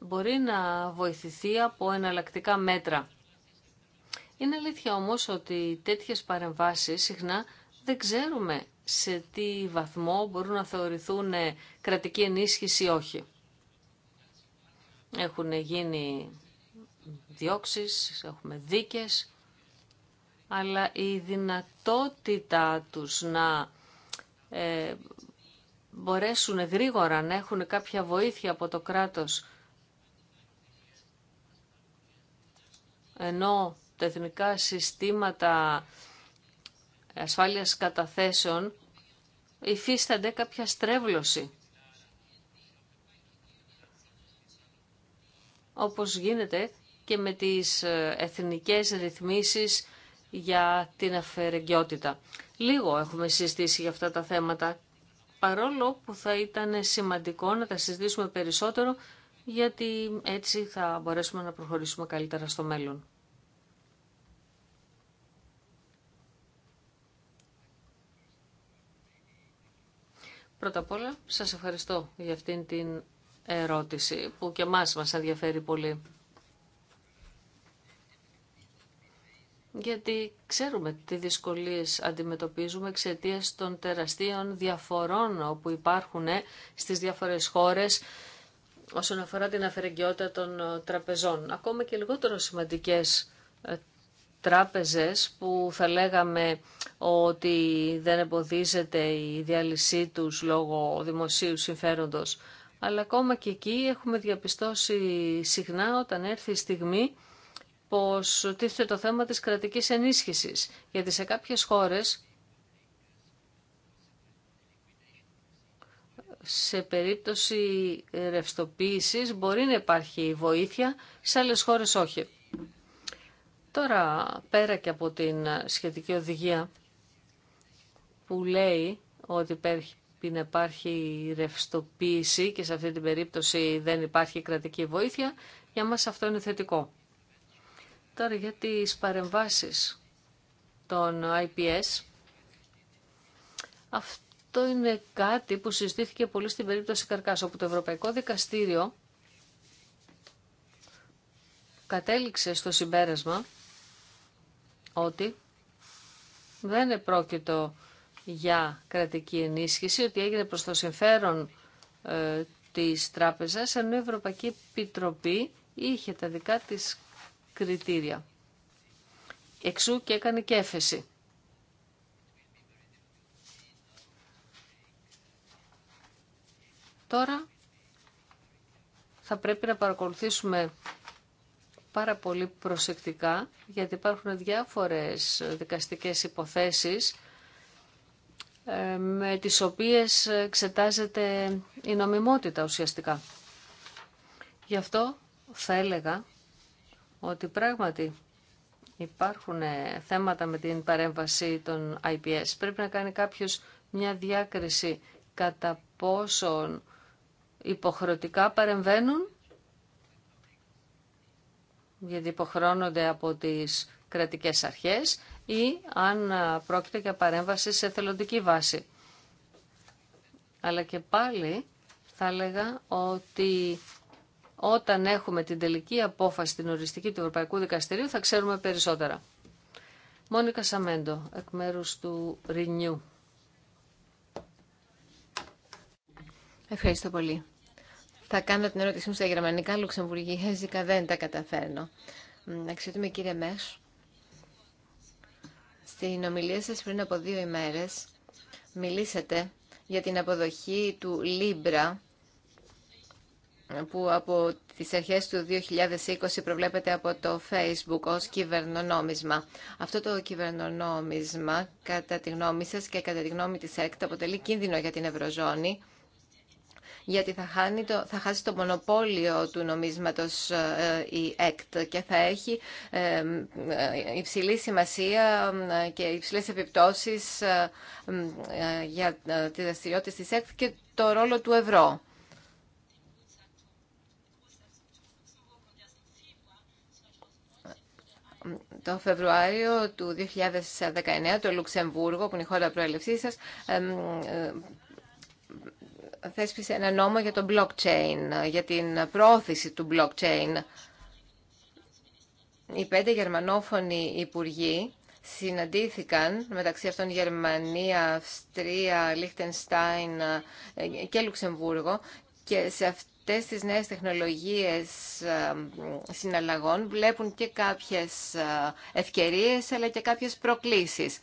μπορεί να βοηθηθεί από εναλλακτικά μέτρα είναι αλήθεια όμως ότι τέτοιες παρεμβάσεις συχνά δεν ξέρουμε σε τι βαθμό μπορούν να θεωρηθούν κρατική ενίσχυση ή όχι. Έχουν γίνει διώξεις, έχουμε δίκες, αλλά η δυνατότητά τους να ε, μπορέσουν γρήγορα να έχουν κάποια βοήθεια από το κράτος, ενώ τα εθνικά συστήματα ασφάλειας καταθέσεων υφίστανται κάποια στρέβλωση. Όπως γίνεται και με τις ε, εθνικές ρυθμίσεις για την αφαιρεγκιότητα. Λίγο έχουμε συζητήσει για αυτά τα θέματα, παρόλο που θα ήταν σημαντικό να τα συζητήσουμε περισσότερο, γιατί έτσι θα μπορέσουμε να προχωρήσουμε καλύτερα στο μέλλον. Πρώτα απ' όλα, σας ευχαριστώ για αυτήν την ερώτηση που και μας μας ενδιαφέρει πολύ. Γιατί ξέρουμε τι δυσκολίες αντιμετωπίζουμε εξαιτία των τεραστίων διαφορών που υπάρχουν ε, στις διάφορες χώρες όσον αφορά την αφαιρεγγιότητα των ε, τραπεζών. Ακόμα και λιγότερο σημαντικές ε, τράπεζες που θα λέγαμε ότι δεν εμποδίζεται η διάλυσή τους λόγω δημοσίου συμφέροντος. Αλλά ακόμα και εκεί έχουμε διαπιστώσει συχνά όταν έρθει η στιγμή πως τίθεται το θέμα της κρατικής ενίσχυσης. Γιατί σε κάποιες χώρες, σε περίπτωση ρευστοποίησης, μπορεί να υπάρχει βοήθεια, σε άλλες χώρες όχι. Τώρα, πέρα και από την σχετική οδηγία που λέει ότι υπάρχει υπάρχει ρευστοποίηση και σε αυτή την περίπτωση δεν υπάρχει κρατική βοήθεια, για μας αυτό είναι θετικό. Τώρα για τις παρεμβάσεις των IPS, αυτό είναι κάτι που συζητήθηκε πολύ στην περίπτωση Καρκάς, όπου το Ευρωπαϊκό Δικαστήριο κατέληξε στο συμπέρασμα ότι δεν επρόκειτο για κρατική ενίσχυση, ότι έγινε προς το συμφέρον ε, της τράπεζας, ενώ η Ευρωπαϊκή Επιτροπή είχε τα δικά της κριτήρια. Εξού και έκανε και έφεση. Τώρα θα πρέπει να παρακολουθήσουμε πάρα πολύ προσεκτικά γιατί υπάρχουν διάφορες δικαστικές υποθέσεις ε, με τις οποίες εξετάζεται η νομιμότητα ουσιαστικά. Γι' αυτό θα έλεγα ότι πράγματι υπάρχουν ε, θέματα με την παρέμβαση των IPS. Πρέπει να κάνει κάποιος μια διάκριση κατά πόσον υποχρεωτικά παρεμβαίνουν γιατί υποχρώνονται από τις κρατικές αρχές ή αν πρόκειται για παρέμβαση σε θελοντική βάση. Αλλά και πάλι θα έλεγα ότι όταν έχουμε την τελική απόφαση την οριστική του Ευρωπαϊκού Δικαστηρίου θα ξέρουμε περισσότερα. Μόνικα Σαμέντο, εκ μέρους του Renew. Ευχαριστώ πολύ. Θα κάνω την ερώτησή μου στα γερμανικά, λουξεμβουργιέζικα δεν τα καταφέρνω. Αξιότιμη κύριε Μέσ, στην ομιλία σας πριν από δύο ημέρες μιλήσατε για την αποδοχή του Λίμπρα που από τις αρχές του 2020 προβλέπεται από το Facebook ως κυβερνονόμισμα. Αυτό το κυβερνονόμισμα, κατά τη γνώμη σας και κατά τη γνώμη της ΕΚΤ, αποτελεί κίνδυνο για την Ευρωζώνη γιατί θα, χάνει το, θα χάσει το μονοπόλιο του νομίσματος ε, η ΕΚΤ και θα έχει ε, ε, υψηλή σημασία και υψηλές επιπτώσεις για τις δραστηριότητε της ΕΚΤ και το ρόλο του ευρώ. το Φεβρουάριο του 2019 το Λουξεμβούργο, που είναι η χώρα προέλευσή σας, θέσπισε ένα νόμο για το blockchain, για την πρόθεση του blockchain. Οι πέντε γερμανόφωνοι υπουργοί συναντήθηκαν μεταξύ αυτών Γερμανία, Αυστρία, Λίχτενστάιν ε, και Λουξεμβούργο και σε αυτές τις νέες τεχνολογίες ε, συναλλαγών βλέπουν και κάποιες ε, ευκαιρίες αλλά και κάποιες προκλήσεις.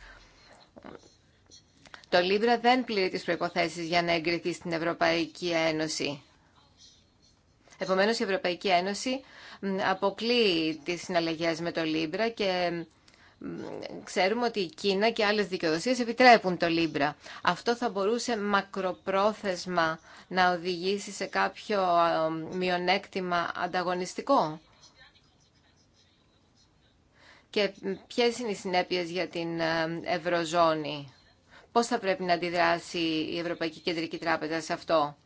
Το Λίμπρα δεν πληρεί τις προϋποθέσεις για να εγκριθεί στην Ευρωπαϊκή Ένωση. Επομένως, η Ευρωπαϊκή Ένωση αποκλεί τις συναλλαγές με το Λίμπρα και ξέρουμε ότι η Κίνα και άλλες δικαιοδοσίες επιτρέπουν το Λίμπρα. Αυτό θα μπορούσε μακροπρόθεσμα να οδηγήσει σε κάποιο μειονέκτημα ανταγωνιστικό. Και ποιες είναι οι συνέπειες για την ε, Ευρωζώνη. Πώς θα πρέπει να αντιδράσει η Ευρωπαϊκή Κεντρική Τράπεζα σε αυτό.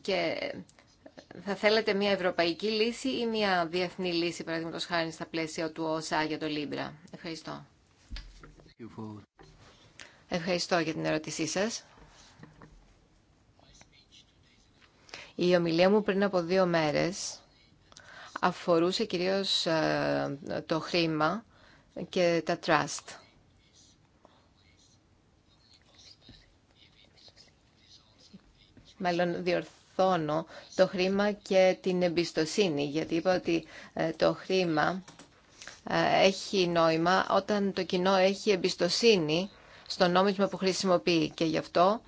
Και θα θέλετε μια ευρωπαϊκή λύση ή μια διεθνή λύση, παραδείγματο χάρη στα πλαίσια του ΟΣΑ για το Λίμπρα. Ευχαριστώ. Ευχαριστώ για την ερώτησή σας. Η ομιλία μου πριν από δύο μέρες αφορούσε κυρίως ε, το χρήμα και τα trust. Μάλλον διορθώνω το χρήμα και την εμπιστοσύνη, γιατί είπα ότι ε, το χρήμα ε, έχει νόημα όταν το κοινό έχει εμπιστοσύνη στο νόμισμα που χρησιμοποιεί. Και γι' αυτό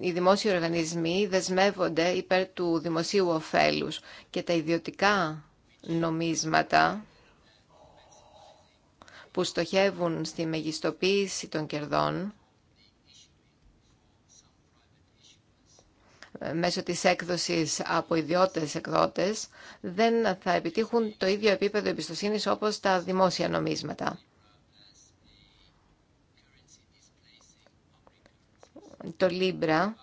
οι δημόσιοι οργανισμοί δεσμεύονται υπέρ του δημοσίου ωφέλους και τα ιδιωτικά νομίσματα που στοχεύουν στη μεγιστοποίηση των κερδών ε, μέσω της έκδοσης από ιδιώτες εκδότες δεν θα επιτύχουν το ίδιο επίπεδο εμπιστοσύνης όπως τα δημόσια νομίσματα. το Λίμπρα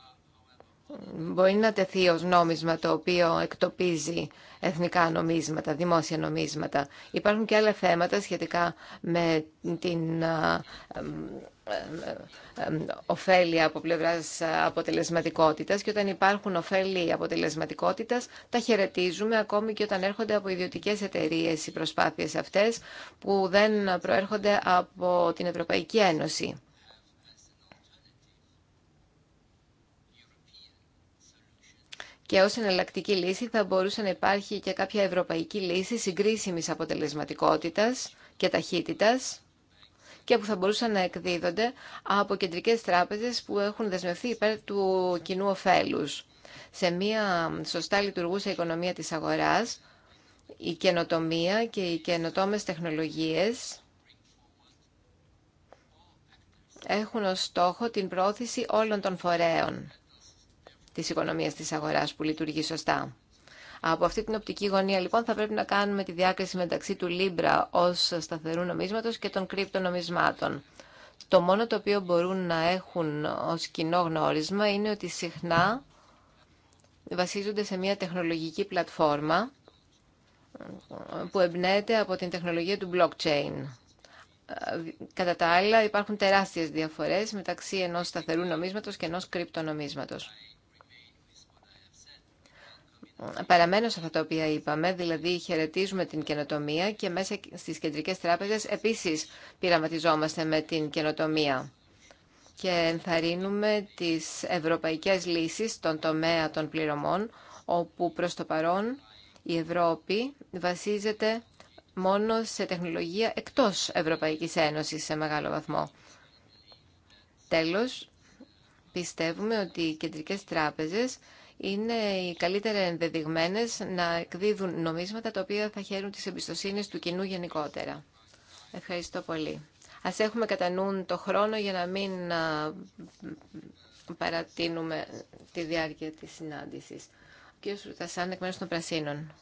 μπορεί να τεθεί ως νόμισμα το οποίο εκτοπίζει εθνικά νομίσματα, δημόσια νομίσματα. Υπάρχουν και άλλα θέματα σχετικά με την ε, ε, ε, ωφέλεια από πλευράς αποτελεσματικότητας και όταν υπάρχουν ωφέλη αποτελεσματικότητας τα χαιρετίζουμε ακόμη και όταν έρχονται από ιδιωτικές εταιρείες οι προσπάθειες αυτές που δεν προέρχονται από την Ευρωπαϊκή Ένωση. και ως εναλλακτική λύση θα μπορούσε να υπάρχει και κάποια ευρωπαϊκή λύση συγκρίσιμης αποτελεσματικότητας και ταχύτητας και που θα μπορούσαν να εκδίδονται από κεντρικές τράπεζες που έχουν δεσμευθεί υπέρ του κοινού ωφέλους. Σε μια σωστά λειτουργούσα οικονομία της αγοράς, η καινοτομία και οι καινοτόμες τεχνολογίες έχουν ως στόχο την πρόθεση όλων των φορέων τη οικονομίας της αγοράς που λειτουργεί σωστά. Από αυτή την οπτική γωνία λοιπόν θα πρέπει να κάνουμε τη διάκριση μεταξύ του Libra ως σταθερού νομίσματος και των κρυπτονομισμάτων. Το μόνο το οποίο μπορούν να έχουν ως κοινό γνώρισμα είναι ότι συχνά βασίζονται σε μια τεχνολογική πλατφόρμα που εμπνέεται από την τεχνολογία του blockchain. Κατά τα άλλα υπάρχουν τεράστιες διαφορές μεταξύ ενός σταθερού νομίσματος και ενός κρυπτονομίσματος παραμένω σε αυτά τα οποία είπαμε, δηλαδή χαιρετίζουμε την καινοτομία και μέσα στις κεντρικές τράπεζες επίσης πειραματιζόμαστε με την καινοτομία και ενθαρρύνουμε τις ευρωπαϊκές λύσεις στον τομέα των πληρωμών, όπου προς το παρόν η Ευρώπη βασίζεται μόνο σε τεχνολογία εκτός Ευρωπαϊκής Ένωσης σε μεγάλο βαθμό. Τέλος, πιστεύουμε ότι οι κεντρικές τράπεζες είναι οι καλύτερα ενδεδειγμένες να εκδίδουν νομίσματα τα οποία θα χαίρουν τις εμπιστοσύνη του κοινού γενικότερα. Ευχαριστώ πολύ. Ας έχουμε κατά νου το χρόνο για να μην παρατείνουμε τη διάρκεια της συνάντησης. Ο κ. Ρουτασάν, εκ μέρους των Πρασίνων.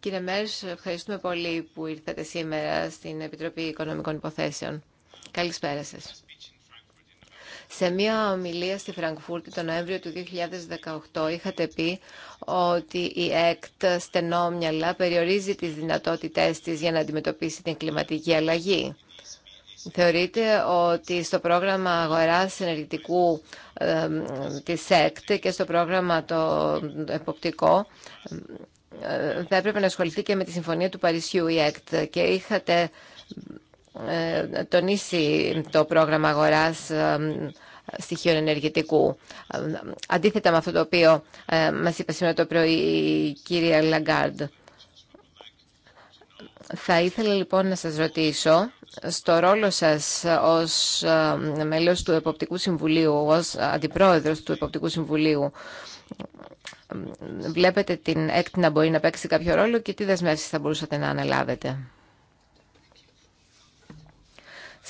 Κύριε Μέρς, ευχαριστούμε πολύ που ήρθατε σήμερα στην Επιτροπή Οικονομικών Υποθέσεων. Καλησπέρα σας. Σε μία ομιλία στη Φραγκφούρτη τον Νοέμβριο του 2018 είχατε πει ότι η ΕΚΤ στενόμυαλα περιορίζει τις δυνατότητές της για να αντιμετωπίσει την κλιματική αλλαγή. Θεωρείτε ότι στο πρόγραμμα αγοράς ενεργητικού της ΕΚΤ και στο πρόγραμμα το εποπτικό θα έπρεπε να ασχοληθεί και με τη Συμφωνία του Παρισιού η ΕΚΤ και είχατε ε, τονίσει το πρόγραμμα αγοράς ε, στοιχείων ενεργητικού. Ε, αντίθετα με αυτό το οποίο μας είπε σήμερα το πρωί η κυρία Λαγκάρντ. Θα ήθελα λοιπόν να σας ρωτήσω στο ρόλο σας ως μέλος του Εποπτικού Συμβουλίου, ως αντιπρόεδρος του Εποπτικού Συμβουλίου, βλέπετε την έκτη να μπορεί να παίξει κάποιο ρόλο και τι δεσμεύσεις θα μπορούσατε να αναλάβετε.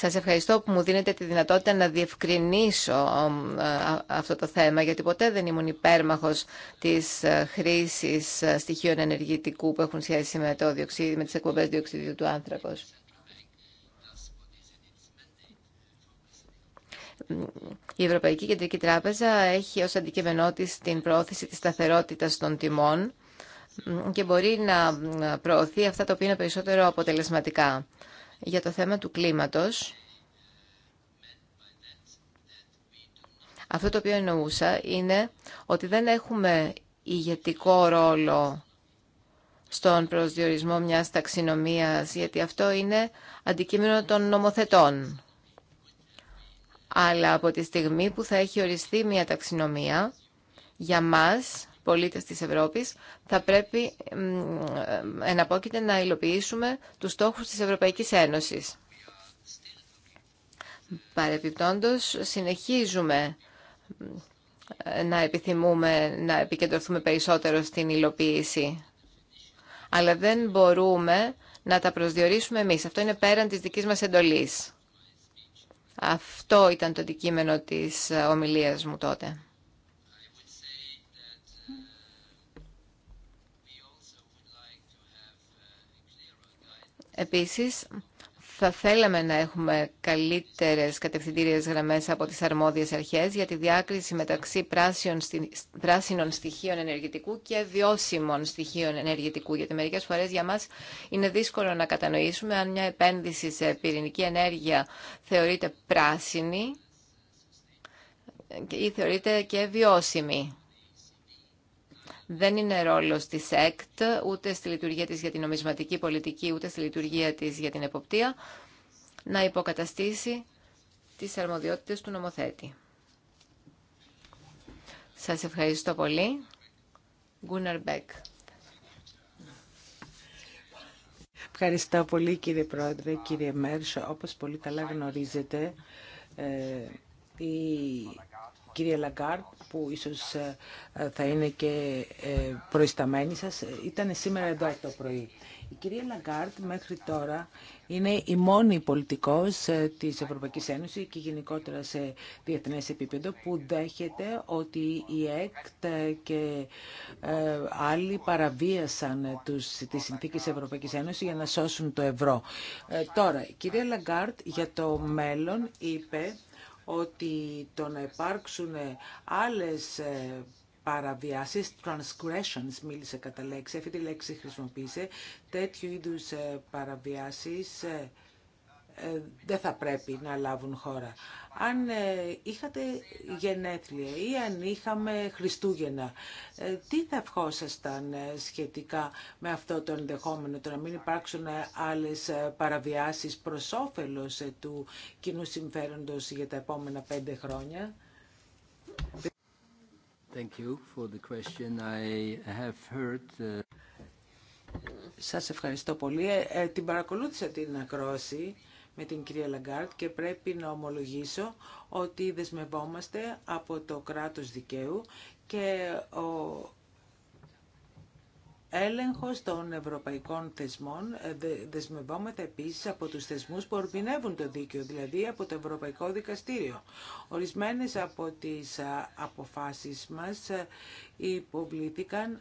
Σας ευχαριστώ που μου δίνετε τη δυνατότητα να διευκρινίσω ε, αυτό το θέμα, γιατί ποτέ δεν ήμουν υπέρμαχος της ε, χρήσης ε, στοιχείων ενεργητικού που έχουν σχέση με, το διοξίδι, με τις εκπομπές διοξιδίου του άνθρακος. Η Ευρωπαϊκή Κεντρική Τράπεζα έχει ως αντικείμενό της την προώθηση της σταθερότητας των τιμών και μπορεί να προωθεί αυτά τα οποία είναι περισσότερο αποτελεσματικά για το θέμα του κλίματος, αυτό το οποίο εννοούσα είναι ότι δεν έχουμε ηγετικό ρόλο στον προσδιορισμό μιας ταξινομίας, γιατί αυτό είναι αντικείμενο των νομοθετών. Αλλά από τη στιγμή που θα έχει οριστεί μια ταξινομία, για μας πολίτες της Ευρώπης, θα πρέπει εναπόκειται να υλοποιήσουμε τους στόχους της Ευρωπαϊκής Ένωσης. Παρεπιπτόντως, συνεχίζουμε να επιθυμούμε να επικεντρωθούμε περισσότερο στην υλοποίηση. Αλλά δεν μπορούμε να τα προσδιορίσουμε εμείς. Αυτό είναι πέραν της δικής μας εντολής. Αυτό ήταν το αντικείμενο της ομιλίας μου τότε. Επίσης, θα θέλαμε να έχουμε καλύτερες κατευθυντήριες γραμμές από τις αρμόδιες αρχές για τη διάκριση μεταξύ πράσινων στοιχείων ενεργητικού και βιώσιμων στοιχείων ενεργητικού. Γιατί μερικές φορές για μας είναι δύσκολο να κατανοήσουμε αν μια επένδυση σε πυρηνική ενέργεια θεωρείται πράσινη ή θεωρείται και βιώσιμη δεν είναι ρόλο τη ΕΚΤ, ούτε στη λειτουργία της για την νομισματική πολιτική, ούτε στη λειτουργία της για την εποπτεία, να υποκαταστήσει τι αρμοδιότητες του νομοθέτη. Σα ευχαριστώ πολύ. Γκούναρ Μπέκ. Ευχαριστώ πολύ κύριε Πρόεδρε, κύριε Μέρσο. Όπως πολύ καλά γνωρίζετε, ε, η κυρία Λαγκάρτ που ίσως ε, ε, θα είναι και ε, προϊσταμένη σας, ήταν σήμερα εδώ το πρωί. Η κυρία Λαγκάρτ μέχρι τώρα είναι η μόνη πολιτικός της Ευρωπαϊκής Ένωσης και γενικότερα σε διεθνές επίπεδο που δέχεται ότι η ΕΚΤ και άλλοι παραβίασαν τους, τις συνθήκες Ευρωπαϊκής Ένωσης για να σώσουν το ευρώ. τώρα, η κυρία Λαγκάρτ για το μέλλον είπε ότι το να υπάρξουν άλλες ε, παραβιάσεις, transgressions μίλησε κατά λέξη, αυτή τη λέξη χρησιμοποίησε, τέτοιου είδους ε, παραβιάσεις ε, ε, δεν θα πρέπει να λάβουν χώρα. Αν ε, είχατε γενέθλια ή αν είχαμε Χριστούγεννα, ε, τι θα ευχόσασταν σχετικά με αυτό το ενδεχόμενο, το να μην υπάρξουν άλλες παραβιάσεις προς όφελος του κοινού συμφέροντος για τα επόμενα πέντε χρόνια. Thank you for the question. I have heard uh, Σας ευχαριστώ πολύ. την παρακολούθησα την ακρόση με την κυρία Λαγκάρτ και πρέπει να ομολογήσω ότι δεσμευόμαστε από το κράτος δικαίου και ο έλεγχος των ευρωπαϊκών θεσμών. Ε, δεσμευόμεθα επίσης από τους θεσμούς που ορμηνεύουν το δίκαιο, δηλαδή από το Ευρωπαϊκό Δικαστήριο. Ορισμένες από τις ε, αποφάσεις μας ε, υποβλήθηκαν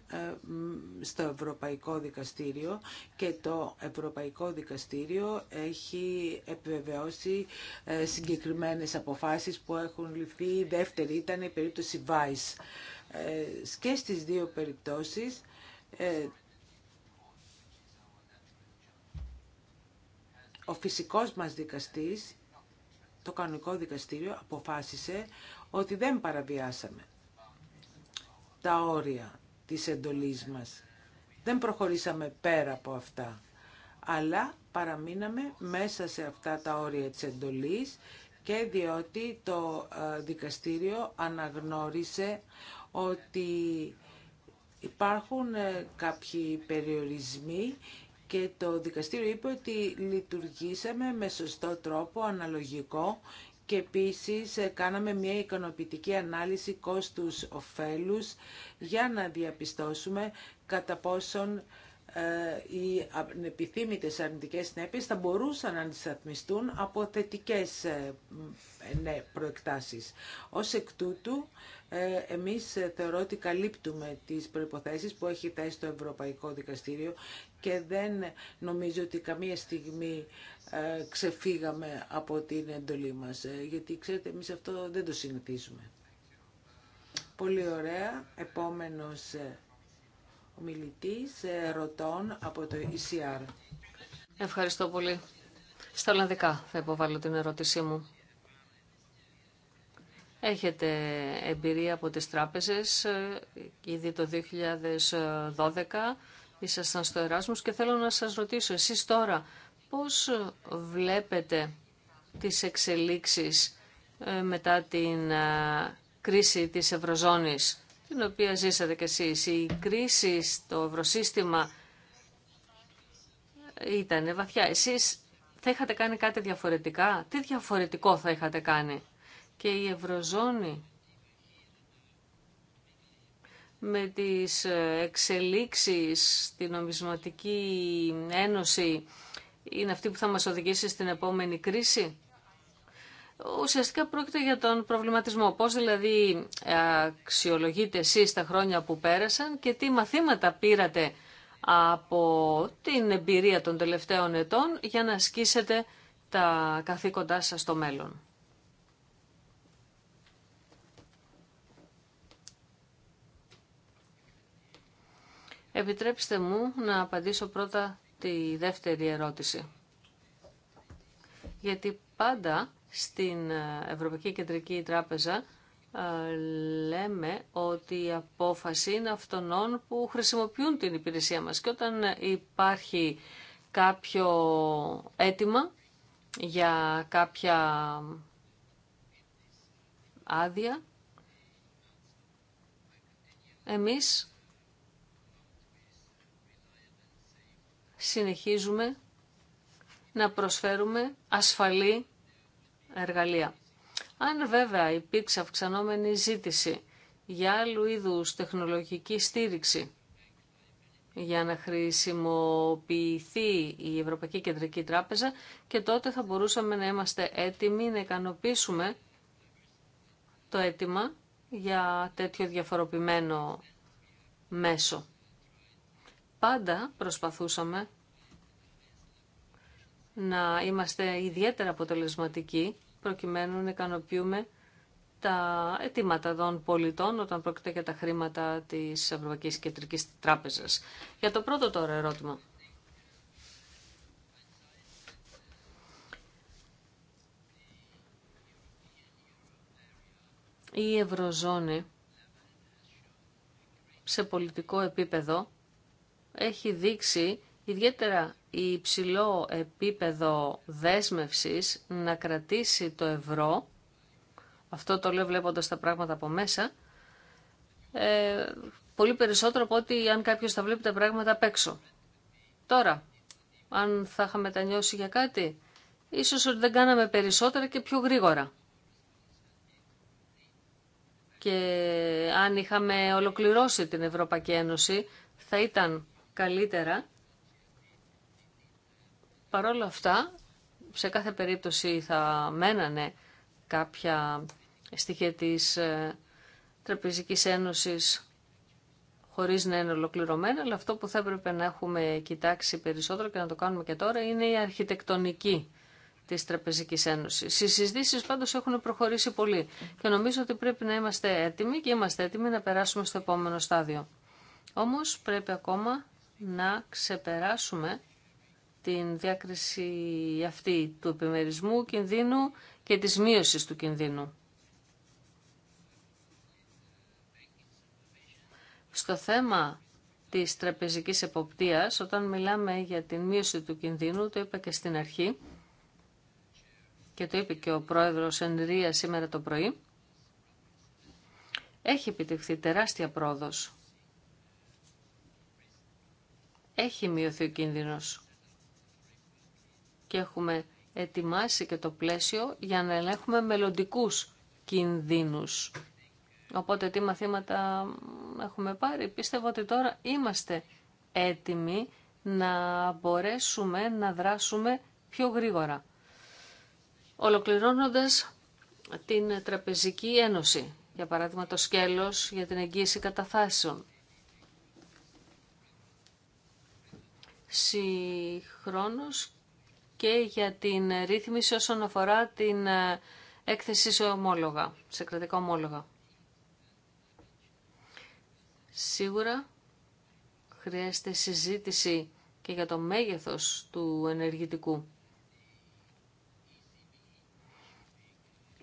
στο Ευρωπαϊκό Δικαστήριο και το Ευρωπαϊκό Δικαστήριο έχει επιβεβαιώσει συγκεκριμένες αποφάσεις που έχουν ληφθεί. Η δεύτερη ήταν η περίπτωση Vice. Και στις δύο περιπτώσεις ε, ο φυσικός μας δικαστής, το κανονικό δικαστήριο, αποφάσισε ότι δεν παραβιάσαμε τα όρια της εντολής μας. Δεν προχωρήσαμε πέρα από αυτά, αλλά παραμείναμε μέσα σε αυτά τα όρια της εντολής και διότι το ε, δικαστήριο αναγνώρισε ότι Υπάρχουν ε, κάποιοι περιορισμοί και το δικαστήριο είπε ότι λειτουργήσαμε με σωστό τρόπο, αναλογικό και επίσης ε, κάναμε μια ικανοποιητική ανάλυση κόστους-οφέλους για να διαπιστώσουμε κατά πόσον ε, οι επιθύμητες αρνητικές συνέπειες θα μπορούσαν να αντισταθμιστούν από θετικές ε, ναι, προεκτάσεις. Ως εκ τούτου, ε, εμείς θεωρώ ότι καλύπτουμε τις προϋποθέσεις που έχει θέσει το Ευρωπαϊκό Δικαστήριο και δεν νομίζω ότι καμία στιγμή ξεφύγαμε από την εντολή μας, γιατί ξέρετε εμείς αυτό δεν το συνηθίζουμε. Πολύ ωραία. Επόμενος Μιλητή ε, ρωτών από το ECR. Ευχαριστώ πολύ. Στα Ολλανδικά θα υποβάλω την ερώτησή μου. Έχετε εμπειρία από τις τράπεζες, ε, ήδη το 2012 ήσασταν στο Εράσμος και θέλω να σας ρωτήσω εσείς τώρα πώς βλέπετε τις εξελίξεις ε, μετά την κρίση της Ευρωζώνης την οποία ζήσατε κι εσείς. Η κρίση στο ευρωσύστημα ήταν βαθιά. Εσείς θα είχατε κάνει κάτι διαφορετικά. Τι διαφορετικό θα είχατε κάνει. Και η Ευρωζώνη με τις ε, εξελίξεις στη νομισματική ένωση είναι αυτή που θα μας οδηγήσει στην επόμενη κρίση. Ουσιαστικά πρόκειται για τον προβληματισμό. Πώς δηλαδή ε, αξιολογείτε εσεί τα χρόνια που πέρασαν και τι μαθήματα πήρατε από την εμπειρία των τελευταίων ετών για να ασκήσετε τα καθήκοντά σας στο μέλλον. Επιτρέψτε μου να απαντήσω πρώτα τη δεύτερη ερώτηση. Γιατί πάντα στην ε, Ευρωπαϊκή Κεντρική Τράπεζα ε, λέμε ότι η απόφαση είναι αυτών που χρησιμοποιούν την υπηρεσία μας και όταν υπάρχει κάποιο αίτημα για κάποια άδεια εμείς συνεχίζουμε να προσφέρουμε ασφαλή εργαλεία. Αν βέβαια υπήρξε αυξανόμενη ζήτηση για άλλου είδους τεχνολογική στήριξη για να χρησιμοποιηθεί η Ευρωπαϊκή Κεντρική Τράπεζα και τότε θα μπορούσαμε να είμαστε έτοιμοι να ικανοποιήσουμε το αίτημα για τέτοιο διαφοροποιημένο μέσο. Πάντα προσπαθούσαμε να είμαστε ιδιαίτερα αποτελεσματικοί προκειμένου να ικανοποιούμε τα αιτήματα των πολιτών όταν πρόκειται για τα χρήματα της Ευρωπαϊκής Κεντρικής Τράπεζας. Για το πρώτο τώρα ερώτημα. Η Ευρωζώνη σε πολιτικό επίπεδο έχει δείξει ιδιαίτερα η υψηλό επίπεδο δέσμευσης να κρατήσει το ευρώ, αυτό το λέω βλέποντας τα πράγματα από μέσα, ε, πολύ περισσότερο από ότι αν κάποιος θα βλέπει τα πράγματα απ' έξω. Τώρα, αν θα είχαμε τα νιώσει για κάτι, ίσως ότι δεν κάναμε περισσότερα και πιο γρήγορα. Και αν είχαμε ολοκληρώσει την Ευρωπαϊκή Ένωση, θα ήταν καλύτερα Παρόλα αυτά, σε κάθε περίπτωση θα μένανε κάποια στοιχεία της ε, Τραπεζικής Ένωσης χωρίς να είναι ολοκληρωμένα, αλλά αυτό που θα έπρεπε να έχουμε κοιτάξει περισσότερο και να το κάνουμε και τώρα είναι η αρχιτεκτονική της Τραπεζικής Ένωσης. Οι συζητήσεις πάντως έχουν προχωρήσει πολύ και νομίζω ότι πρέπει να είμαστε έτοιμοι και είμαστε έτοιμοι να περάσουμε στο επόμενο στάδιο. Όμως πρέπει ακόμα να ξεπεράσουμε την διάκριση αυτή του επιμερισμού κινδύνου και της μείωσης του κινδύνου. Στο θέμα της τραπεζικής εποπτείας, όταν μιλάμε για την μείωση του κινδύνου, το είπα και στην αρχή και το είπε και ο πρόεδρος Ενρία σήμερα το πρωί, έχει επιτευχθεί τεράστια πρόοδος. Έχει μειωθεί ο κίνδυνος και έχουμε ετοιμάσει και το πλαίσιο για να ελέγχουμε μελλοντικού κινδύνους. Οπότε τι μαθήματα έχουμε πάρει. Πίστευω ότι τώρα είμαστε έτοιμοι να μπορέσουμε να δράσουμε πιο γρήγορα. Ολοκληρώνοντας την Τραπεζική Ένωση, για παράδειγμα το σκέλος για την εγγύηση καταθάσεων. Συγχρόνως και για την ρύθμιση όσον αφορά την ε, έκθεση σε ομόλογα, σε κρατικά ομόλογα. Σίγουρα χρειάζεται συζήτηση και για το μέγεθος του ενεργητικού.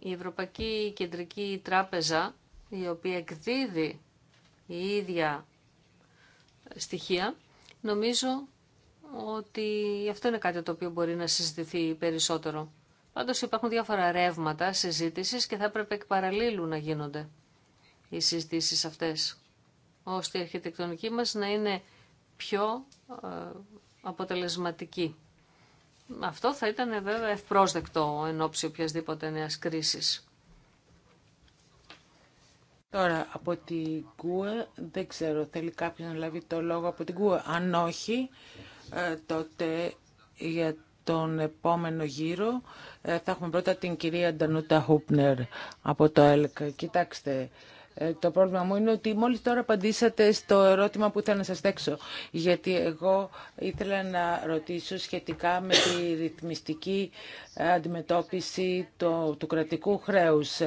Η Ευρωπαϊκή Κεντρική Τράπεζα, η οποία εκδίδει η ίδια στοιχεία, νομίζω ότι αυτό είναι κάτι το οποίο μπορεί να συζητηθεί περισσότερο. Πάντως υπάρχουν διάφορα ρεύματα συζήτηση και θα έπρεπε εκ παραλίλου να γίνονται οι συζητήσεις αυτές, ώστε η αρχιτεκτονική μας να είναι πιο ε, αποτελεσματική. Αυτό θα ήταν βέβαια ευπρόσδεκτο εν ώψη οποιασδήποτε νέας κρίσης. Τώρα, από την ΚΟΕ, δεν ξέρω, θέλει κάποιο να λάβει το λόγο από την ΚΟΕ. Αν όχι, ε, τότε για τον επόμενο γύρο ε, θα έχουμε πρώτα την κυρία Ντανούτα Χούπνερ από το ΕΛΚ. Κοιτάξτε, ε, το πρόβλημα μου είναι ότι μόλις τώρα απαντήσατε στο ερώτημα που ήθελα να σας δέξω. Γιατί εγώ ήθελα να ρωτήσω σχετικά με τη ρυθμιστική αντιμετώπιση του κρατικού χρέους.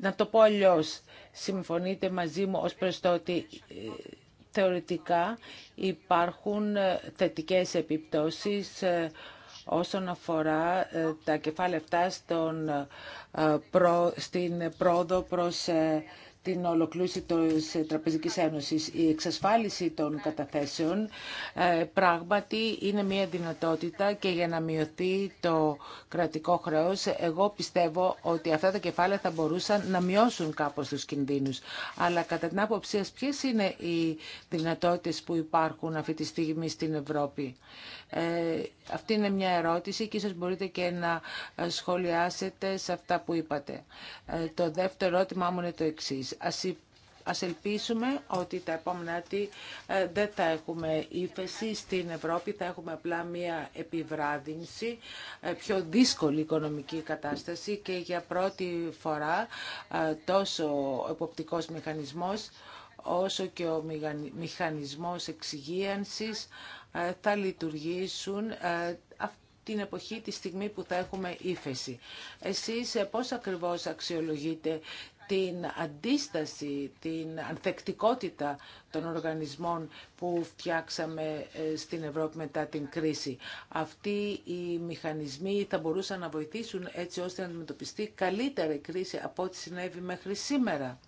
Να το πω αλλιώς. Συμφωνείτε μαζί μου ως προς το ότι θεωρητικά υπάρχουν ε, θετικές επιπτώσεις ε, όσον αφορά ε, τα κεφάλαια αυτά στον, προ, στην πρόοδο προς την ολοκλήρωση της Τραπεζικής Ένωσης. Η εξασφάλιση των καταθέσεων ε, πράγματι είναι μια δυνατότητα και για να μειωθεί το κρατικό χρέος, εγώ πιστεύω ότι αυτά τα κεφάλαια θα μπορούσαν να μειώσουν κάπως τους κινδύνους. Αλλά κατά την άποψή σας, ποιες είναι οι δυνατότητες που υπάρχουν αυτή τη στιγμή στην Ευρώπη. Ε, αυτή είναι μια ερώτηση και ίσως μπορείτε και να ε, σχολιάσετε σε αυτά που είπατε. Ε, το δεύτερο ερώτημά μου είναι το εξής. Ας ελπίσουμε ότι τα επόμενα έτη ε, δεν θα έχουμε ύφεση στην Ευρώπη, θα έχουμε απλά μια επιβράδυνση, ε, πιο δύσκολη οικονομική κατάσταση και για πρώτη φορά ε, τόσο ο εποπτικός μηχανισμός όσο και ο μηχανισμός εξυγίανσης θα λειτουργήσουν την εποχή, τη στιγμή που θα έχουμε ύφεση. Εσείς πώς ακριβώς αξιολογείτε την αντίσταση, την ανθεκτικότητα των οργανισμών που φτιάξαμε ε, στην Ευρώπη μετά την κρίση. Αυτοί οι μηχανισμοί θα μπορούσαν να βοηθήσουν έτσι ώστε να αντιμετωπιστεί καλύτερη κρίση από ό,τι συνέβη μέχρι σήμερα.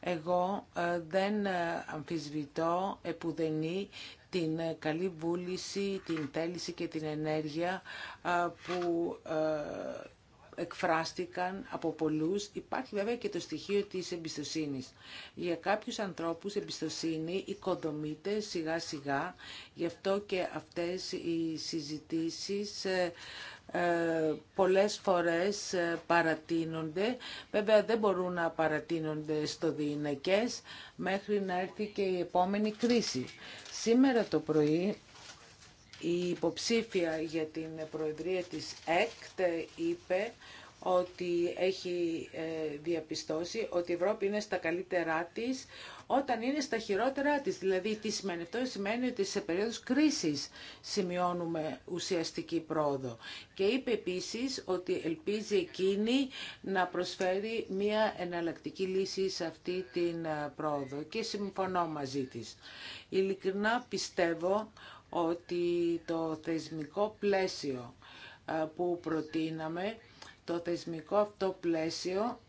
Εγώ ε, δεν ε, αμφισβητώ επουδενή την καλή βούληση, την θέληση και την ενέργεια που εκφράστηκαν από πολλούς. Υπάρχει βέβαια και το στοιχείο της εμπιστοσύνης. Για κάποιους ανθρώπους εμπιστοσύνη οικοδομείται σιγά σιγά, γι' αυτό και αυτές οι συζητήσεις ε, ε πολλές φορές ε, παρατείνονται. Βέβαια δεν μπορούν να παρατείνονται στο διηνεκές μέχρι να έρθει και η επόμενη κρίση. Σήμερα το πρωί η υποψήφια για την Προεδρία της ΕΚΤ είπε ότι έχει ε, διαπιστώσει ότι η Ευρώπη είναι στα καλύτερά της όταν είναι στα χειρότερά της. Δηλαδή, τι σημαίνει αυτό, σημαίνει ότι σε περίοδους κρίσης σημειώνουμε ουσιαστική πρόοδο. Και είπε επίσης ότι ελπίζει εκείνη να προσφέρει μια εναλλακτική λύση σε αυτή την ε, πρόοδο και συμφωνώ μαζί της. Ειλικρινά πιστεύω ότι το θεσμικό πλαίσιο ε, που προτείναμε, το θεσμικό αυτό πλαίσιο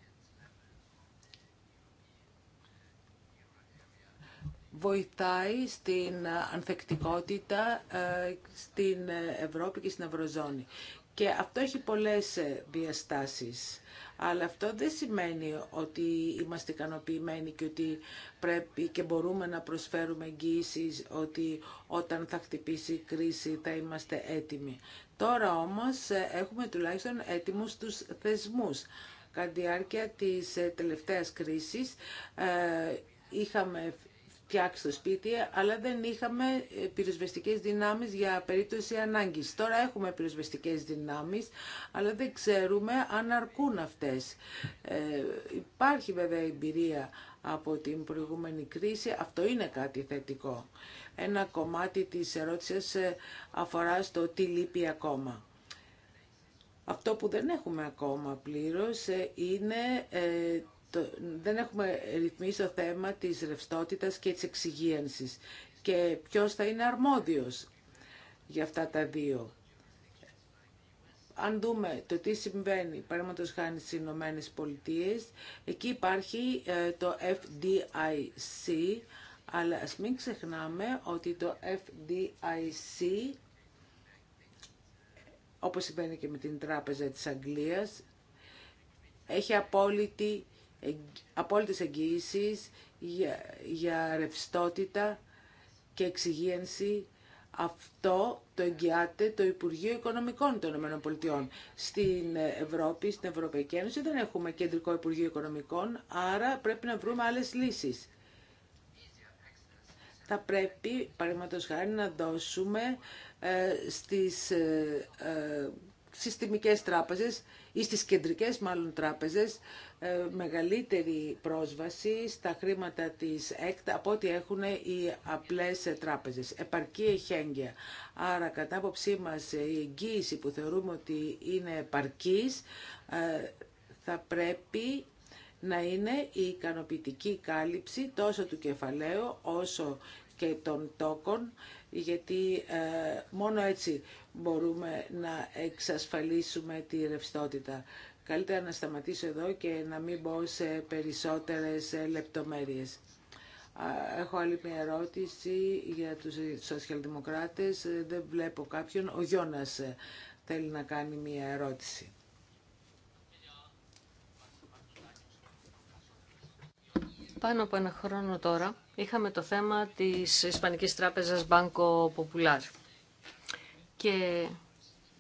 βοηθάει στην ανθεκτικότητα ε, στην Ευρώπη και στην Ευρωζώνη. Και αυτό έχει πολλές ε, διαστάσεις. Αλλά αυτό δεν σημαίνει ότι είμαστε ικανοποιημένοι και ότι πρέπει και μπορούμε να προσφέρουμε εγγύηση ότι όταν θα χτυπήσει η κρίση θα είμαστε έτοιμοι. Τώρα όμως ε, έχουμε τουλάχιστον έτοιμους τους θεσμούς. Κατά τη διάρκεια της ε, τελευταίας κρίσης ε, είχαμε φτιάξει το σπίτι, αλλά δεν είχαμε ε, πυροσβεστικές δυνάμεις για περίπτωση ανάγκης. Τώρα έχουμε πυροσβεστικές δυνάμεις, αλλά δεν ξέρουμε αν αρκούν αυτές. Ε, υπάρχει βέβαια εμπειρία από την προηγούμενη κρίση. Αυτό είναι κάτι θετικό. Ένα κομμάτι της ερώτησης ε, αφορά στο τι λείπει ακόμα. Αυτό που δεν έχουμε ακόμα πλήρως ε, είναι δεν έχουμε ρυθμίσει το θέμα της ρευστότητας και της εξυγίανσης και ποιος θα είναι αρμόδιος για αυτά τα δύο. Αν δούμε το τι συμβαίνει, παραδείγματο χάνει στι Ηνωμένε Πολιτείε, εκεί υπάρχει ε, το FDIC, αλλά ας μην ξεχνάμε ότι το FDIC, όπως συμβαίνει και με την Τράπεζα της Αγγλίας, έχει απόλυτη απόλυτες εγγυήσεις για, για ρευστότητα και εξυγίανση αυτό το εγγυάται το Υπουργείο Οικονομικών των ΗΠΑ. Στην Ευρώπη, στην Ευρωπαϊκή Ένωση δεν έχουμε κεντρικό Υπουργείο Οικονομικών, άρα πρέπει να βρούμε άλλες λύσεις. Θα πρέπει, παραδείγματος χάρη, να δώσουμε ε, στις ε, ε, συστημικές τράπεζες ή στις κεντρικές μάλλον τράπεζες ε, μεγαλύτερη πρόσβαση στα χρήματα της ΕΚΤ από ό,τι έχουν οι απλές τράπεζες. Επαρκή εχέγγυα. Άρα κατά άποψή μας η εγγύηση που θεωρούμε ότι είναι επαρκής ε, θα πρέπει να είναι η ικανοποιητική κάλυψη τόσο του κεφαλαίου όσο και των τόκων, γιατί ε, μόνο έτσι μπορούμε να εξασφαλίσουμε τη ρευστότητα. Καλύτερα να σταματήσω εδώ και να μην μπω σε περισσότερες ε, λεπτομέρειες. Έχω άλλη μια ερώτηση για τους σοσιαλδημοκράτες. Δεν βλέπω κάποιον. Ο Γιώνας ε, θέλει να κάνει μια ερώτηση. Πάνω από ένα χρόνο τώρα είχαμε το θέμα της Ισπανικής Τράπεζας Banco Popular. Και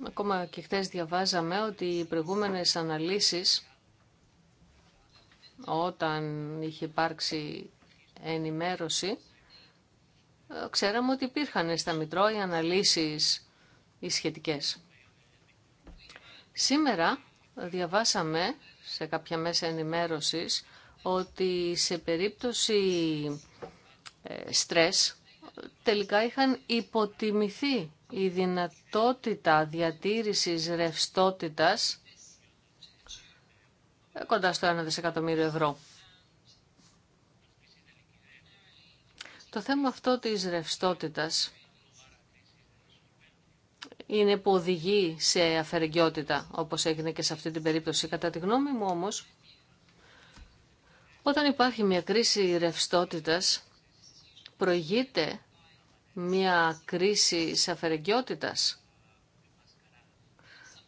ακόμα και χτες διαβάζαμε ότι οι προηγούμενες αναλύσεις όταν είχε υπάρξει ενημέρωση ξέραμε ότι υπήρχαν στα Μητρό οι αναλύσεις οι Σήμερα διαβάσαμε σε κάποια μέσα ενημέρωσης ότι σε περίπτωση ε, στρες τελικά είχαν υποτιμηθεί η δυνατότητα διατήρησης ρευστότητας ε, κοντά στο 1 δισεκατομμύριο ευρώ. Το θέμα αυτό της ρευστότητας είναι που οδηγεί σε αφαιρεγκιότητα όπως έγινε και σε αυτή την περίπτωση. Κατά τη γνώμη μου όμως, όταν υπάρχει μια κρίση ρευστότητας, προηγείται μια κρίση σαφερεγκιότητας,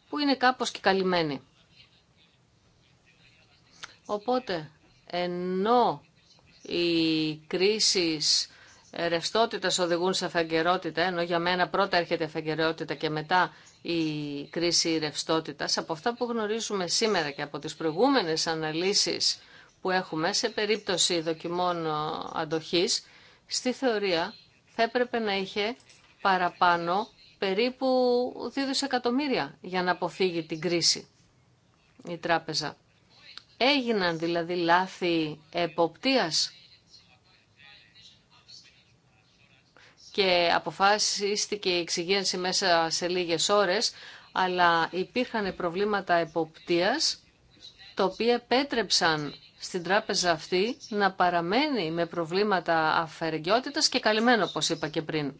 που είναι κάπως και καλυμμένη. Οπότε, ενώ οι κρίσεις ρευστότητα οδηγούν σε ενώ για μένα πρώτα έρχεται η αφαγγερότητα και μετά η κρίση ρευστότητα. Από αυτά που γνωρίζουμε σήμερα και από τις προηγούμενες αναλύσεις που έχουμε σε περίπτωση δοκιμών ε, αντοχής, στη θεωρία θα έπρεπε να είχε παραπάνω περίπου 2 δισεκατομμύρια για να αποφύγει την κρίση η τράπεζα. Έγιναν δηλαδή λάθη εποπτείας και αποφάσιστηκε η εξυγένση μέσα σε λίγες ώρες, αλλά υπήρχαν προβλήματα εποπτείας, τα οποία επέτρεψαν στην τράπεζα αυτή να παραμένει με προβλήματα αφαιρεγγιότητας και καλυμμένο, όπως είπα και πριν.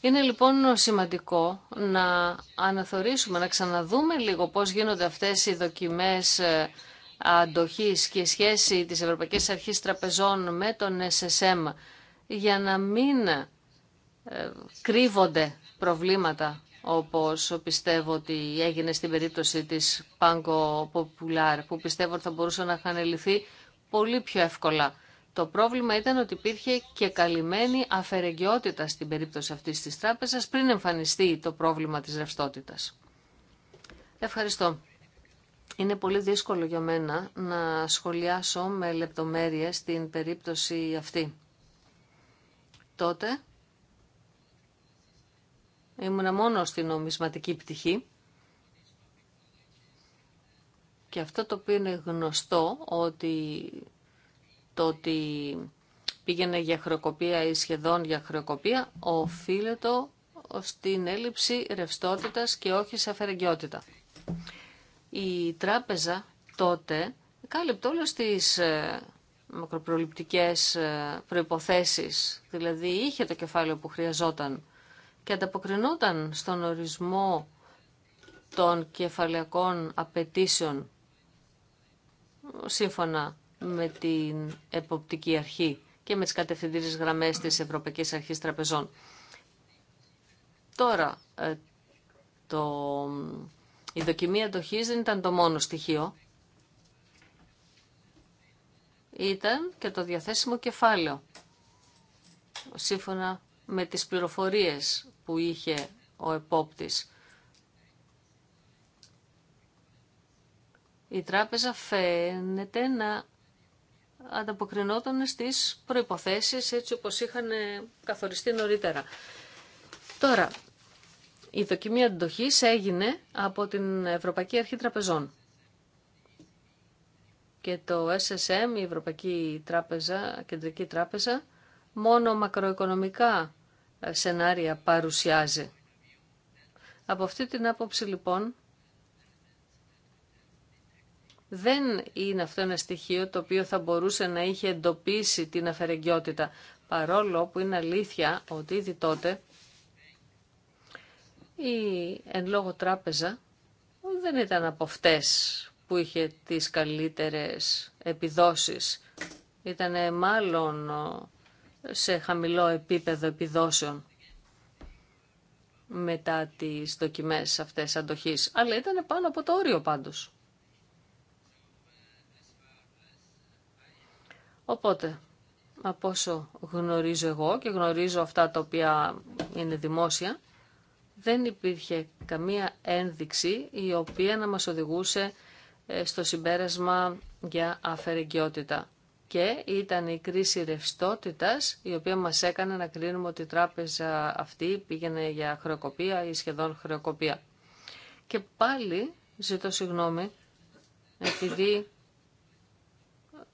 Είναι λοιπόν σημαντικό να αναθορίσουμε, να ξαναδούμε λίγο πώς γίνονται αυτές οι δοκιμές ε, αντοχής και σχέση της Ευρωπαϊκής Αρχής Τραπεζών με τον SSM για να μην ε, κρύβονται προβλήματα όπως πιστεύω ότι έγινε στην περίπτωση της ΠΑΝΚΟ Ποπουλάρ, που πιστεύω ότι θα μπορούσε να είχαν πολύ πιο εύκολα. Το πρόβλημα ήταν ότι υπήρχε και καλυμμένη αφαιρεγκαιότητα στην περίπτωση αυτής της τράπεζας πριν εμφανιστεί το πρόβλημα της ρευστότητα. Ευχαριστώ. Είναι πολύ δύσκολο για μένα να σχολιάσω με λεπτομέρειες την περίπτωση αυτή. Τότε Ήμουν μόνο στην νομισματική πτυχή. Και αυτό το οποίο είναι γνωστό, ότι το ότι πήγαινε για χρεοκοπία ή σχεδόν για χρεοκοπία, οφείλεται στην έλλειψη ρευστότητας και όχι σε αφαιρεγγιότητα. Η τράπεζα τότε οχι σε αφαιρεγκαιοτητα η όλες τις ε, μακροπροληπτικές ε, προϋποθέσεις, δηλαδή είχε το κεφάλαιο που χρειαζόταν και ανταποκρινόταν στον ορισμό των κεφαλαιακών απαιτήσεων σύμφωνα με την εποπτική αρχή και με τις κατευθυντήριες γραμμές της Ευρωπαϊκής Αρχής Τραπεζών. Τώρα, ε, το, η δοκιμή αντοχής δεν ήταν το μόνο στοιχείο. Ήταν και το διαθέσιμο κεφάλαιο, σύμφωνα με τις πληροφορίες που είχε ο επόπτης. Η τράπεζα φαίνεται να ανταποκρινόταν στις προϋποθέσεις έτσι όπως είχαν καθοριστεί νωρίτερα. Τώρα, η δοκιμή αντοχής έγινε από την Ευρωπαϊκή Αρχή Τραπεζών. Και το SSM, η Ευρωπαϊκή Τράπεζα, Κεντρική Τράπεζα, μόνο μακροοικονομικά σενάρια παρουσιάζει. Από αυτή την άποψη λοιπόν δεν είναι αυτό ένα στοιχείο το οποίο θα μπορούσε να είχε εντοπίσει την αφαιρεγκιότητα παρόλο που είναι αλήθεια ότι ήδη τότε η εν λόγω τράπεζα δεν ήταν από αυτές που είχε τις καλύτερες επιδόσεις. Ήταν μάλλον σε χαμηλό επίπεδο επιδόσεων μετά τις δοκιμές αυτές αντοχής. Αλλά ήταν πάνω από το όριο πάντως. Οπότε, από όσο γνωρίζω εγώ και γνωρίζω αυτά τα οποία είναι δημόσια, δεν υπήρχε καμία ένδειξη η οποία να μας οδηγούσε ε, στο συμπέρασμα για αφαιρεγκαιότητα και ήταν η κρίση ρευστότητα η οποία μας έκανε να κρίνουμε ότι η τράπεζα αυτή πήγαινε για χρεοκοπία ή σχεδόν χρεοκοπία. Και πάλι ζητώ συγγνώμη επειδή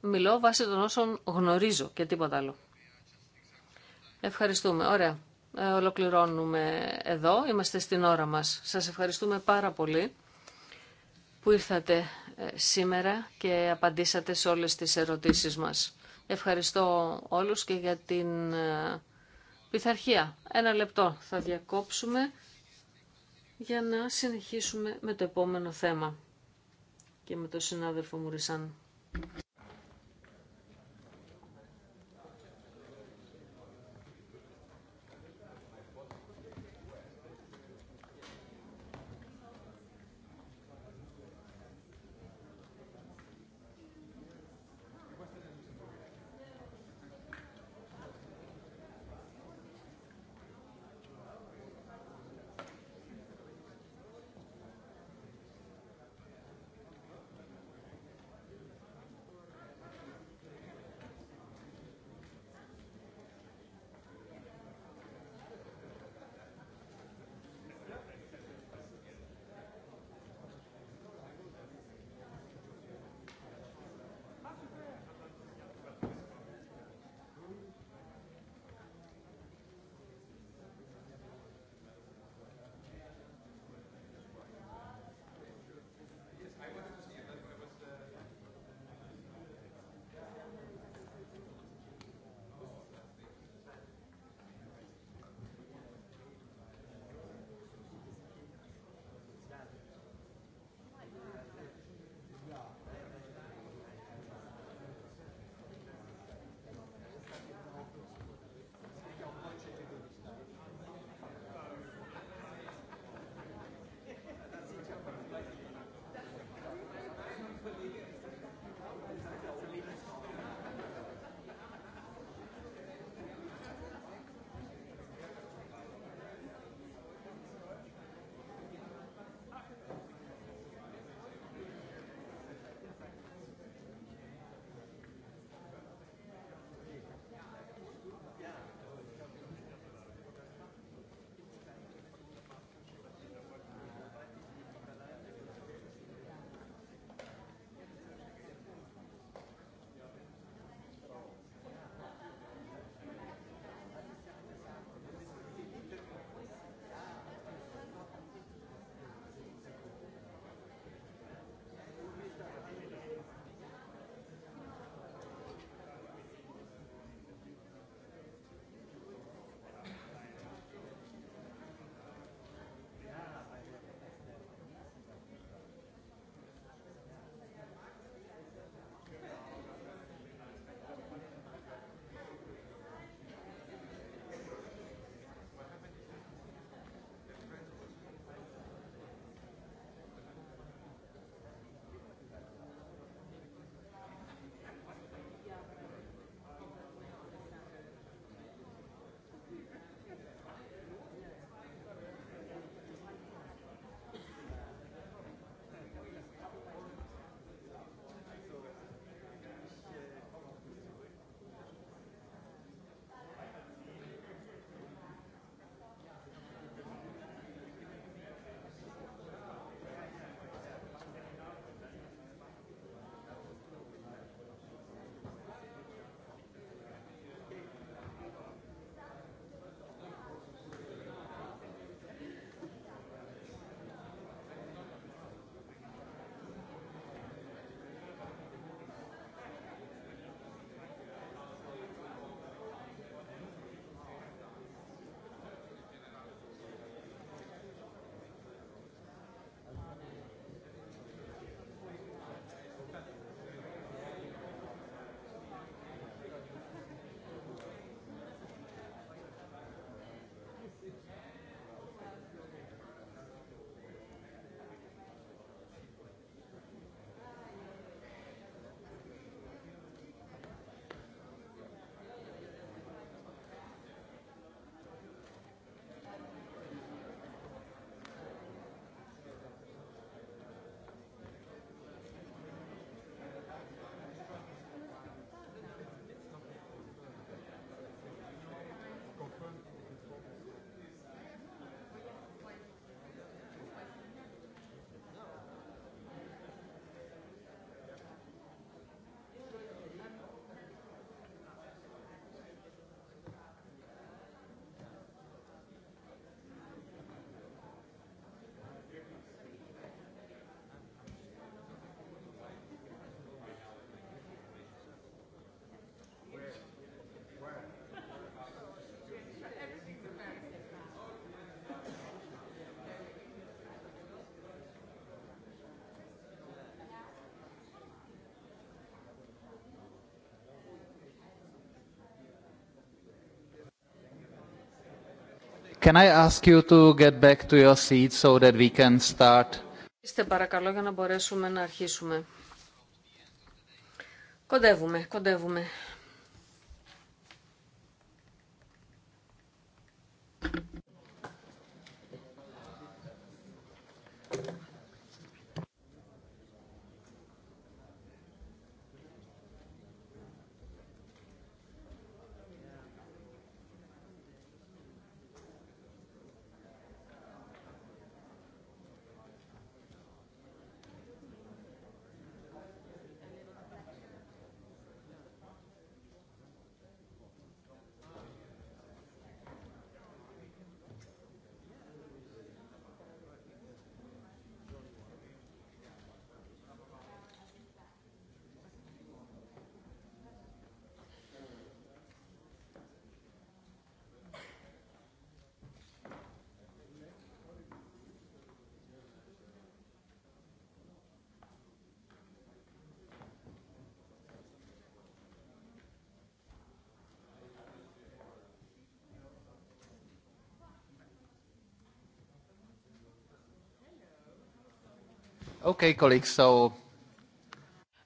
μιλώ βάσει των όσων γνωρίζω και τίποτα άλλο. Ευχαριστούμε. Ωραία. Ε, ολοκληρώνουμε εδώ. Είμαστε στην ώρα μας. Σας ευχαριστούμε πάρα πολύ που ήρθατε ε, σήμερα και απαντήσατε σε όλες τις ερωτήσεις μας. Ευχαριστώ όλους και για την ε, πειθαρχία. Ένα λεπτό θα διακόψουμε για να συνεχίσουμε με το επόμενο θέμα και με τον συνάδελφο Μουρισάν. Can I ask you to get back to your seat so that we can start? Είστε παρακαλώ για να μπορέσουμε να αρχίσουμε. Κοντεύουμε, κοντεύουμε.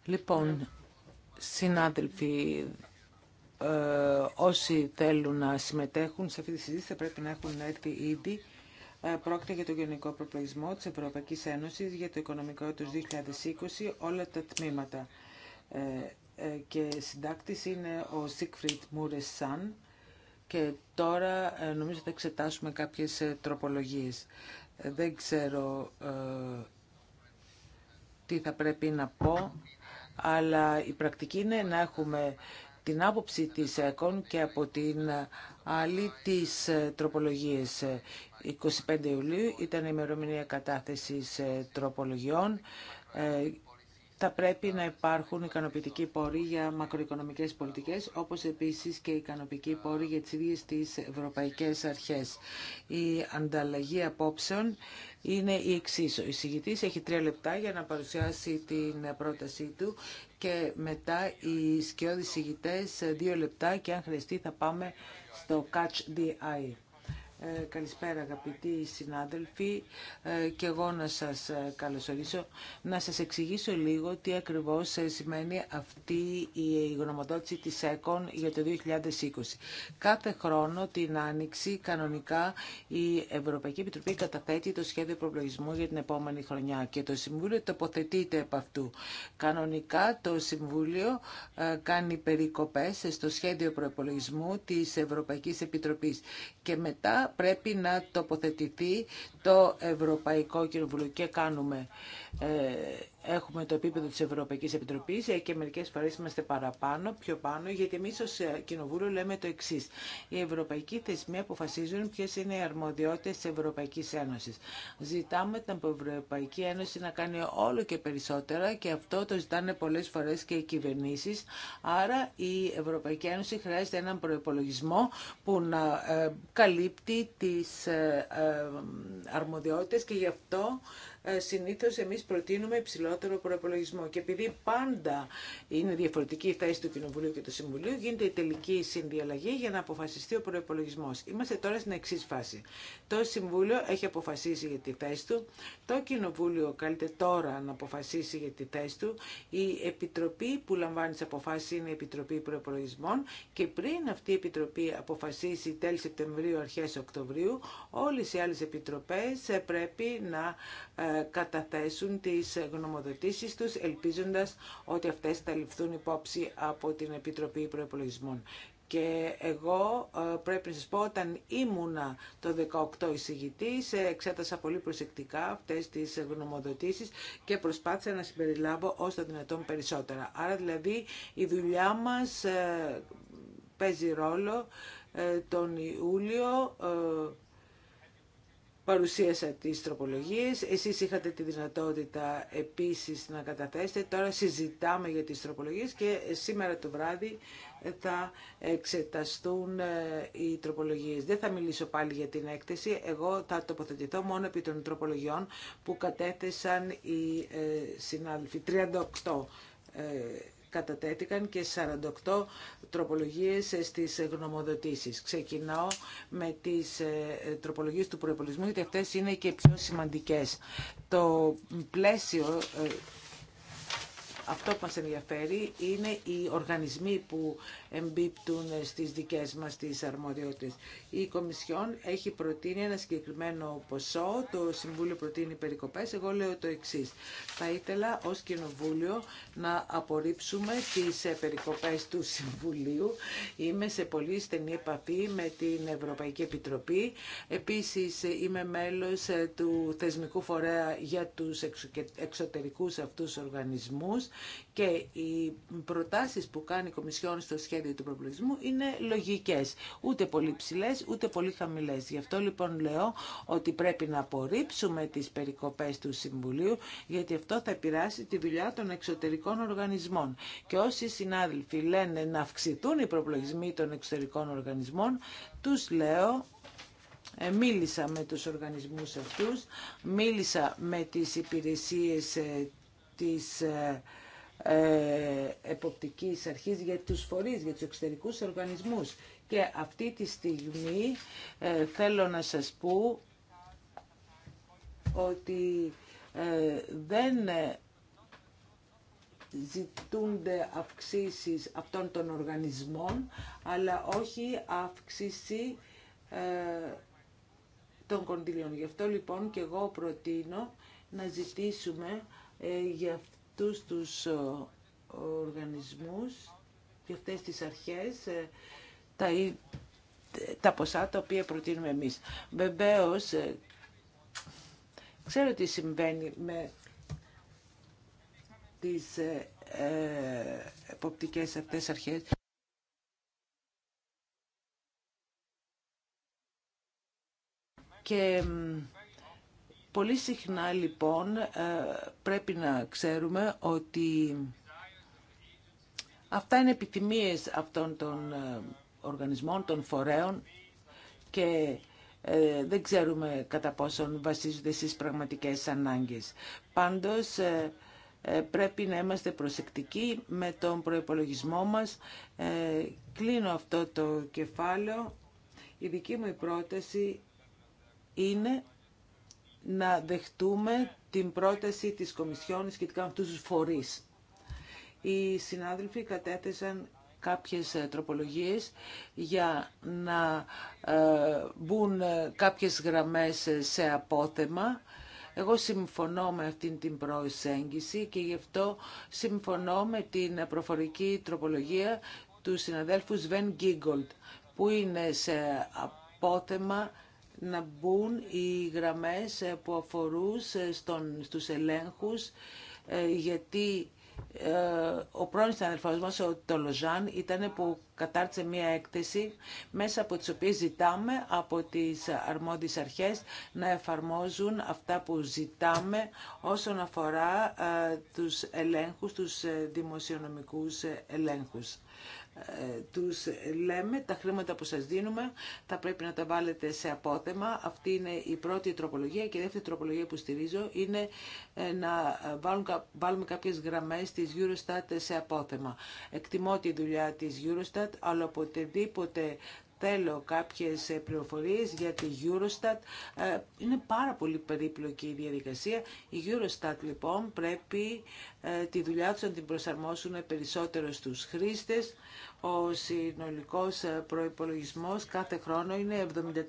Λοιπόν, συνάδελφοι, ε, όσοι θέλουν να συμμετέχουν σε αυτή τη συζήτηση θα πρέπει να έχουν έρθει ήδη. Ε, πρόκειται για το Γενικό Προπλογισμό της Ευρωπαϊκής Ένωσης για το Οικονομικό έτος 2020, όλα τα τμήματα. Ε, ε, και συντάκτης είναι ο Σίκφριτ Μούρεσαν και τώρα ε, νομίζω θα εξετάσουμε κάποιες τροπολογίες. Δεν ξέρω τι θα πρέπει να πω, αλλά η πρακτική είναι να έχουμε την άποψη της ΕΚΟΝ και από την άλλη της ε, τροπολογίες. 25 Ιουλίου ήταν η ημερομηνία κατάθεσης ε, τροπολογιών. Ε, θα πρέπει να υπάρχουν ικανοποιητικοί πόροι για μακροοικονομικές πολιτικές, όπως επίσης και ικανοποιητικοί πόροι για τις ίδιες τις ευρωπαϊκές αρχές. Η ανταλλαγή απόψεων είναι η εξή. Ο εισηγητή έχει τρία λεπτά για να παρουσιάσει την πρότασή του και μετά οι σκιώδεις εισηγητέ ε, δύο λεπτά και αν χρειαστεί θα πάμε στο Catch the Eye. Ε, καλησπέρα αγαπητοί συνάδελφοι ε, και εγώ να σας ε, καλωσορίσω να σας εξηγήσω λίγο τι ακριβώς σημαίνει αυτή η γνωμοδότηση της ΕΚΟΝ για το 2020. Κάθε χρόνο την Άνοιξη κανονικά η Ευρωπαϊκή Επιτροπή καταθέτει το σχέδιο προεπολογισμού για την επόμενη χρονιά και το Συμβούλιο τοποθετείται από αυτού. Κανονικά το Συμβούλιο κάνει περικοπές στο σχέδιο προπολογισμού της Ευρωπαϊκής Επιτροπής και μετά πρέπει να τοποθετηθεί το Ευρωπαϊκό Κοινοβούλιο. Και κάνουμε ε, έχουμε το επίπεδο της Ευρωπαϊκής Επιτροπής ε, και μερικές φορές είμαστε παραπάνω, πιο πάνω, γιατί εμείς ως ε, Κοινοβούλιο λέμε το εξή. Οι ευρωπαϊκοί θεσμοί αποφασίζουν ποιε είναι οι αρμοδιότητες της Ευρωπαϊκής Ένωσης. Ζητάμε την Ευρωπαϊκή Ένωση να κάνει όλο και περισσότερα και αυτό το ζητάνε πολλές φορές και οι κυβερνήσεις. Άρα η Ευρωπαϊκή Ένωση χρειάζεται έναν προπολογισμό που να ε, καλύπτει τις αρμοδιότητες και γι' αυτό ε, Συνήθω εμεί προτείνουμε υψηλότερο προπολογισμό. Και επειδή πάντα είναι διαφορετική η θέση του Κοινοβουλίου και του Συμβουλίου, γίνεται η τελική συνδιαλλαγή για να αποφασιστεί ο προπολογισμό. Είμαστε τώρα στην εξή φάση. Το Συμβούλιο έχει αποφασίσει για τη θέση του. Το Κοινοβούλιο καλείται τώρα να αποφασίσει για τη θέση του. Η Επιτροπή που λαμβάνει τι αποφάσει είναι η Επιτροπή Προπολογισμών και πριν αυτή η Επιτροπή αποφασίσει τέλη Σεπτεμβρίου, αρχέ Οκτωβρίου, όλε οι άλλε επιτροπέ ε, πρέπει να ε, καταθέσουν τις γνωμοδοτήσεις τους, ελπίζοντας ότι αυτές θα ληφθούν υπόψη από την Επιτροπή Προεπολογισμών. Και εγώ ε, πρέπει να σας πω, όταν ήμουνα το 18 εισηγητή, ε, εξέτασα πολύ προσεκτικά αυτές τις γνωμοδοτήσεις και προσπάθησα να συμπεριλάβω όσο δυνατόν περισσότερα. Άρα δηλαδή η δουλειά μας ε, παίζει ρόλο τον Ιούλιο παρουσίασα τις τροπολογίες. Εσείς είχατε τη δυνατότητα επίσης να καταθέσετε. Τώρα συζητάμε για τις τροπολογίες και σήμερα το βράδυ θα εξεταστούν ε, οι τροπολογίες. Δεν θα μιλήσω πάλι για την έκθεση. Εγώ θα τοποθετηθώ μόνο επί των τροπολογιών που κατέθεσαν οι ε, συνάδελφοι. 38 κατατέθηκαν και 48 τροπολογίες στις γνωμοδοτήσεις. Ξεκινάω με τις ε, τροπολογίες του προϋπολογισμού, γιατί αυτές είναι και πιο σημαντικές. Το πλαίσιο ε, αυτό που μας ενδιαφέρει είναι οι οργανισμοί που εμπίπτουν στις δικές μας τις αρμοδιότητες. Η Κομισιόν έχει προτείνει ένα συγκεκριμένο ποσό, το Συμβούλιο προτείνει περικοπές, εγώ λέω το εξή. Θα ήθελα ως Κοινοβούλιο να απορρίψουμε τις ε, περικοπές του Συμβουλίου. Είμαι σε πολύ στενή επαφή με την Ευρωπαϊκή Επιτροπή. Επίσης είμαι μέλος ε, του θεσμικού φορέα για τους εξωτερικούς αυτούς οργανισμούς και οι προτάσεις που κάνει η Κομισιόν στο σχέδιο του προπολογισμού είναι λογικές. Ούτε πολύ ψηλές, ούτε πολύ χαμηλές. Γι' αυτό λοιπόν λέω ότι πρέπει να απορρίψουμε τις περικοπές του Συμβουλίου, γιατί αυτό θα επηράσει τη δουλειά των εξωτερικών οργανισμών. Και όσοι συνάδελφοι λένε να αυξηθούν οι προπλογισμοί των εξωτερικών οργανισμών, τους λέω ε, μίλησα με τους οργανισμούς αυτούς, μίλησα με τις υπηρεσίες ε, της ε, ε, εποπτικής αρχής για τους φορείς, για τους εξωτερικούς οργανισμούς. Και αυτή τη στιγμή ε, θέλω να σας πω ότι ε, δεν ζητούνται αυξήσεις αυτών των οργανισμών, αλλά όχι αύξηση των κοντιλιών. Γι' αυτό λοιπόν και εγώ προτείνω να ζητήσουμε για αυτούς τους ε, οργανισμούς και αυτές τις αρχές ε, τα, τα ποσά τα οποία προτείνουμε εμείς. Βεβαίω, ε, ξέρω τι συμβαίνει με τις εποπτικές αυτές αρχές. Και Πολύ συχνά λοιπόν ε, πρέπει να ξέρουμε ότι αυτά είναι επιθυμίες αυτών των ε, οργανισμών, των φορέων και ε, δεν ξέρουμε κατά πόσον βασίζονται στις πραγματικές ανάγκες. Πάντως πρέπει να είμαστε προσεκτικοί με τον προϋπολογισμό μας. Κλείνω αυτό το κεφάλαιο. Η δική μου πρόταση είναι να δεχτούμε την πρόταση της Κομισιόν σχετικά με αυτούς τους φορείς. Οι συνάδελφοι κατέθεσαν κάποιες ε, τροπολογίες για να ε, μπουν ε, κάποιες γραμμές σε απόθεμα. Εγώ συμφωνώ με αυτήν την προσέγγιση και γι' αυτό συμφωνώ με την προφορική τροπολογία του συναδέλφου Σβέν Γκίγκολτ, που είναι σε απόθεμα να μπουν οι γραμμές που αφορούν στον, στους ελέγχους ε, γιατί ε, ο πρώην συναδελφός μας, ο Τολοζάν, ήταν που κατάρτισε μία έκθεση μέσα από τις οποίες ζητάμε από τις αρμόδιες αρχές να εφαρμόζουν αυτά που ζητάμε όσον αφορά ε, τους ελέγχους, τους δημοσιονομικούς ελέγχους. Ε, τους λέμε τα χρήματα που σας δίνουμε θα πρέπει να τα βάλετε σε απόθεμα. Αυτή είναι η πρώτη τροπολογία και η δεύτερη τροπολογία που στηρίζω είναι ε, να βάλουμε κάποιες γραμμές της Eurostat σε απόθεμα. Εκτιμώ τη δουλειά της Eurostat αλλά οποτεδήποτε θέλω κάποιες ε, πληροφορίες για τη Eurostat. Ε, είναι πάρα πολύ περίπλοκη η διαδικασία. Η Eurostat λοιπόν πρέπει ε, τη δουλειά τους να την προσαρμόσουν περισσότερο στους χρήστες. Ο συνολικός προϋπολογισμός κάθε χρόνο είναι 74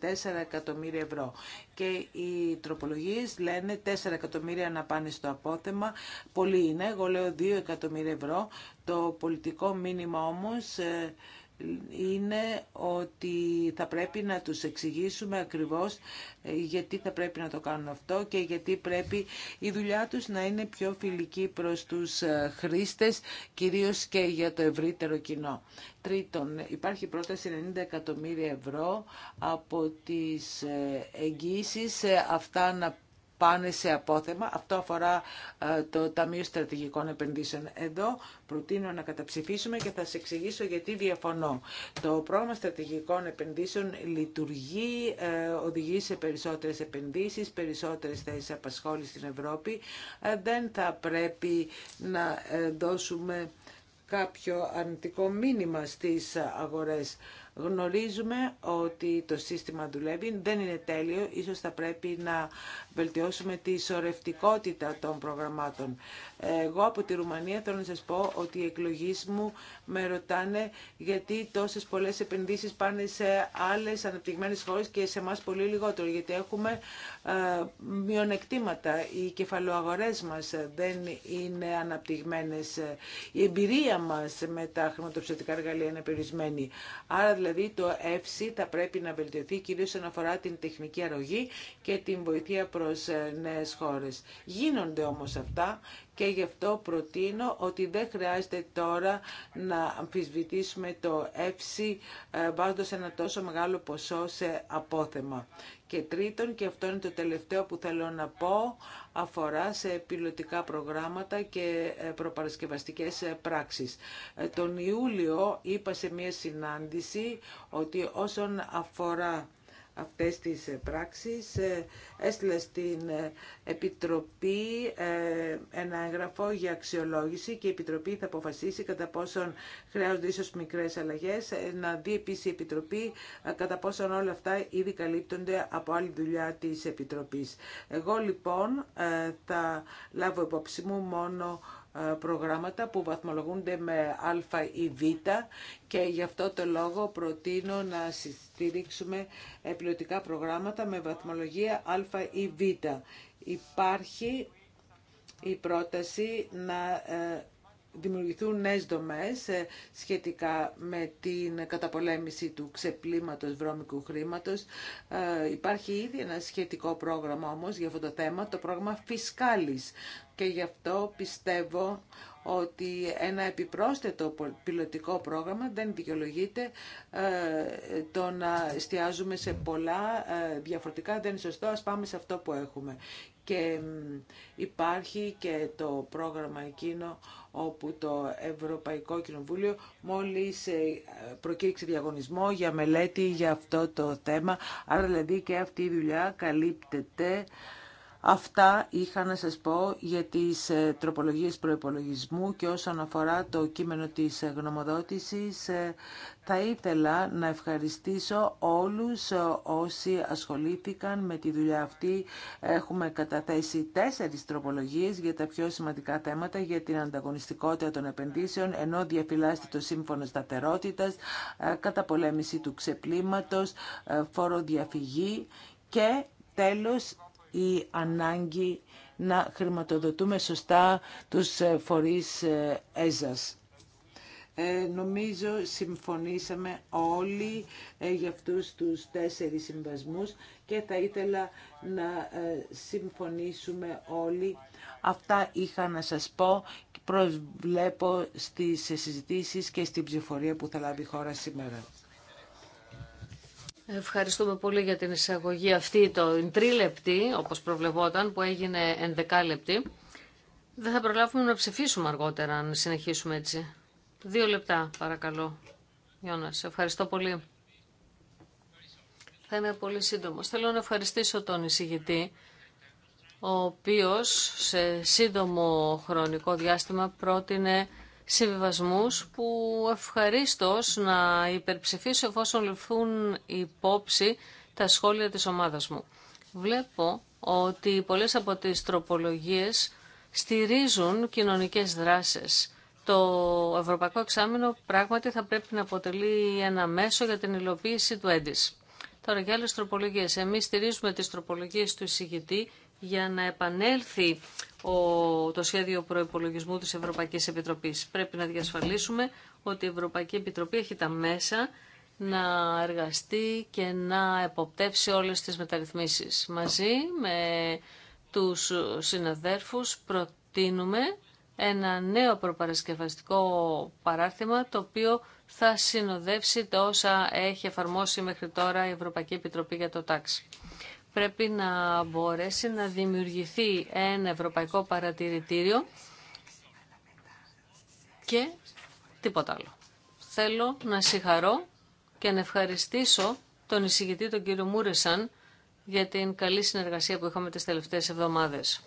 εκατομμύρια ευρώ και οι τροπολογίες λένε 4 εκατομμύρια να πάνε στο απόθεμα. Πολύ είναι, εγώ λέω 2 εκατομμύρια ευρώ. Το πολιτικό μήνυμα όμως είναι ότι θα πρέπει να τους εξηγήσουμε ακριβώς ε, γιατί θα πρέπει να το κάνουν αυτό και γιατί πρέπει η δουλειά τους να είναι πιο φιλική προς τους ε, χρήστες, κυρίως και για το ευρύτερο κοινό. Τρίτον, υπάρχει πρόταση 90 εκατομμύρια ευρώ από τις ε, εγγύσεις, αυτά να πάνε σε απόθεμα. Αυτό αφορά ε, το Ταμείο Στρατηγικών Επενδύσεων. Εδώ προτείνω να καταψηφίσουμε και θα σε εξηγήσω γιατί διαφωνώ. Το πρόγραμμα στρατηγικών επενδύσεων λειτουργεί, ε, οδηγεί σε περισσότερες επενδύσεις, περισσότερες θέσεις απασχόληση στην Ευρώπη. Ε, δεν θα πρέπει να δώσουμε κάποιο αρνητικό μήνυμα στις αγορές. Γνωρίζουμε ότι το σύστημα δουλεύει, δεν είναι τέλειο, ίσως θα πρέπει να βελτιώσουμε τη σωρευτικότητα των προγραμμάτων. Εγώ από τη Ρουμανία θέλω να σας πω ότι οι εκλογής μου με ρωτάνε γιατί τόσες πολλές επενδύσεις πάνε σε άλλες αναπτυγμένες χώρες και σε εμά πολύ λιγότερο, γιατί έχουμε ε, μειονεκτήματα. Οι κεφαλοαγορές μας δεν είναι αναπτυγμένες. Η εμπειρία μας με τα χρηματοπιστωτικά εργαλεία είναι περιορισμένη. Άρα δηλαδή το ΕΦΣΥ θα πρέπει να βελτιωθεί κυρίως όσον αφορά την τεχνική αρρωγή και την βοηθεία προς ε, νέες χώρες. Γίνονται όμως αυτά και γι' αυτό προτείνω ότι δεν χρειάζεται τώρα να αμφισβητήσουμε το ΕΦΣΥ βάζοντας ένα τόσο μεγάλο ποσό σε απόθεμα. Και τρίτον, και αυτό είναι το τελευταίο που θέλω να πω, αφορά σε πιλωτικά προγράμματα και ε, προπαρασκευαστικές ε, πράξεις. Ε, τον Ιούλιο είπα σε μία συνάντηση ότι όσον αφορά αυτές τις ε, πράξεις. Ε, έστειλε στην ε, Επιτροπή ένα εγγραφό για αξιολόγηση και η Επιτροπή θα αποφασίσει κατά πόσον χρειάζονται ίσως μικρές αλλαγές. Να δει επίσης η Επιτροπή κατά πόσον όλα αυτά ήδη καλύπτονται από άλλη δουλειά της Επιτροπής. Εγώ λοιπόν θα λάβω υπόψη μου μόνο ε, προγράμματα που βαθμολογούνται με α ή β και γι' αυτό το λόγο προτείνω να συστήριξουμε επιλογικά προγράμματα με βαθμολογία α ή β. Υπάρχει η πρόταση να ε, δημιουργηθούν νέες δομές ε, σχετικά με την καταπολέμηση του ξεπλήματος βρώμικου χρήματος. Ε, υπάρχει ήδη ένα σχετικό πρόγραμμα όμως για αυτό το θέμα, το πρόγραμμα Φισκάλης. Και γι' αυτό πιστεύω ότι ένα επιπρόσθετο πιλωτικό πρόγραμμα δεν δικαιολογείται ε, το να εστιάζουμε σε πολλά διαφορετικά, δεν είναι σωστό, ας πάμε σε αυτό που έχουμε. Και υπάρχει και το πρόγραμμα εκείνο όπου το Ευρωπαϊκό Κοινοβούλιο μόλις ε, προκήρυξε διαγωνισμό για μελέτη για αυτό το θέμα. Άρα δηλαδή και αυτή η δουλειά καλύπτεται Αυτά είχα να σας πω για τις ε, τροπολογίες προϋπολογισμού και όσον αφορά το κείμενο της ε, γνωμοδότησης ε, θα ήθελα να ευχαριστήσω όλους όσοι ασχολήθηκαν με τη δουλειά αυτή. Έχουμε καταθέσει τέσσερις τροπολογίες για τα πιο σημαντικά θέματα για την ανταγωνιστικότητα των επενδύσεων ενώ διαφυλάσσεται το σύμφωνο σταθερότητας, καταπολέμηση του ξεπλήματος, φοροδιαφυγή και Τέλος, η ανάγκη να χρηματοδοτούμε σωστά τους ε, φορείς ε, ΕΖΑΣ. Ε, νομίζω συμφωνήσαμε όλοι για αυτούς τους τέσσερις συμβασμούς και θα ήθελα να συμφωνήσουμε όλοι. Αυτά είχα να σας πω και προσβλέπω στις συζητήσεις και στην ψηφορία που θα λάβει η χώρα σήμερα. Ευχαριστούμε πολύ για την εισαγωγή αυτή, το τρίλεπτη, όπως προβλεπόταν, που έγινε ενδεκάλεπτη. Δεν θα προλάβουμε να ψηφίσουμε αργότερα, αν συνεχίσουμε έτσι. Δύο λεπτά, παρακαλώ. Γιώνας, ευχαριστώ πολύ. Θα είναι πολύ σύντομο. Θέλω να ευχαριστήσω τον εισηγητή, ο οποίος σε σύντομο χρονικό διάστημα πρότεινε συμβιβασμούς που ευχαρίστως να υπερψηφίσω εφόσον ληφθούν υπόψη τα σχόλια της ομάδας μου. Βλέπω ότι πολλές από τις τροπολογίες στηρίζουν κοινωνικές δράσεις. Το Ευρωπαϊκό Εξάμεινο πράγματι θα πρέπει να αποτελεί ένα μέσο για την υλοποίηση του έντης. Τώρα για άλλες τροπολογίες. Εμείς στηρίζουμε τις τροπολογίες του εισηγητή για να επανέλθει το σχέδιο προϋπολογισμού της Ευρωπαϊκής Επιτροπής. Πρέπει να διασφαλίσουμε ότι η Ευρωπαϊκή Επιτροπή έχει τα μέσα να εργαστεί και να εποπτεύσει όλες τις μεταρρυθμίσεις. Μαζί με τους συναδέρφους προτείνουμε ένα νέο προπαρασκευαστικό παράρτημα το οποίο θα συνοδεύσει τα όσα έχει εφαρμόσει μέχρι τώρα η Ευρωπαϊκή Επιτροπή για το τάξη πρέπει να μπορέσει να δημιουργηθεί ένα ευρωπαϊκό παρατηρητήριο και τίποτα άλλο. Θέλω να συγχαρώ και να ευχαριστήσω τον εισηγητή τον κύριο Μούρεσαν για την καλή συνεργασία που είχαμε τις τελευταίες εβδομάδες.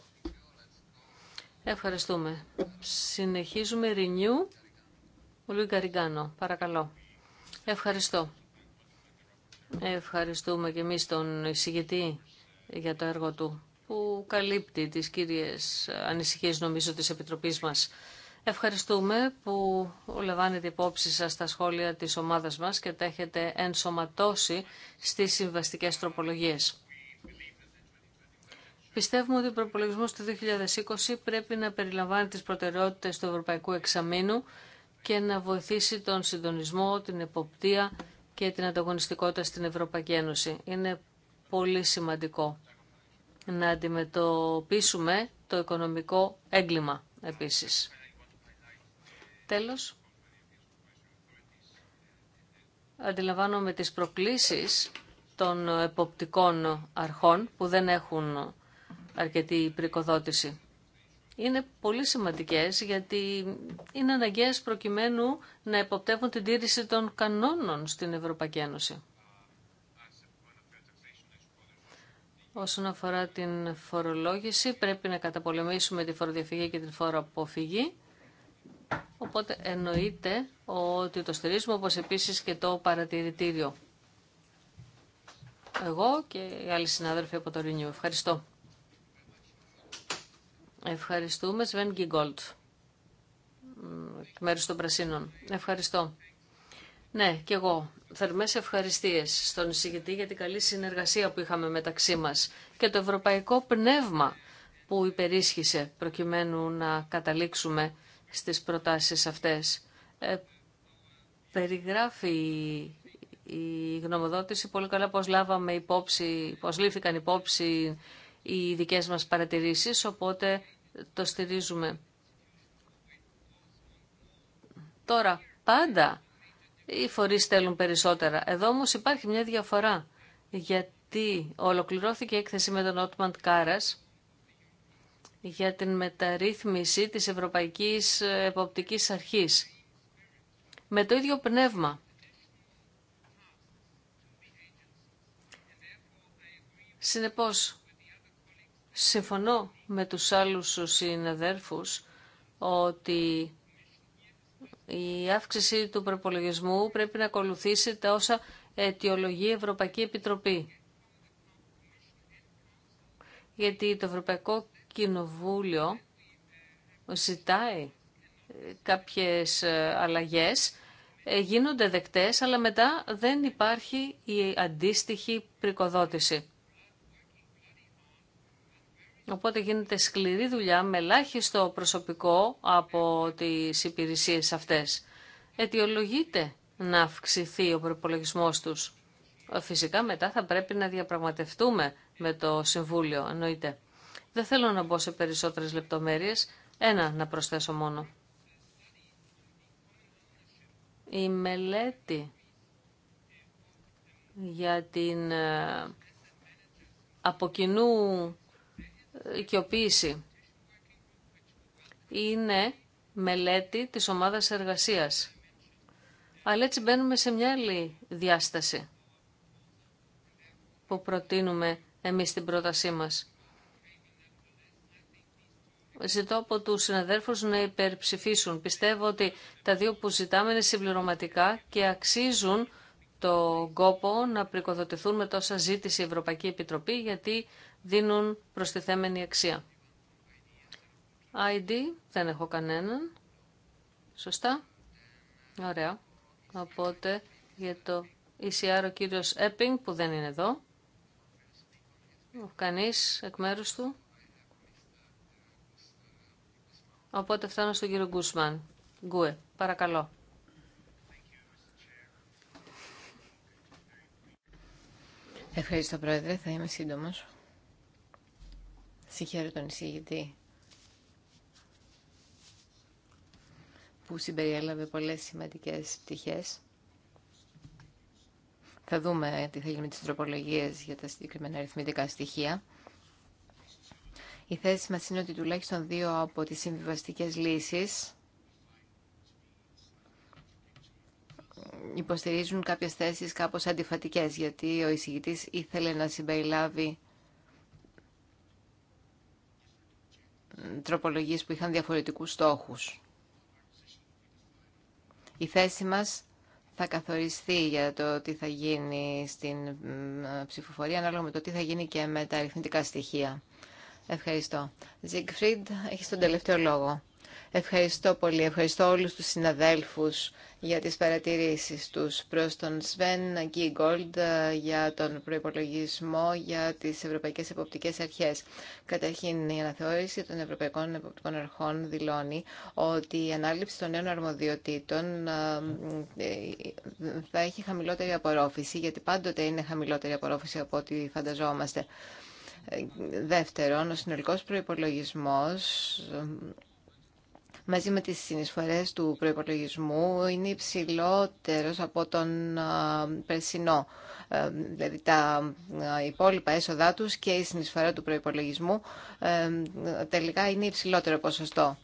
Ευχαριστούμε. Συνεχίζουμε Renew. Λουί Ριγκάνο, παρακαλώ. Ευχαριστώ. Ευχαριστούμε και εμείς τον εισηγητή για το έργο του που καλύπτει τις κύριες ανησυχίες νομίζω της Επιτροπής μας. Ευχαριστούμε που λαμβάνετε υπόψη σας τα σχόλια της ομάδας μας και τα έχετε ενσωματώσει στις συμβαστικές τροπολογίες. Πιστεύουμε ότι ο προπολογισμός του 2020 πρέπει να περιλαμβάνει τις προτεραιότητες του Ευρωπαϊκού Εξαμήνου και να βοηθήσει τον συντονισμό, την εποπτεία και την ανταγωνιστικότητα στην Ευρωπαϊκή Ένωση. Είναι πολύ σημαντικό να αντιμετωπίσουμε το οικονομικό έγκλημα επίσης. Τέλος, αντιλαμβάνομαι τις προκλήσεις των εποπτικών αρχών που δεν έχουν αρκετή πρικοδότηση είναι πολύ σημαντικές γιατί είναι αναγκαίες προκειμένου να υποπτεύουν την τήρηση των κανόνων στην Ευρωπαϊκή Ένωση. Όσον αφορά την φορολόγηση, πρέπει να καταπολεμήσουμε τη φοροδιαφυγή και την φοροαποφυγή. Οπότε εννοείται ότι το στηρίζουμε όπως επίσης και το παρατηρητήριο. Εγώ και οι άλλοι συνάδελφοι από το Ρινιού. Ευχαριστώ. Ευχαριστούμε, Σβέν Γκίγκολτ, μέρο των Πρασίνων. Ευχαριστώ. Ναι, και εγώ. Θερμές ευχαριστίες στον εισηγητή για την καλή συνεργασία που είχαμε μεταξύ μα και το ευρωπαϊκό πνεύμα που υπερίσχυσε προκειμένου να καταλήξουμε στις προτάσεις αυτές. Ε, περιγράφει η γνωμοδότηση πολύ καλά πώς λάβαμε υπόψη, πώς λήφθηκαν υπόψη οι δικές μας παρατηρήσει, οπότε το στηρίζουμε. Τώρα, πάντα οι φορείς θέλουν περισσότερα. Εδώ όμως υπάρχει μια διαφορά. Γιατί ολοκληρώθηκε η έκθεση με τον Ότμαντ Κάρας για την μεταρρύθμιση της Ευρωπαϊκής Εποπτικής Αρχής. Με το ίδιο πνεύμα. Συνεπώς, Συμφωνώ με τους άλλους συναδέρφους ότι η αύξηση του προπολογισμού πρέπει να ακολουθήσει τα όσα αιτιολογεί η Ευρωπαϊκή Επιτροπή. Γιατί το Ευρωπαϊκό Κοινοβούλιο ζητάει κάποιες αλλαγές, ε, γίνονται δεκτές, αλλά μετά δεν υπάρχει η αντίστοιχη πρικοδότηση. Οπότε γίνεται σκληρή δουλειά με ελάχιστο προσωπικό από τις υπηρεσίες αυτές. Αιτιολογείται να αυξηθεί ο προπολογισμό τους. Φυσικά μετά θα πρέπει να διαπραγματευτούμε με το Συμβούλιο, εννοείται. Δεν θέλω να μπω σε περισσότερες λεπτομέρειες, ένα να προσθέσω μόνο. Η μελέτη για την ε, από κοινού οικειοποίηση. Είναι μελέτη της ομάδας εργασίας. Αλλά έτσι μπαίνουμε σε μια άλλη διάσταση που προτείνουμε εμείς την πρότασή μας. Ζητώ από τους συναδέρφους να υπερψηφίσουν. Πιστεύω ότι τα δύο που ζητάμε είναι συμπληρωματικά και αξίζουν τον κόπο να πρικοδοτηθούν με τόσα ζήτηση η Ευρωπαϊκή Επιτροπή γιατί δίνουν προστιθέμενη αξία. ID δεν έχω κανέναν. Σωστά. Ωραία. Οπότε για το ECR ο κύριος Έπινγκ που δεν είναι εδώ. Κανείς εκ μέρους του. Οπότε φτάνω στον κύριο Γκούσμαν. Γκουε, παρακαλώ. Ευχαριστώ, Πρόεδρε. Θα είμαι σύντομο. Συγχαίρω τον εισηγητή που συμπεριέλαβε πολλές σημαντικές πτυχές. Θα δούμε τι θα γίνει με τις τροπολογίες για τα συγκεκριμένα αριθμητικά στοιχεία. Η θέση μας είναι ότι τουλάχιστον δύο από τις συμβιβαστικές λύσεις υποστηρίζουν κάποιες θέσεις κάπως αντιφατικές, γιατί ο εισηγητής ήθελε να συμπεριλάβει τροπολογίες που είχαν διαφορετικούς στόχους. Η θέση μας θα καθοριστεί για το τι θα γίνει στην ψηφοφορία, ανάλογα με το τι θα γίνει και με τα αριθμητικά στοιχεία. Ευχαριστώ. Ζιγκφρίντ, έχει τον τελευταίο λόγο. Ευχαριστώ πολύ. Ευχαριστώ όλους τους συναδέλφους για τις παρατηρήσεις τους προς τον Σβέν Γκίγκολντ ε, για τον προϋπολογισμό για τις Ευρωπαϊκές Εποπτικές Αρχές. Καταρχήν, η αναθεώρηση των Ευρωπαϊκών Εποπτικών Αρχών δηλώνει ότι η ανάληψη των νέων αρμοδιοτήτων ε, ε, θα έχει χαμηλότερη απορρόφηση, γιατί πάντοτε είναι χαμηλότερη απορρόφηση από ό,τι φανταζόμαστε. Δεύτερον, ο συνολικός προϋπολογισμός μαζί με τις συνεισφορές του προϋπολογισμού είναι υψηλότερος από τον περσινό. Ε, δηλαδή τα υπόλοιπα έσοδά τους και η συνεισφορά του προϋπολογισμού ε, τελικά είναι υψηλότερο ποσοστό.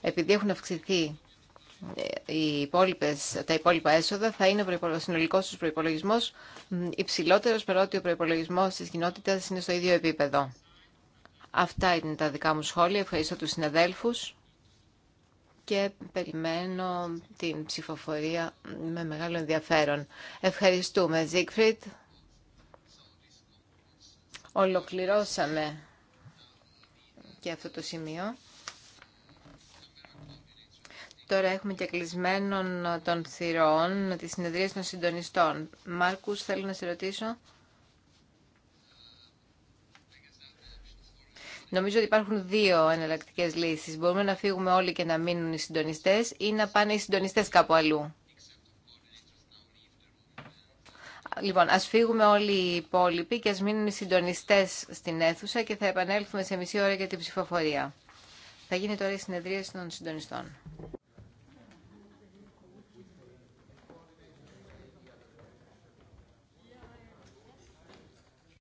Επειδή έχουν αυξηθεί ε, οι τα υπόλοιπα έσοδα θα είναι ο συνολικός του προϋπολογισμός υψηλότερος παρότι ο προϋπολογισμός της κοινότητας είναι στο ίδιο επίπεδο. Αυτά είναι τα δικά μου σχόλια. Ευχαριστώ τους συναδέλφους και περιμένω την ψηφοφορία με μεγάλο ενδιαφέρον. Ευχαριστούμε, Ζίγκφριτ. Ολοκληρώσαμε και αυτό το σημείο. Τώρα έχουμε και κλεισμένων των θυρών τη συνεδρία των συντονιστών. Μάρκους, θέλω να σε ρωτήσω. Νομίζω ότι υπάρχουν δύο εναλλακτικέ λύσει. Μπορούμε να φύγουμε όλοι και να μείνουν οι συντονιστέ ή να πάνε οι συντονιστέ κάπου αλλού. Λοιπόν, ας φύγουμε όλοι οι υπόλοιποι και ας μείνουν οι συντονιστές στην αίθουσα και θα επανέλθουμε σε μισή ώρα για την ψηφοφορία. Θα γίνει τώρα η συνεδρία των συντονιστών.